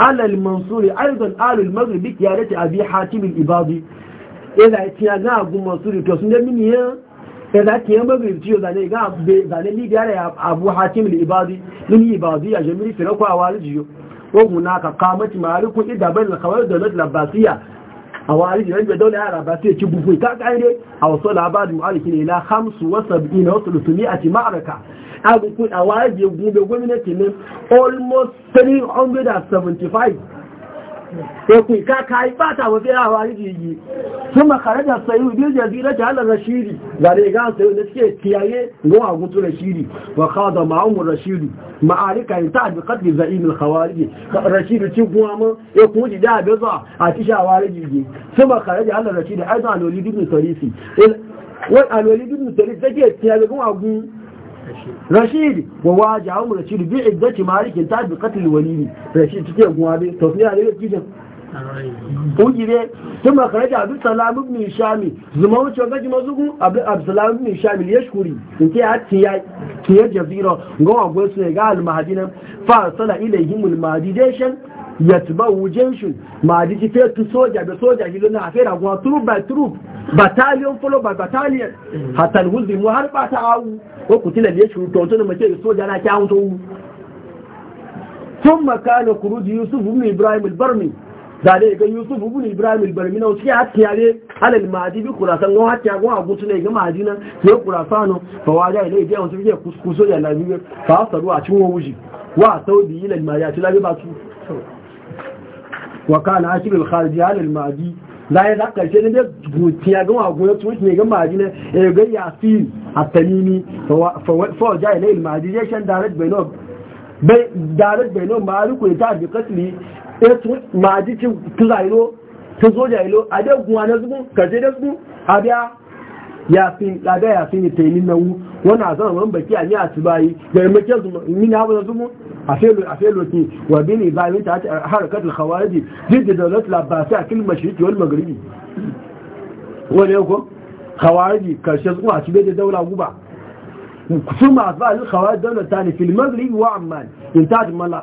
على المنصور ايضا آل المغرب يا ريت ابي حاتم الإباضي إذا اتيانا ابو منصور تسنى مني إذا اتيانا مغرب تيو لي ليبيارة ابو حاتم الاباضي من يا جميل في ركوة والجيو وهناك قامت مالك اذا بين الخوارج دولة الأباسية أوارج رجل دولة الأباسية تبوفي كاك عيني أوصل عباد مؤلكين إلى 75 و300 معركة abubu a waje gube gwamnati ne almost three hundred 375 sai ku ka kai bata wa fiya wa yi kuma da sayu bil jazira ta ala rashidi da ne ga sayu da suke tiyaye go a gutu rashidi wa da ma'um rashidi ma'arika ta bi qatl za'im al khawarij rashidi ci kuma mu ya ku ji da bezo a tisha wariji kuma kharaja ala rashidi aidan al walid ibn sarisi wal al walid ibn sarisi take a gutu rashid wa waje rashid bi malikin ta bi qatl walidi rashid take guwa bi tawfiya ne kijin kungire tun ibn shami zuma wucin gaji mazugu ibn shami ya ya tiya tiya jazira ga wagwai su ga nan fa sala ilayhim almahadi deshen yatba wujenshu mahadi fe tu soja be soja gido na afera gwa troop by troop battalion follow by battalion hatta ba ta awu ko kutila da ya shuru to tun mace soja na kyawun to ثم كان خروج يوسف بن ابراهيم البرمي ذلك يوسف بن ابراهيم البرمي نو سي حتى عليه على المادي بكراسان نو حتى غو اغو تنه ga madina sai kurasano fa waja ile je on suje kuskuso ya labi fa saru a cin wuji wa saudi ila almadi atulabi ba su wa kana ashir alkharij ala almadi zai za karshe ne da guti ya gama goyo tun ne ga majina e eh, ga ya fi atanini fa ja ne il shan direct by no bai direct by no ma ku ta bi kasli e tun majidi tulailo tun soja ilo ade guwa na zugun karshe da a biya ya fi kaga ya fi ni tayi nawu wana zama man baki a ni a tubayi ga mace su ni na da zumu a felo a felo ki wa bini ba min ta harakat al khawarij jid dawlat al abbasiya kil mashriq wal maghribi wani ko khawarij karshe su a cibe da daula guba ثم أصبح الخوارج دولة ثانية في المغرب وعمان انتهت mala.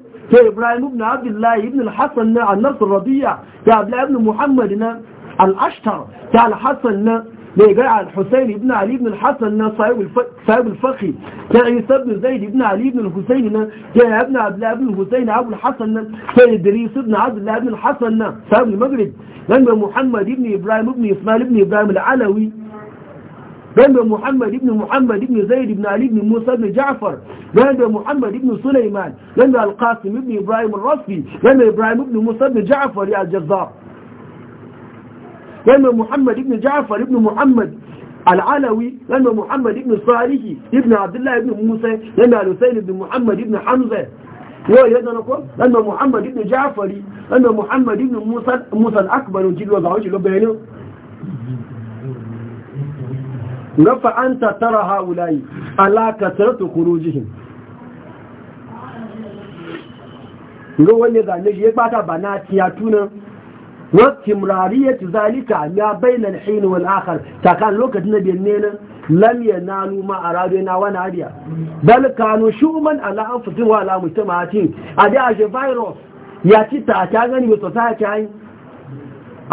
ابراهيم بن عبد الله ابن الحسن عن نفس الرضيع كإبراهيم بن محمد الأشتر كالحسن ليجعل الحسين بن علي بن الحسن صاحب الفخي كعيسى ابن زيد ابن علي ابن الحسين ابن عبد الله بن الحسين عبد الحسن كإدريس ابن عبد الله بن الحسن صاحب المغرب لما محمد ابن إبراهيم ابن إسماعيل ابن إبراهيم العلوي بين محمد بن محمد بن زيد بن علي بن موسى بن جعفر بين محمد بن سليمان بين القاسم بن إبراهيم الرصفي بين إبراهيم بن موسى بن جعفر يا الجزار بين محمد بن جعفر بن محمد العلوي لأن محمد بن صالح ابن عبد الله بن موسى لأن الحسين بن محمد بن حمزة ويدنا نقول لأن محمد بن جعفر لأن محمد بن موسى موسى الأكبر وجل وزعوج لبينه gafa an tattara haulayi alakatar ta kuro jihin ga wani zane shi ya bata ba na tiyatunan wakimrariyar zalika ya bayyana hini wani akar takan lokacin da benne nan lam yanalu ma arabe na wani adiya bal kanu shuman ala anfusihim wa ala mujtamaatihim adiya je virus ya ci ta ta gani ta yi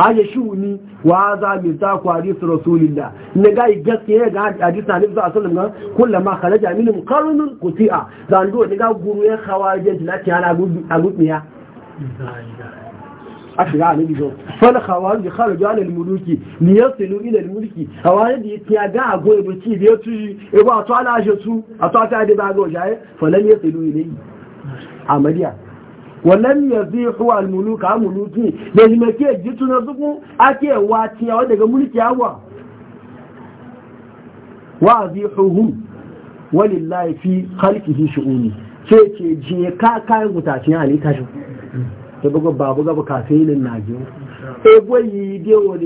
haya shuni wa za mi ta ku hadisi rasulillah ne ga gaskiya ga hadisi nabi sallallahu alaihi wasallam kullama kharaja minhum qarnun quti'a dan do ne ga guru ya khawaje la ti ana agutmiya ne ala al muluki liyasilu ila al mulki hawarij ya ga ago ibo ci biyo tu ibo e ato ala je tu ato ata de bago jaye falan yasilu ilayhi walam ya zai huwa almuluka muluki da jimake jitu na zuku ake waciyawa daga mulki yawa wa zai huhu walillahi fi halkihi shi'uni ce ce je ka kayan mutacin ya ne tashi ta buga babu gaba na yi wa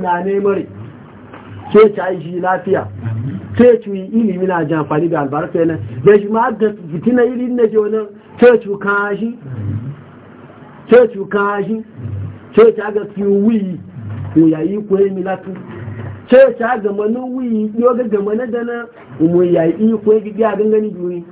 na ne ce lafiya sai ilimi na ji amfani da albarka yana da shi ma da fitina iri na ji wani sai ci kashi sai ci kashi sai ci aga fi wuyi ko yayi ko yi milatu sai ci aga mana wuyi yau ga gama na dana mu yayi ko yi gidi a gangani biyu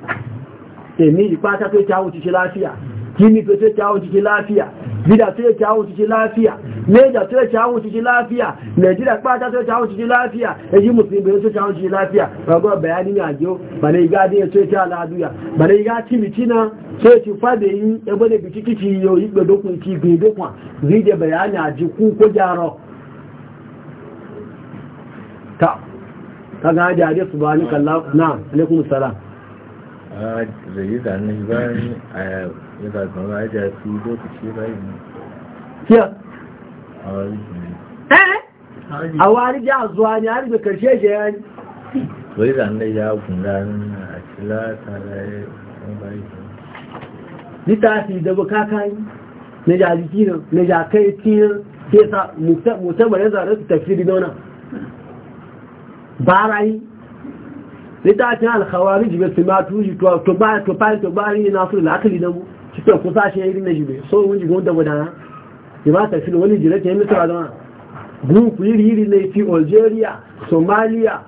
emi ni ji fata sai wuce shi lafiya kini to sai ta wuce shi lafiya gida tó cha kí àwọn lafiya láàfíà méjà tó yẹ kí lafiya òṣìṣẹ́ kpata nàìjíríà pàtà tó yẹ lafiya eji musulmi láàfíà èyí mùsùlùmí tó yẹ kí àwọn òṣìṣẹ́ láàfíà ọgọ́ bẹ̀yà nínú ala bàlẹ̀ ìgá adé tó yẹ kí aláàdúyà bàlẹ̀ ìgá tìmìtì náà tó yẹ kí fàdé na alaikun salam yana zama a jafi lokaci bayan kiya a wani ja zuwa ne har da karshe shi ya ne wai zanen ya a cila da bukakani na jariki na jakai tiyan kesa musamman ya zarar su tafiri nuna barayi litasi alkhawari jibe su ma tuji to ba to ba to ba ni na su la'akali na mu cikin kusa shi ya irin na jibe so wani jigon da gudana ya ba ta fi wani jire ta yi mutu a zama gurupu iri iri na fi algeria somalia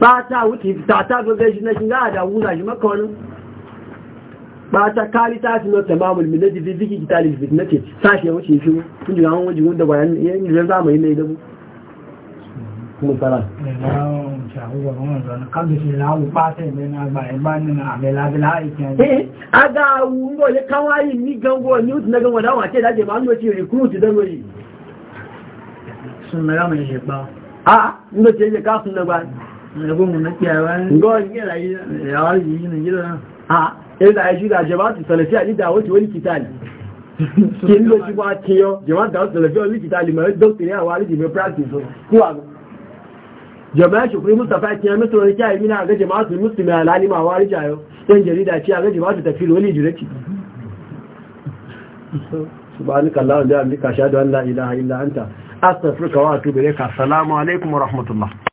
ba ta wuce ta ta gaga shi na shiga da wuza shi maka wani ba ta kari ta fi nota mamul miladi fi ziki kitali fi na ce sashe wuce fi wani jigon da ya yi yin zama yi na idabu ní sára. Eh, aga awu ngo le kan wayi ni gango ni utu na gango da wa ce da je ma ngo ci recruit da ngo yi sun na ga na eh, yi yi e e ti salafi ali da wuce wani kitali kin lo ci ba ti yo je ma da salafi ali jama'a shukuri mustapha ya mutu wani kyayi mina ga musulmi a lalima ma wari jayo yan jarida ce a ga masu tafsir wani jiraki subhanaka allahumma bihamdika ashhadu an wani la'ila illa anta a wa tubere ka Salamu alaikum wa rahmatullah